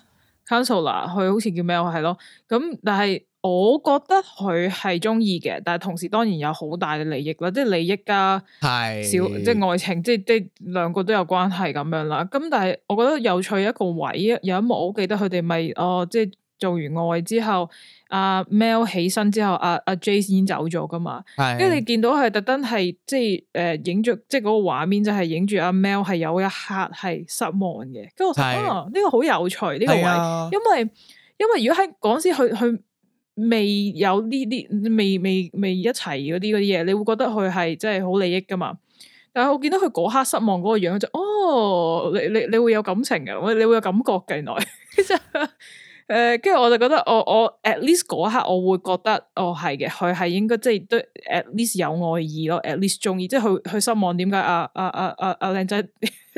Counselor 佢好似叫咩啊？係咯，咁但係我覺得佢係中意嘅，但係同時當然有好大嘅利益啦，即係利益加少，是即係愛情，即係即係兩個都有關係咁樣啦。咁但係我覺得有趣一個位啊，有一幕我記得佢哋咪哦，即係做完愛之後。阿、uh, Mel 起身之後，阿阿 Jay 先走咗噶嘛。跟住是的 你見到佢特登係即係誒影住，即係嗰個畫面就係影住阿 Mel 係有一刻係失望嘅。跟住我是的 啊，呢、呢個好有趣呢、呢個位，是的 因為因為如果喺嗰陣時佢佢未有呢啲未未未，未一齊嗰啲啲嘢，你會覺得佢係真係好利益噶嘛。但係我見到佢嗰刻失望嗰個樣就哦，你你你會有感情嘅，我你會有感覺嘅原誒，跟住、uh, 我就覺得，我我 at least 嗰刻我會覺得，哦係嘅，佢係應該即係對 at least 有愛意咯，at least 中意，即係佢佢失望點解啊啊啊啊啊靚仔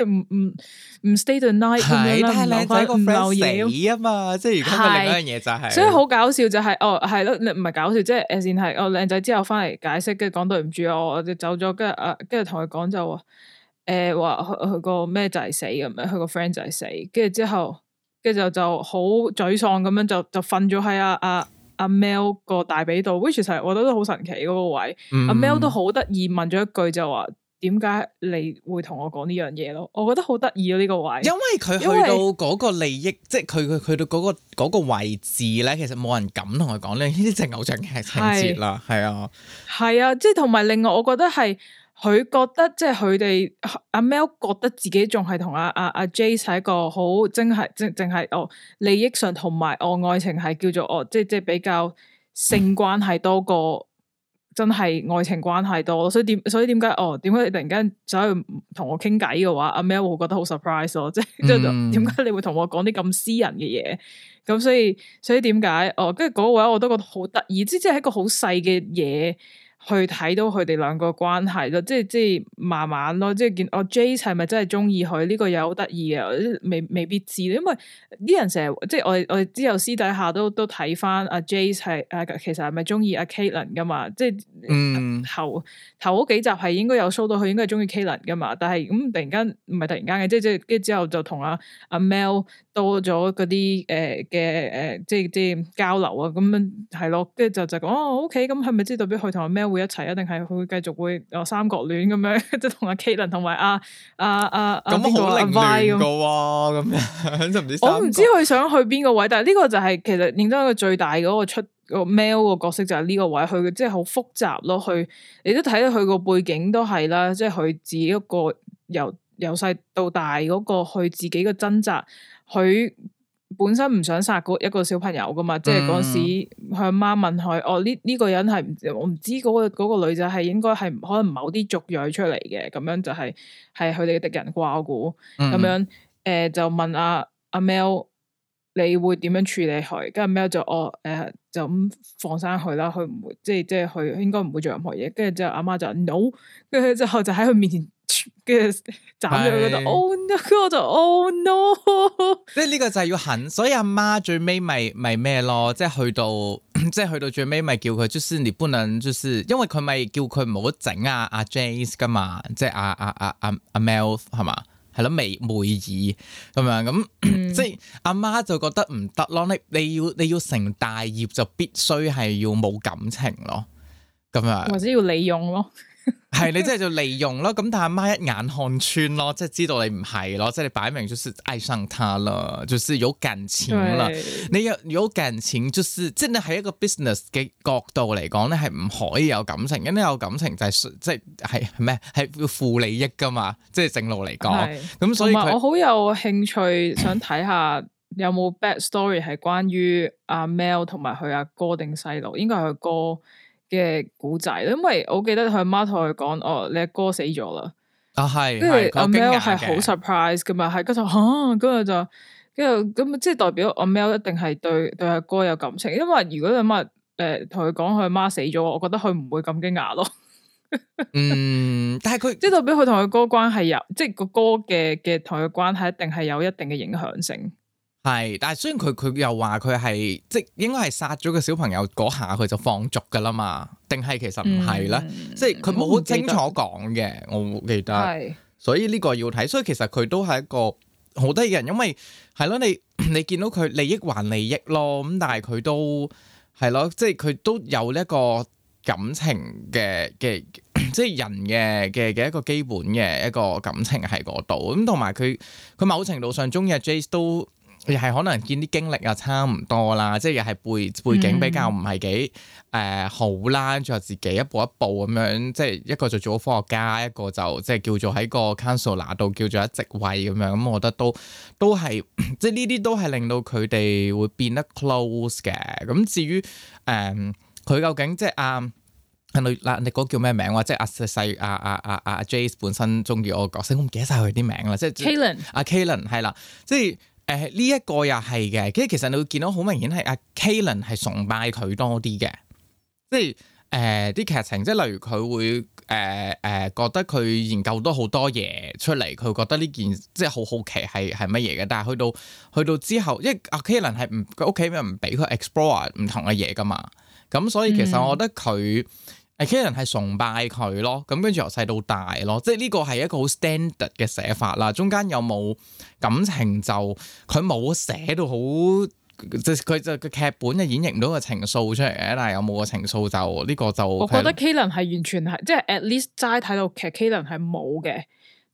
唔唔唔 stay the night 靚仔個 friend 死啊嘛，即係如果另一樣嘢就係，所以好搞笑就係、是，哦係咯，唔係搞笑，即係誒先係，我靚仔之後翻嚟解釋，跟住講對唔住我，我就走咗，啊、跟住啊跟住同佢講就，誒話佢個咩就係死咁樣，佢個 friend 就係死，跟住之後。之後跟住就喪就好沮喪咁樣就就瞓咗喺阿阿阿 Mel 個大髀度 ，which 其實我覺得都好神奇嗰個位，阿 Mel 都好得意問咗一句就話點解你會同我講呢樣嘢咯？我覺得好得意咯呢個位，因為佢去到嗰個利益，即係佢佢佢去到嗰、嗰個、嗰個位置咧，其實冇人敢同佢講呢呢啲偶像劇情節啦，係是啊，係 啊，即係同埋另外我覺得係。佢覺得即係佢哋阿 Mel 覺得自己仲係同阿阿阿 Jace 係一個好真係，淨淨係哦利益上同埋哦愛情係叫做哦，即即比較性關係多過真係愛情關係多咯。所以點所以點解哦點解你突然間走去同我傾偈嘅話，阿 Mel 會覺得好 surprise 咯，即係點解你會同我講啲咁私人嘅嘢？咁所以所以點解哦？跟住嗰位我都覺得好得意，即即係一個好細嘅嘢。去睇到佢哋兩個關係咯，即係即係慢慢咯，即係見阿 Jase 係咪真係中意佢？呢個又好得意啊！未未必知，因為啲人成日即係我我之後私底下都都睇翻阿 Jase 係阿其實係咪中意阿 Kalen 噶嘛？即係頭頭嗰幾集係應該有 show 到佢應該係中意 Kalen 噶嘛？但係咁、嗯、突然間唔係突然間嘅，即係即係跟住之後就同阿阿 Mel。多咗嗰啲誒嘅誒，即係即係交流啊，咁樣係咯，跟住就就講哦，OK，咁係咪即係代表佢同阿 Mel 會一齊啊？定係佢會繼續會哦三角戀咁樣，即係同阿 Katelyn 同埋阿阿阿邊個亂咁嘅？咁就、啊啊、我唔知佢想去邊個位，但係呢個就係、是、其實認真嘅最大嗰個出個 Mel 個角色就係呢個位，佢即係好複雜咯。佢你都睇到佢個背景都係啦，即係佢自己一個由由細到大嗰、那個佢自己嘅掙扎。佢本身唔想殺一個小朋友噶嘛，即係嗰時佢阿媽問佢，哦呢呢、這個人係我唔知嗰、那個、那個女仔係應該係可能某啲族裔出嚟嘅，咁樣就係係佢哋嘅敵人啩，我估咁樣，誒、呃、就問阿、啊、阿 Mel 你會點樣處理佢？跟住 Mel 就哦誒、呃、就咁放生佢啦，佢唔會即係即係佢應該唔會做任何嘢。跟住之後阿媽就,媽媽就 no，跟住之後就喺佢面前。斬咗佢度，Oh no！我就 Oh no！即係呢個就係要狠，所以阿媽，媽最尾咪咪咩咯？即係去到即係去到最尾咪叫佢，就是你不能，就是因為佢咪叫佢唔好整啊阿 James 噶嘛，即係阿阿阿阿阿 Mel 係嘛，係咯未梅爾咁樣咁，即係阿媽就覺得唔得咯。你你要你要成大業就必須係要冇感情咯，咁 啊， 貤 ures 或者要利用咯。 係 你即係就利用咯，咁但阿媽一眼看穿咯，即係知道你唔係咯，即係你擺明就是愛上他啦，就是有感情啦。對你有有感情就是即係你喺一個 business 嘅角度嚟講咧，係唔可以有感情，因為有感情就係、是、即係係咩，係要負利益噶嘛，即係正路嚟講。咁對所以我好有興趣想睇下有冇 bad story 係 關於阿 Mel 同埋佢阿哥定細路，應該係佢哥。嘅古仔因為我記得佢媽同佢講，哦，你阿哥，哥死咗啦，哦，啊係，跟住阿 Mel 係好 surprise 噶嘛，係跟住吓，咁啊就，跟住咁即係代表阿 Mel 一定係對對阿哥有感情，因為如果阿媽誒同佢講佢阿媽死咗，我覺得佢唔會咁驚訝咯。 嗯，但係佢即係代表佢同佢哥關係有，即係個哥嘅嘅同佢關係一定係有一定嘅影響性。係，但係雖然佢佢又話佢係即係應該係殺咗個小朋友嗰下佢就放逐㗎啦嘛，定係其實唔係咧？嗯、即係佢冇好清楚講嘅、嗯，我記得。係，是所以呢個要睇。所以其實佢都係一個好得意嘅人，因為係咯，你你見到佢利益還利益咯，咁但係佢都係咯，即係佢都有一個感情嘅嘅，即係人嘅嘅嘅一個基本嘅一個感情喺嗰度。咁同埋佢佢某程度上中意阿 Jase 都。而係可能見啲經歷又差唔多啦，即係又係背背景比較唔係幾誒好啦。之後自己一步一步咁樣，即係一個就做科學家，一個就即係叫做喺個 c o u n c e l o r 度叫做一職位咁樣。咁、嗯、我覺得都都係即係呢啲都係令到佢哋會變得 close 嘅。咁至於誒佢、呃、究竟即係阿阿你嗰叫咩名啊？你叫名即係阿細阿阿阿阿 j a c e 本身中意我個角色，我唔記得晒佢啲名 Kay lin.、啊、lin, 啦。即係阿 Kalen 係啦，即係。誒呢一個又係嘅，跟住其實你會見到好明顯係阿 Kalen 係崇拜佢多啲嘅，即係誒啲劇情，即係例如佢會誒誒、呃呃、覺得佢研究多好多嘢出嚟，佢覺得呢件即係好好奇係係乜嘢嘅，但係去到去到之後，因為阿 Kalen 係唔佢屋企咪唔俾佢 explore 唔同嘅嘢㗎嘛，咁所以其實我覺得佢。嗯 Kelan 係崇拜佢咯，咁跟住由細到大咯，即係呢個係一個好 standard 嘅寫法啦。中間有冇感情就佢冇寫到好，即係佢就個劇本就演繹唔到個情愫出嚟嘅。但係有冇個情愫就呢、這個就，我覺得 Kelan 係完全係即係 at least 齋睇到劇 Kelan 係冇嘅。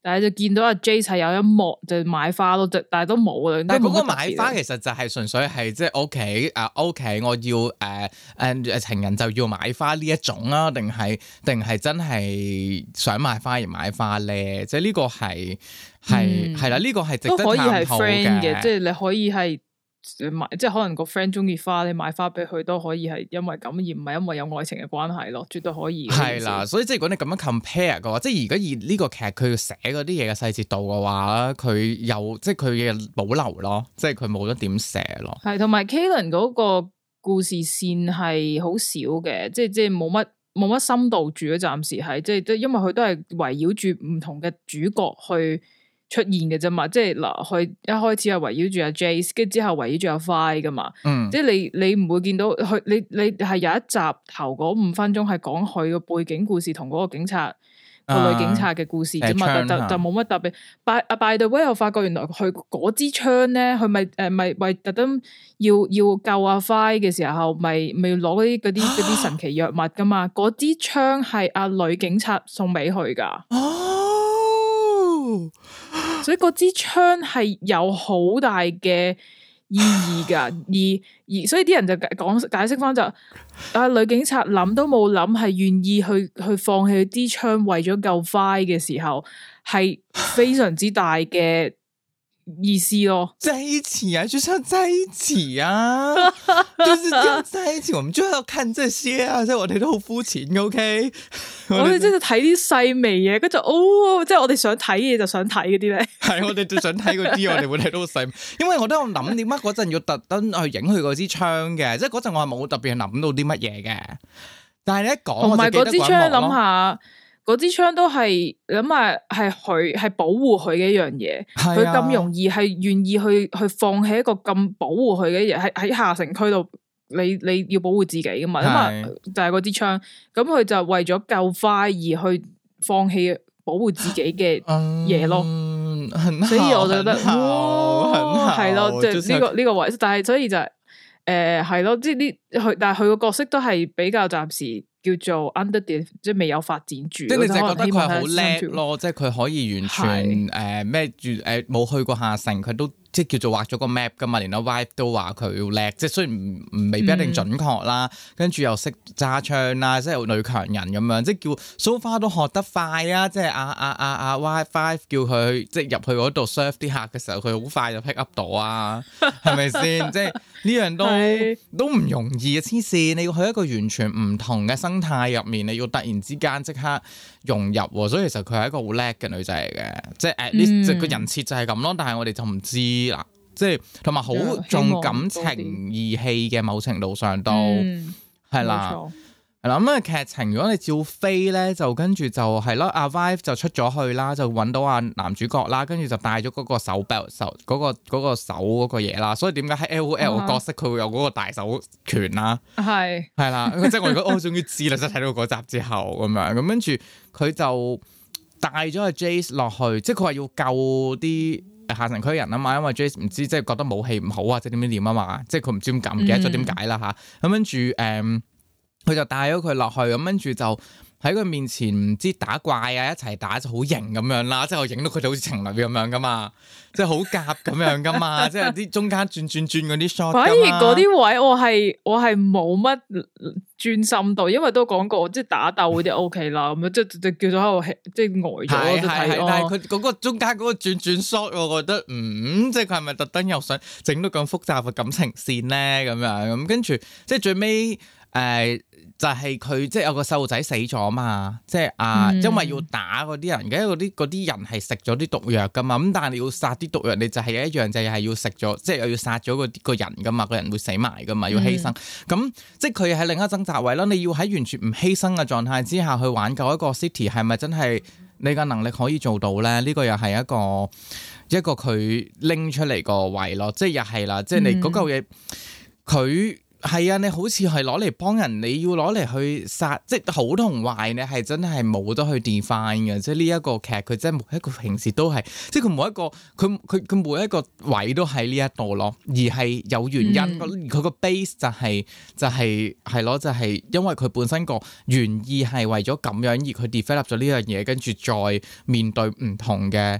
但係就見到阿 Jace 係有一幕就買花咯，但係都冇啦。但係嗰個買花其實就係純粹係即係 OK，啊 OK 我要誒誒誒情人就要買花呢一種啊？定係定係真係想買花而買花咧？即係呢個係係係啦，呢、嗯這個係值得探討嘅。可以 friend 嘅。即係你可以係。即係可能個 friend 中意花，你買花俾佢都可以係因為咁而唔係因為有愛情嘅關係咯，絕對可以。係啦的，次所以即係如果你咁樣 compare 嘅話，即係如果以呢個劇佢寫嗰啲嘢嘅細節度嘅話，佢有即係佢嘅保留咯，即係佢冇得點寫咯。係同埋 Kalen 嗰個故事線係好少嘅，即係即係冇乜冇乜深度住咯，暫時係即係都因為佢都係圍繞住唔同嘅主角去。出現嘅啫嘛，即係嗱，佢一開始係圍繞住阿 Jace，跟住之後圍繞住阿 Fly 噶嘛，嗯、即係你你唔會見到佢，你你係有一集頭嗰五分鐘係講佢個背景故事同嗰個警察個、啊、女警察嘅故事啫嘛，啊、就但冇乜特別。啊、by 阿 by the way，我發覺原來佢嗰支槍咧，佢咪誒咪為特登要要救阿、啊、Fly 嘅時候，咪咪攞啲嗰啲啲神奇藥物噶嘛，嗰支槍係阿女警察送俾佢噶。 所以嗰支槍係有好大嘅意義㗎，而而所以啲人就講解釋翻就是，啊、呃、女警察諗都冇諗，係願意去去放棄啲槍，為咗夠快嘅時候，係非常之大嘅。意思咯，在一起啊，就係要在一起啊， 就是要在一起，我們就要看這些啊。所以我哋都好膚淺，OK？我哋真係睇啲細微嘢，跟住 哦，即係我哋想睇嘢就想睇嗰啲咧。係我哋最想睇嗰啲，我哋會睇到細。因為我都有諗，點解嗰陣要特登去影佢嗰支槍嘅？即係嗰陣我係冇特別諗到啲乜嘢嘅。但係你一講，同埋有記得嗰支槍諗下。嗰支槍都係諗啊，係佢係保護佢嘅一樣嘢。佢咁容易係願意去去放棄一個咁保護佢嘅嘢，喺喺下城區度，你你要保護自己噶嘛？咁啊係，就係嗰支槍。咁佢就為咗夠快而去放棄保護自己嘅嘢咯。嗯、所以我就覺得，係咯，即係呢個呢、這個、個位。但係所以就係，誒、呃，係咯，即係呢佢，但係佢個角色都係比較暫時。叫做 underdevelop 即係未有發展住，即係你淨係覺得佢係好叻咯，即係佢可以完全誒咩住誒冇去過下城，佢都。即係叫做畫咗個 map 噶嘛，連阿 wife 都話佢叻，即係雖然唔唔未必一定準確啦，嗯、跟住又識揸槍啦，即係女強人咁樣，即係叫、so far 都學得快啦，即係啊啊啊 wifi 叫佢即係入去嗰度 serve 啲客嘅時候，佢好快就 pick up 到啊，係咪先？即係呢 樣都都唔容易啊！黐線，你要去一個完全唔同嘅生態入面，你要突然之間即刻。融入，所以其實佢係一個好叻嘅女仔嚟嘅，即係誒呢個人設就係咁咯。但係我哋就唔知啦，即係同埋好重感情義氣嘅某程度上都係、嗯、啦。嗱咁啊，劇、嗯、情如果你照飛咧，就跟住就係咯阿 r i v e 就出咗去啦，就揾到阿男主角啦，跟住就帶咗嗰個手 b 手嗰、那個、那個手嗰個嘢啦。所以點解喺 L O L 角色佢會有嗰個大手拳啦、啊？係係、啊、 啦，即係我如果哦，終於知啦，即睇 到嗰集之後咁樣，咁跟住佢就帶咗阿 Jace 落去，即係佢話要救啲下城區人啊嘛，因為 Jace 唔知即係覺得武器唔好啊，即係點點點啊嘛，即係佢唔知點撳，唔記得咗點解啦吓。咁跟住誒。佢就帶咗佢落去，咁跟住就喺佢面前唔知打怪啊，一齊打就 ina,、嗯就是、好型咁樣啦。即係我影到佢哋好似情侶咁樣噶嘛，即係好夾咁樣噶嘛，即係啲中間轉轉轉嗰啲 shot。ID crowd 反而嗰啲位我係我係冇乜專心度，因為都講過即係、就是、打鬥嗰啲 O K 啦，咁樣即係叫做喺度即係呆咗。啊、但係佢嗰個中間嗰個轉轉 shot， 我，覺我覺得嗯，即係佢係咪特登又想整到咁複雜嘅感情線咧？咁樣咁跟住即係最尾誒。就係佢即係有個細路仔死咗嘛，即、就、係、是、啊，嗯、因為要打嗰啲人嘅，嗰啲嗰啲人係食咗啲毒藥噶嘛，咁但係你要殺啲毒藥，你就係、是、一樣就係要食咗，即係又要殺咗個人噶嘛，個人會死埋噶嘛，要犧牲。咁、嗯、即係佢喺另一爭扎位啦，你要喺完全唔犧牲嘅狀態之下去挽救一個 city，係咪真係你嘅能力可以做到咧？呢、這個又係一個一個佢拎出嚟個位咯，即係又係啦，即係你嗰嚿嘢佢。嗯係啊，你好似係攞嚟幫人，你要攞嚟去殺，即係好同壞，你係真係冇得去 define 嘅。即係呢一個劇，佢真係每一個平時都係，即係佢每一個佢佢佢每一個位都喺呢一度咯，而係有原因佢個、嗯、base 就係就係係咯，就係、是就是、因為佢本身個原意係為咗咁樣而佢 develop 咗呢樣嘢，跟住再面對唔同嘅。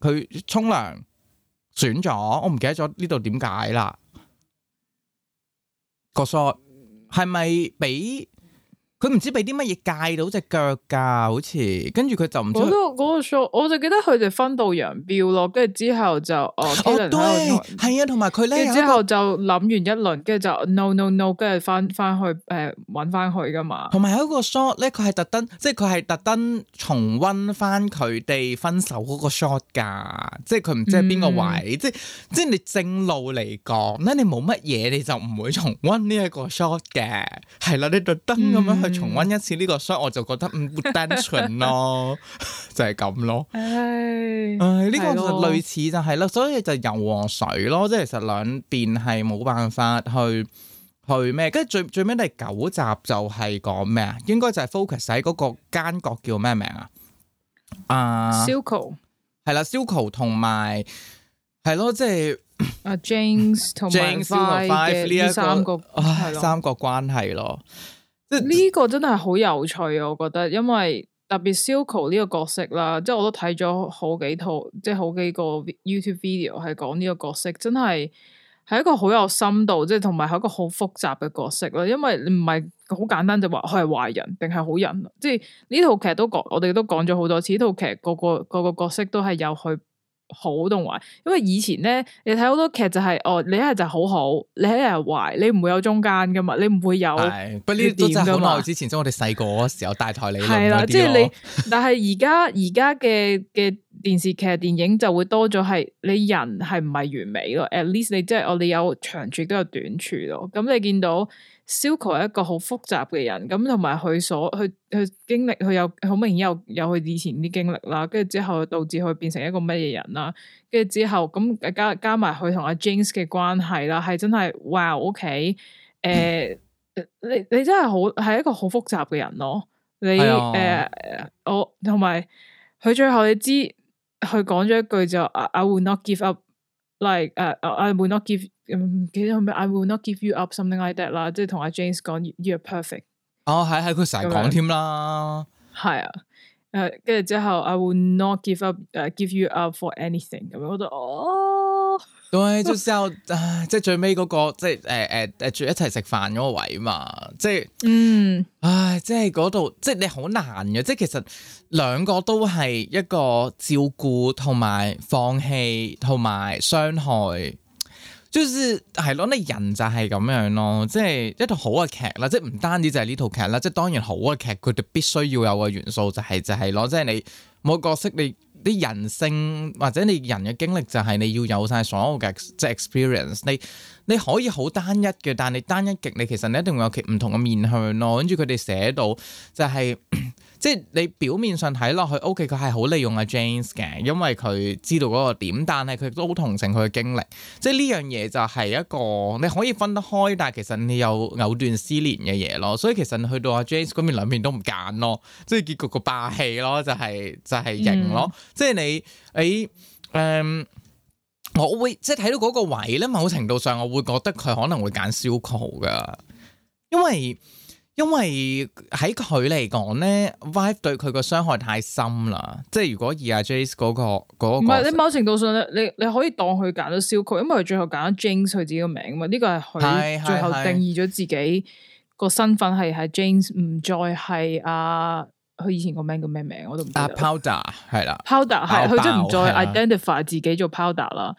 佢沖涼轉咗，我唔記得咗呢度點解啦。個衰係咪畀？是佢唔知俾啲乜嘢戒到隻腳噶，好似跟住佢就唔。嗰、那個嗰個 shot 我就記得佢哋分道揚鑣咯，跟住之後就哦，對，係啊，同埋佢咧有之後就諗完一輪，跟住就 no no no，跟住翻翻去誒，搵、呃、翻去噶嘛。同埋有一個 shot 咧，佢係特登，即係佢係特登重溫翻佢哋分手嗰個 shot 噶，即係佢唔知係邊個位，嗯、即係即係你正路嚟講，咁你冇乜嘢，你就唔會重溫呢一個 shot 嘅，係啦、啊，你特登咁樣。再重溫一次呢個，shot，我就覺得唔單純咯，就係咁咯。唉，呢個就類似就係咯，所以就游禍水咯。即係其實兩邊係冇辦法去去咩，跟住最最尾第九集就係講咩啊？應該就係 focus 喺嗰個奸角叫咩名啊？啊，Suko 係啦，Suko 同埋係咯，即係阿 James 同埋 Five 呢一個三個關係咯。呢個真係好有趣啊。我覺得，因為特別 Silko 呢個角色啦，即係我都睇咗好幾套，即係好幾個 YouTube video 係講呢個角色，真係係一個好有深度，即係同埋係一個好複雜嘅角色咯。因為唔係好簡單就話佢係壞人定係好人，即係呢套劇都講，我哋都講咗好多次，呢套劇個個個個角色都係有去。好同壞，因為以前咧，你睇好多劇就係、是、哦，你一係就好好，你一係就壞，你唔會有中間噶嘛，你唔會有缺點噶嘛。之前即係我哋細個嗰個時候，大台你係啦，即係你，但係而家而家嘅嘅電視劇、電影就會多咗係你人係唔係完美咯。 At least 你即係我哋有長處都有短處咯。咁你見到。Silco 係一個好複雜嘅人，咁同埋佢所佢佢經歷，佢有好明顯有有佢以前啲經歷啦，跟住之後導致佢變成一個乜嘢人啦，跟住之後咁加加埋佢同阿 James 嘅關係啦，係真係哇，wow，OK，誒、呃， 你你真係好係一個好複雜嘅人咯，你誒， 呃，我同埋佢最後你知佢講咗一句就 I, I will not give up，like 啊，uh，I will not give。唔記得係咪 I will not give you up something like that 啦，即係同阿 James 講，you're perfect。哦，係係佢成日講添啦，係啊的，誒、嗯，跟住之後，I will not give up，誒、uh,，give you up for anything。咁樣，我度哦，對，之後，誒，即係最尾嗰、那個，即係誒誒誒住一齊食飯嗰個位嘛，即係，嗯，唉，即係嗰度，即係你好難嘅，即係其實兩個都係一個照顧同埋放棄同埋傷害。就是係咯，你人就係咁樣咯，即係一套好嘅劇啦，即係唔單止就係呢套劇啦，即係當然好嘅劇，佢哋必須要有嘅元素就係就係咯，即係你個角色你啲人性或者你人嘅經歷就係你要有晒所有嘅即係 experience，你你可以好單一嘅，但係你單一極你其實你一定會有其唔同嘅面向咯，跟住佢哋寫到就係。 即係你表面上睇落去，OK，佢係好利用阿 James 嘅，因為佢知道嗰個點。但係佢都好同情佢嘅經歷。即係呢樣嘢就係一個你可以分得開，但係其實你有藕斷絲連嘅嘢咯。所以其實去到阿 James 嗰面，兩邊都唔揀咯，即係結局個霸氣咯，就係、是、就係、是、型咯。嗯、即係你你誒、嗯，我會即係睇到嗰個位咧，某程度上我會覺得佢可能會揀 Shoko 噶，因為。因為喺佢嚟講咧，Vive 對佢個傷害太深啦。即係如果二阿 James 嗰個個，唔係你某程度上你你你可以當佢揀咗燒佢，因為佢最後揀咗 James 佢自己個名啊嘛。呢個係佢最後定義咗自己個身份係係 James，唔再係啊。佢以前個名叫咩名我都唔知。得、uh,。阿 Powder 係啦，Powder 係佢都唔再 identify 自己做 Powder 啦。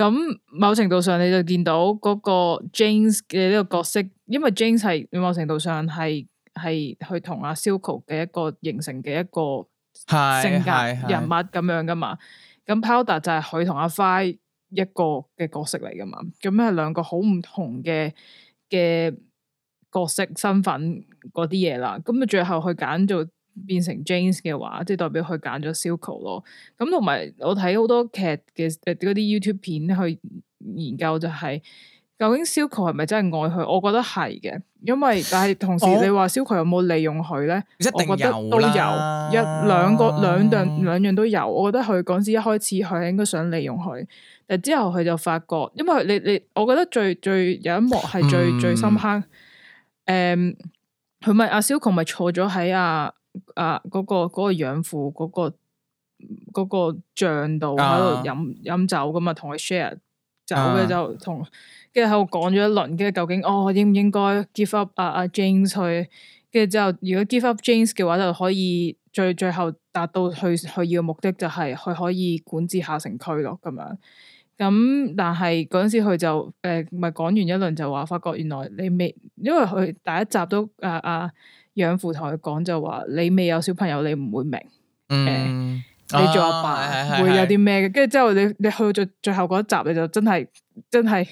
咁某程度上你就見到嗰個 James 嘅呢個角色，因為 James 係某程度上係係佢同阿 c i l k 嘅一個形成嘅一個性格人物咁樣噶嘛，咁 Powder 就係佢同阿 Fly 一個嘅角色嚟噶嘛，咁係兩個好唔同嘅嘅角色身份嗰啲嘢啦，咁啊最後佢揀做。變成 Jinx 嘅話，即係代表佢揀咗 c Silco 咯。咁同埋我睇好多劇嘅嗰啲 YouTube 片去研究、就是，就係究竟 c Silco 係咪真係愛佢？我覺得係嘅，因為但係同時、哦、你話 Silco 有冇利用佢咧？一定有，我覺得都有一兩個兩樣兩樣都有。我覺得佢嗰時一開始佢係應該想利用佢，但之後佢就發覺，因為你你，我覺得最最，最有一幕係最、嗯、最深刻。誒、嗯，佢咪阿 Silco 咪坐咗喺阿？啊！嗰、那個嗰、那個養父嗰、那個嗰、那個帳度喺度飲飲酒噶嘛，同佢 share 酒嘅就同，跟住喺度講咗一輪，跟住究竟哦應唔應該 give up 阿、uh, 阿、uh, James 去，跟住之後如果 give up James 嘅話，就可以最最後達到佢佢要的目的，就係佢可以管治下城區咯咁樣。咁、嗯、但係嗰陣時佢就誒，咪、呃、講完一輪就話，發覺原來你未因為佢第一集都啊啊。啊養父同佢講就話：你未有小朋友，你唔會明。嗯、呃，你做阿爸，爸、哦、會有啲咩嘅？跟住之後你，你你去到最最後嗰一集，你就真係真係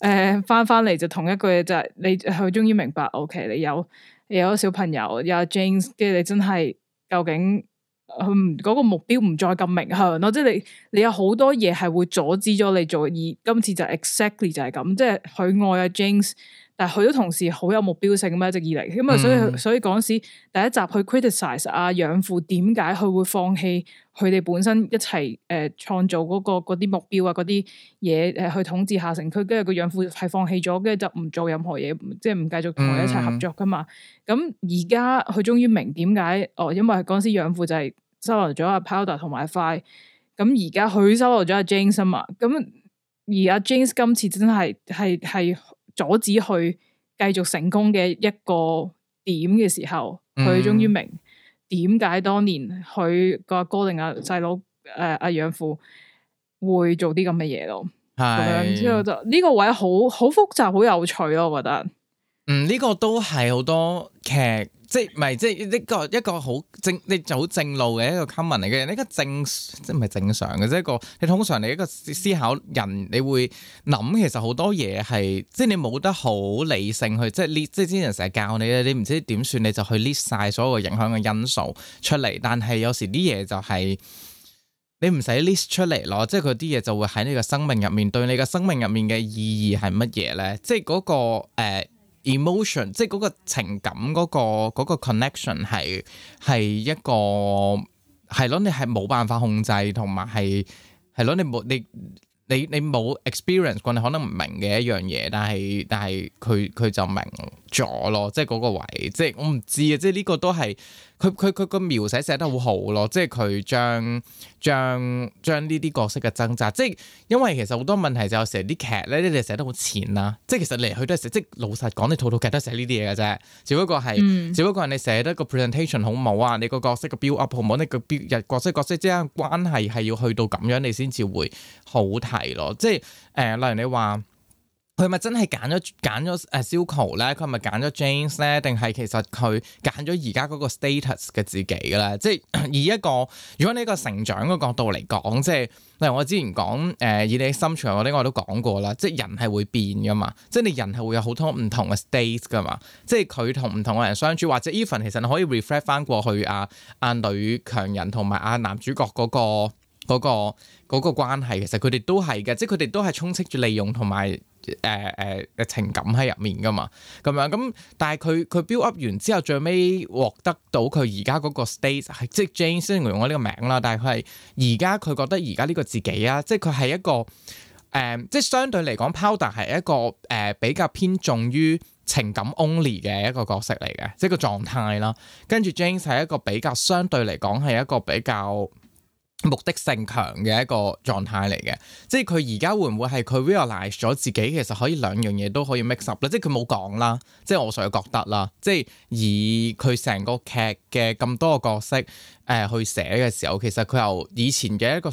誒翻翻嚟就同一句嘢，就係、是、你佢終於明白。O、okay, K，你有你有小朋友，有阿 James，跟住你真係究竟佢嗰、嗯那個目標唔再咁明確咯。即係你你有好多嘢係會阻止咗你做，而今次就 exactly 就係咁，即係佢愛阿 James。但佢都同時好有目標性嘅一直以嚟咁啊，所以所以嗰時第一集佢 criticise 阿、啊、養父點解佢會放棄佢哋本身一齊誒創造嗰、嗰個啲目標啊嗰啲嘢誒去統治下城區，跟住個養父係放棄咗，跟住就唔做任何嘢，即係唔繼續同佢一齊合作噶嘛。咁而家佢終於明點解哦，因為嗰時養父就係收留咗阿 Powder 同埋 Vi，咁而家佢收留咗阿 James 嘛，咁而阿 James 今次真係係係。阻止佢繼續成功嘅一個點嘅時候，佢、嗯、終於明點解當年佢個阿哥定阿細佬誒阿養父會做啲咁嘅嘢咯。係是，咁樣之後就呢、這個位好好複雜，好有趣咯，我覺得。嗯，呢、這個都係好多劇。即係唔係即係一個一個好正你走正路嘅一個 comment 嚟嘅，呢個正即係唔係正常嘅，即係一個你通常你一個思考人，你會諗其實好多嘢係即係你冇得好理性去即係 list 即係啲人成日教你咧，你唔知點算你就去 list 晒所有影響嘅因素出嚟，但係有時啲嘢就係、是、你唔使 list 出嚟咯，即係佢啲嘢就會喺你嘅生命入面，對你嘅生命入面嘅意義係乜嘢咧？即係、那、嗰個、呃 Emotion 即係嗰個情感嗰個嗰個 connection 係係一個係咯，你係冇辦法控制同埋係係咯，你冇你你你冇 experience 過，你可能唔明嘅一樣嘢，但係但係佢佢就明咗咯，即係嗰個位，即係我唔知啊，即係呢個都係。佢佢佢個描寫寫得好好咯，即係佢將將將呢啲角色嘅掙扎，即係因為其實好多問題就係成啲劇咧，你哋寫得好淺啦、啊，即係其實嚟去都係寫，即係老實講，你套套劇都寫呢啲嘢㗎啫，只不過係、嗯、只不過係你寫得個 presentation 好唔好啊，你個角色個 build up 好唔好，你個角色角色之間關係係要去到咁樣，你先至會好睇咯，即係誒、呃，例如你話。佢咪真係揀咗揀咗誒 Silco 咧？佢係咪揀咗 James 咧？定係其實佢揀咗而家嗰個 status 嘅自己嘅啦？即係以一個如果你一個成長嘅角度嚟講，即係例如我之前講誒、呃、以你心腸嗰啲我都講過啦。即係人係會變噶嘛，即係你人係會有好多唔同嘅 state 噶嘛。即係佢同唔同嘅人相處，或者 even 其實可以 reflect 翻過去啊啊女強人同埋阿男主角嗰、那個。嗰個，嗰個關係其實佢哋都係嘅，即係佢哋都係充斥住利用同埋誒誒情感喺入面㗎嘛，咁樣咁，但係佢佢 build up 完之後，最尾獲得到佢而家嗰個 state 即係 Jane 先用咗呢個名啦，但係佢係而家佢覺得而家呢個自己啊，即係佢係一個誒、呃，即係相對嚟講 Powder 係一個誒、呃、比較偏重於情感 only 嘅一個角色嚟嘅，即係個狀態啦。跟住 Jane 係一個比較相對嚟講係一個比較。目的性強嘅一個狀態嚟嘅，即係佢而家會唔會係佢 realize 咗自己其實可以兩樣嘢都可以 mix up 咧？即係佢冇講啦，即係我所以覺得啦，即係以佢成個劇嘅咁多個角色誒、呃、去寫嘅時候，其實佢由以前嘅一個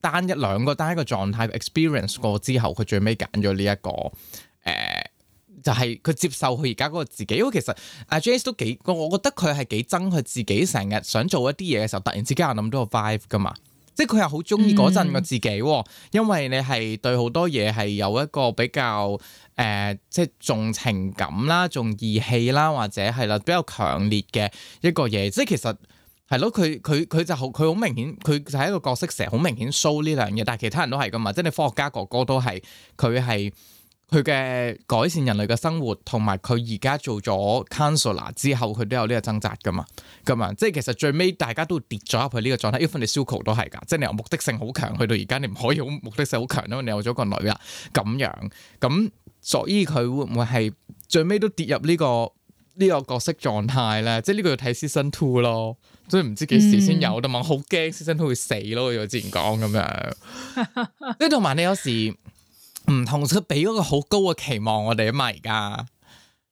單一兩個單一個狀態 experience 過之後，佢最尾揀咗呢一個誒。呃就係佢接受佢而家嗰個自己，因為其實阿 j a m e 都幾，我覺得佢係幾憎佢自己成日想做一啲嘢嘅時候，突然之間又諗到個 vibe 噶嘛，即係佢又好中意嗰陣個自己，嗯、因為你係對好多嘢係有一個比較誒、呃，即係重情感啦、重義氣啦，或者係啦比較強烈嘅一個嘢，即係其實係咯，佢佢佢就佢好明顯，佢就係一個角色成日好明顯 show 呢兩嘢，但係其他人都係噶嘛，即係你科學家哥哥都係佢係。佢嘅改善人類嘅生活，同埋佢而家做咗 counselor 之後，佢都有呢個掙扎噶嘛，咁啊，即係其實最尾大家都跌咗入去呢個狀態。Even 你肖酷都係㗎，即係你由目的性好強，去到而家你唔可以好目的性好強，因為你有咗個女啦。咁樣咁，所以佢會唔會係最尾都跌入呢個呢個角色狀態咧？即係呢個要睇 season two 咯，所以唔知幾時先有㗎嘛。好驚 season two 會死咯！我之前講咁樣，呢度同你有時。唔同佢俾嗰個好高嘅期望我哋啊嘛，而家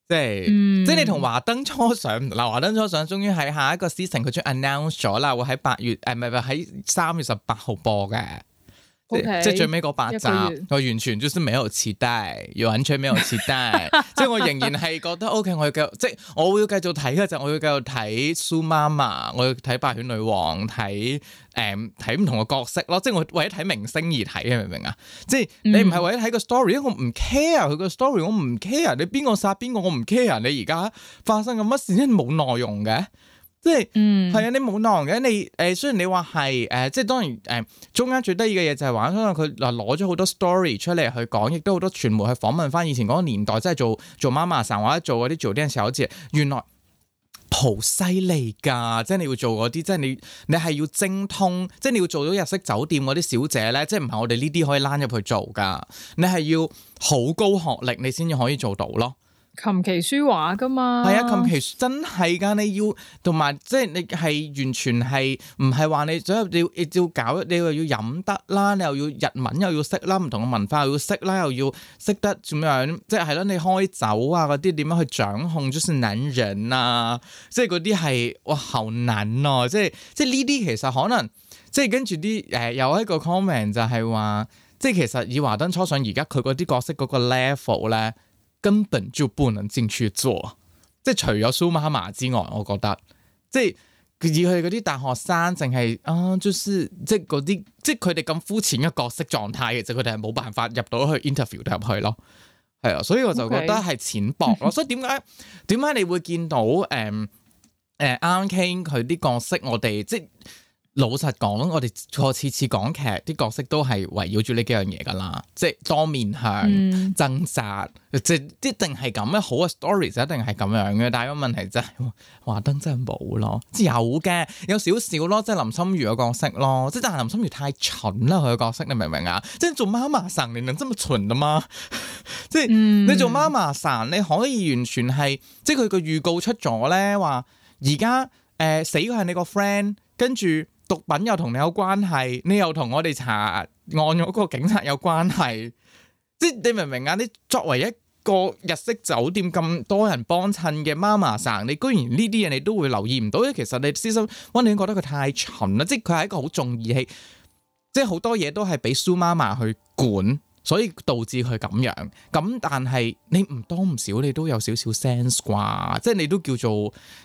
即係，即係、嗯、你同華燈初上嗱，華燈初上終於喺下一個 season 佢將 announce 咗啦，會喺八月誒，唔係唔係喺三月十八號播嘅。Okay，即係最尾嗰八集，我完全就算未有切低，完全未有切低， 即係我仍然係覺得 OK，我要繼，即係我會繼續睇嘅就係我要繼續睇 Super Mama，我要睇白犬女王，睇誒睇唔同嘅角色咯，即係我為咗睇明星而睇嘅，明唔明啊？即係、嗯、你唔係為咗睇個 story，我唔 care 佢個 story，我唔 care 你邊個殺邊個，我唔 care 你而家發生緊乜事，因冇內容嘅。即係，係啊、嗯，你冇囊嘅，你誒，雖然你話係，誒、呃，即係當然，誒、呃，中間最得意嘅嘢就係玩，因為佢嗱攞咗好多 story 出嚟去講，亦都好多傳媒去訪問翻以前嗰個年代，即係做做媽媽生或者做嗰啲做啲嘅時候好似原來好犀利噶，即係你要做嗰啲，即係你你係要精通，即係你要做到日式酒店嗰啲小姐咧，即係唔係我哋呢啲可以躝入去做噶，你係要好高學歷，你先至可以做到咯。琴棋書畫噶嘛，係啊，琴棋真係噶，你要同埋即係你係完全係唔係話你，所以你要要搞，你又要飲得啦，你又要日文又要識啦，唔同嘅文化又要識啦，又要識得點樣，即係啦，你開酒啊嗰啲點樣去掌控住男人啊，即係嗰啲係哇好難咯、啊，即係即係呢啲其實可能即係跟住啲誒有一個 comment 就係、是、話，即係其實以華燈初上而家佢嗰啲角色嗰個 level 咧。根本就不能正去做，即係除咗蘇媽媽之外，我覺得即係以佢哋嗰啲大學生，淨係啊，就是即係嗰啲即係佢哋咁膚淺嘅角色狀態，其實佢哋係冇辦法入到去 interview 入去咯，係啊，所以我就覺得係淺薄咯。Okay. 所以點解點解你會見到誒誒啱傾佢啲角色，我哋即係。老實講，我哋我次次港劇啲角色都係圍繞住呢幾樣嘢噶啦，即係多面向、掙、嗯、扎，即係一定係咁啊！好嘅 story 就一定係咁樣嘅，但係個問題就係華燈真係冇咯，即有嘅，有少少咯，即係林心如嘅角色咯，即係但係林心如太蠢啦，佢嘅角色你明唔明啊？即係做媽媽神，你能咁蠢嘛？ 即係、嗯、你做媽媽神，你可以完全係，即係佢個預告出咗咧話，而家誒死佢係你個 friend，跟住。毒品又同你有關係，你又同我哋查案嗰個警察有關係，即係你明唔明啊？你作為一個日式酒店咁多人幫襯嘅 Mama 桑你居然呢啲嘢你都會留意唔到咧？因為其實你私心温暖覺得佢太蠢啦，即係佢係一個好重義氣，即係好多嘢都係俾蘇媽媽去管。所以導致佢咁樣咁，但係你唔多唔少，你都有少少 sense 啩，即係你都叫做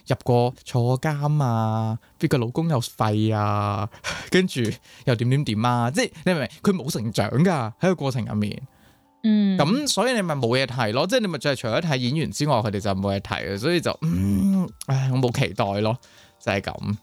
入過坐監啊，邊個老公又廢啊，跟住又點點點啊，即係你明唔明？佢冇成長噶喺個過程入面，嗯，咁所以你咪冇嘢睇咯，即係你咪就係除咗睇演員之外，佢哋就冇嘢睇。所以就，嗯，唉，我冇期待咯，就係咁。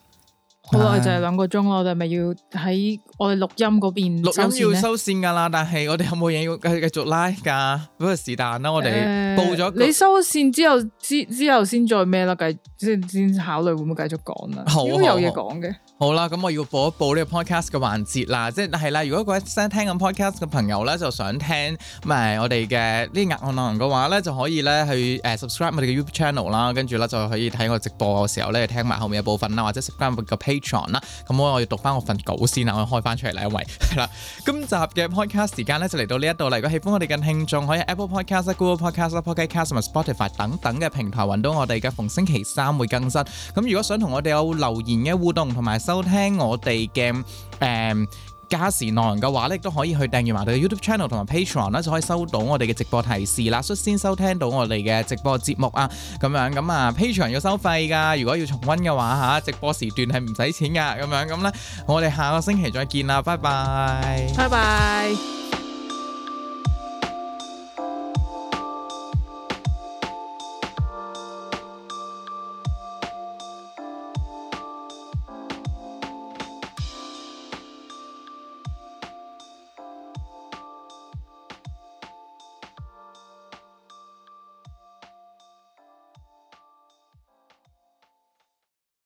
唉好啦，就係、是、兩個鐘咯，我哋咪要喺我哋錄音嗰邊。錄音要收線㗎喇，但係我哋有冇嘢要繼繼續拉㗎？不過是但啦，我哋報咗、呃。你收線之後，之後先再咩啦？繼先先考慮會唔會繼續講啦？如果好有嘢講嘅。好啦，咁我要播一播呢個 podcast 嘅環節啦，即係啦，如果各位想聽緊 podcast 嘅朋友咧，就想聽埋我哋嘅呢啲額外內容嘅話咧，就可以咧去誒 subscribe 我哋嘅 YouTube channel 啦，跟住咧就可以睇我直播嘅時候咧聽埋後面嘅部分啦，或者 subscribe 我嘅 Patreon 啦。咁我我要讀翻我份稿先啦，我開翻出嚟啦，因為係啦，今集嘅 podcast 時間咧就嚟到呢一度啦。如果喜歡我哋嘅聽眾，可以 Apple Podcast、Google Podcast、Podcast、Spotify 等等嘅平台揾到我哋嘅，逢星期三會更新。咁如果想同我哋有留言嘅互動同埋。收聽我哋嘅誒加時內容嘅話咧，亦都可以去訂閱埋我哋 YouTube Channel 同埋 Patreon 啦，啊，就可以收到我哋嘅直播提示啦，率先收聽到我哋嘅直播節目啊，咁，啊、樣咁啊，Patreon 要收費噶，如果要重温嘅話吓，啊，直播時段係唔使錢噶，咁，啊、樣咁咧，啊，我哋下個星期再見啦，拜拜，拜拜。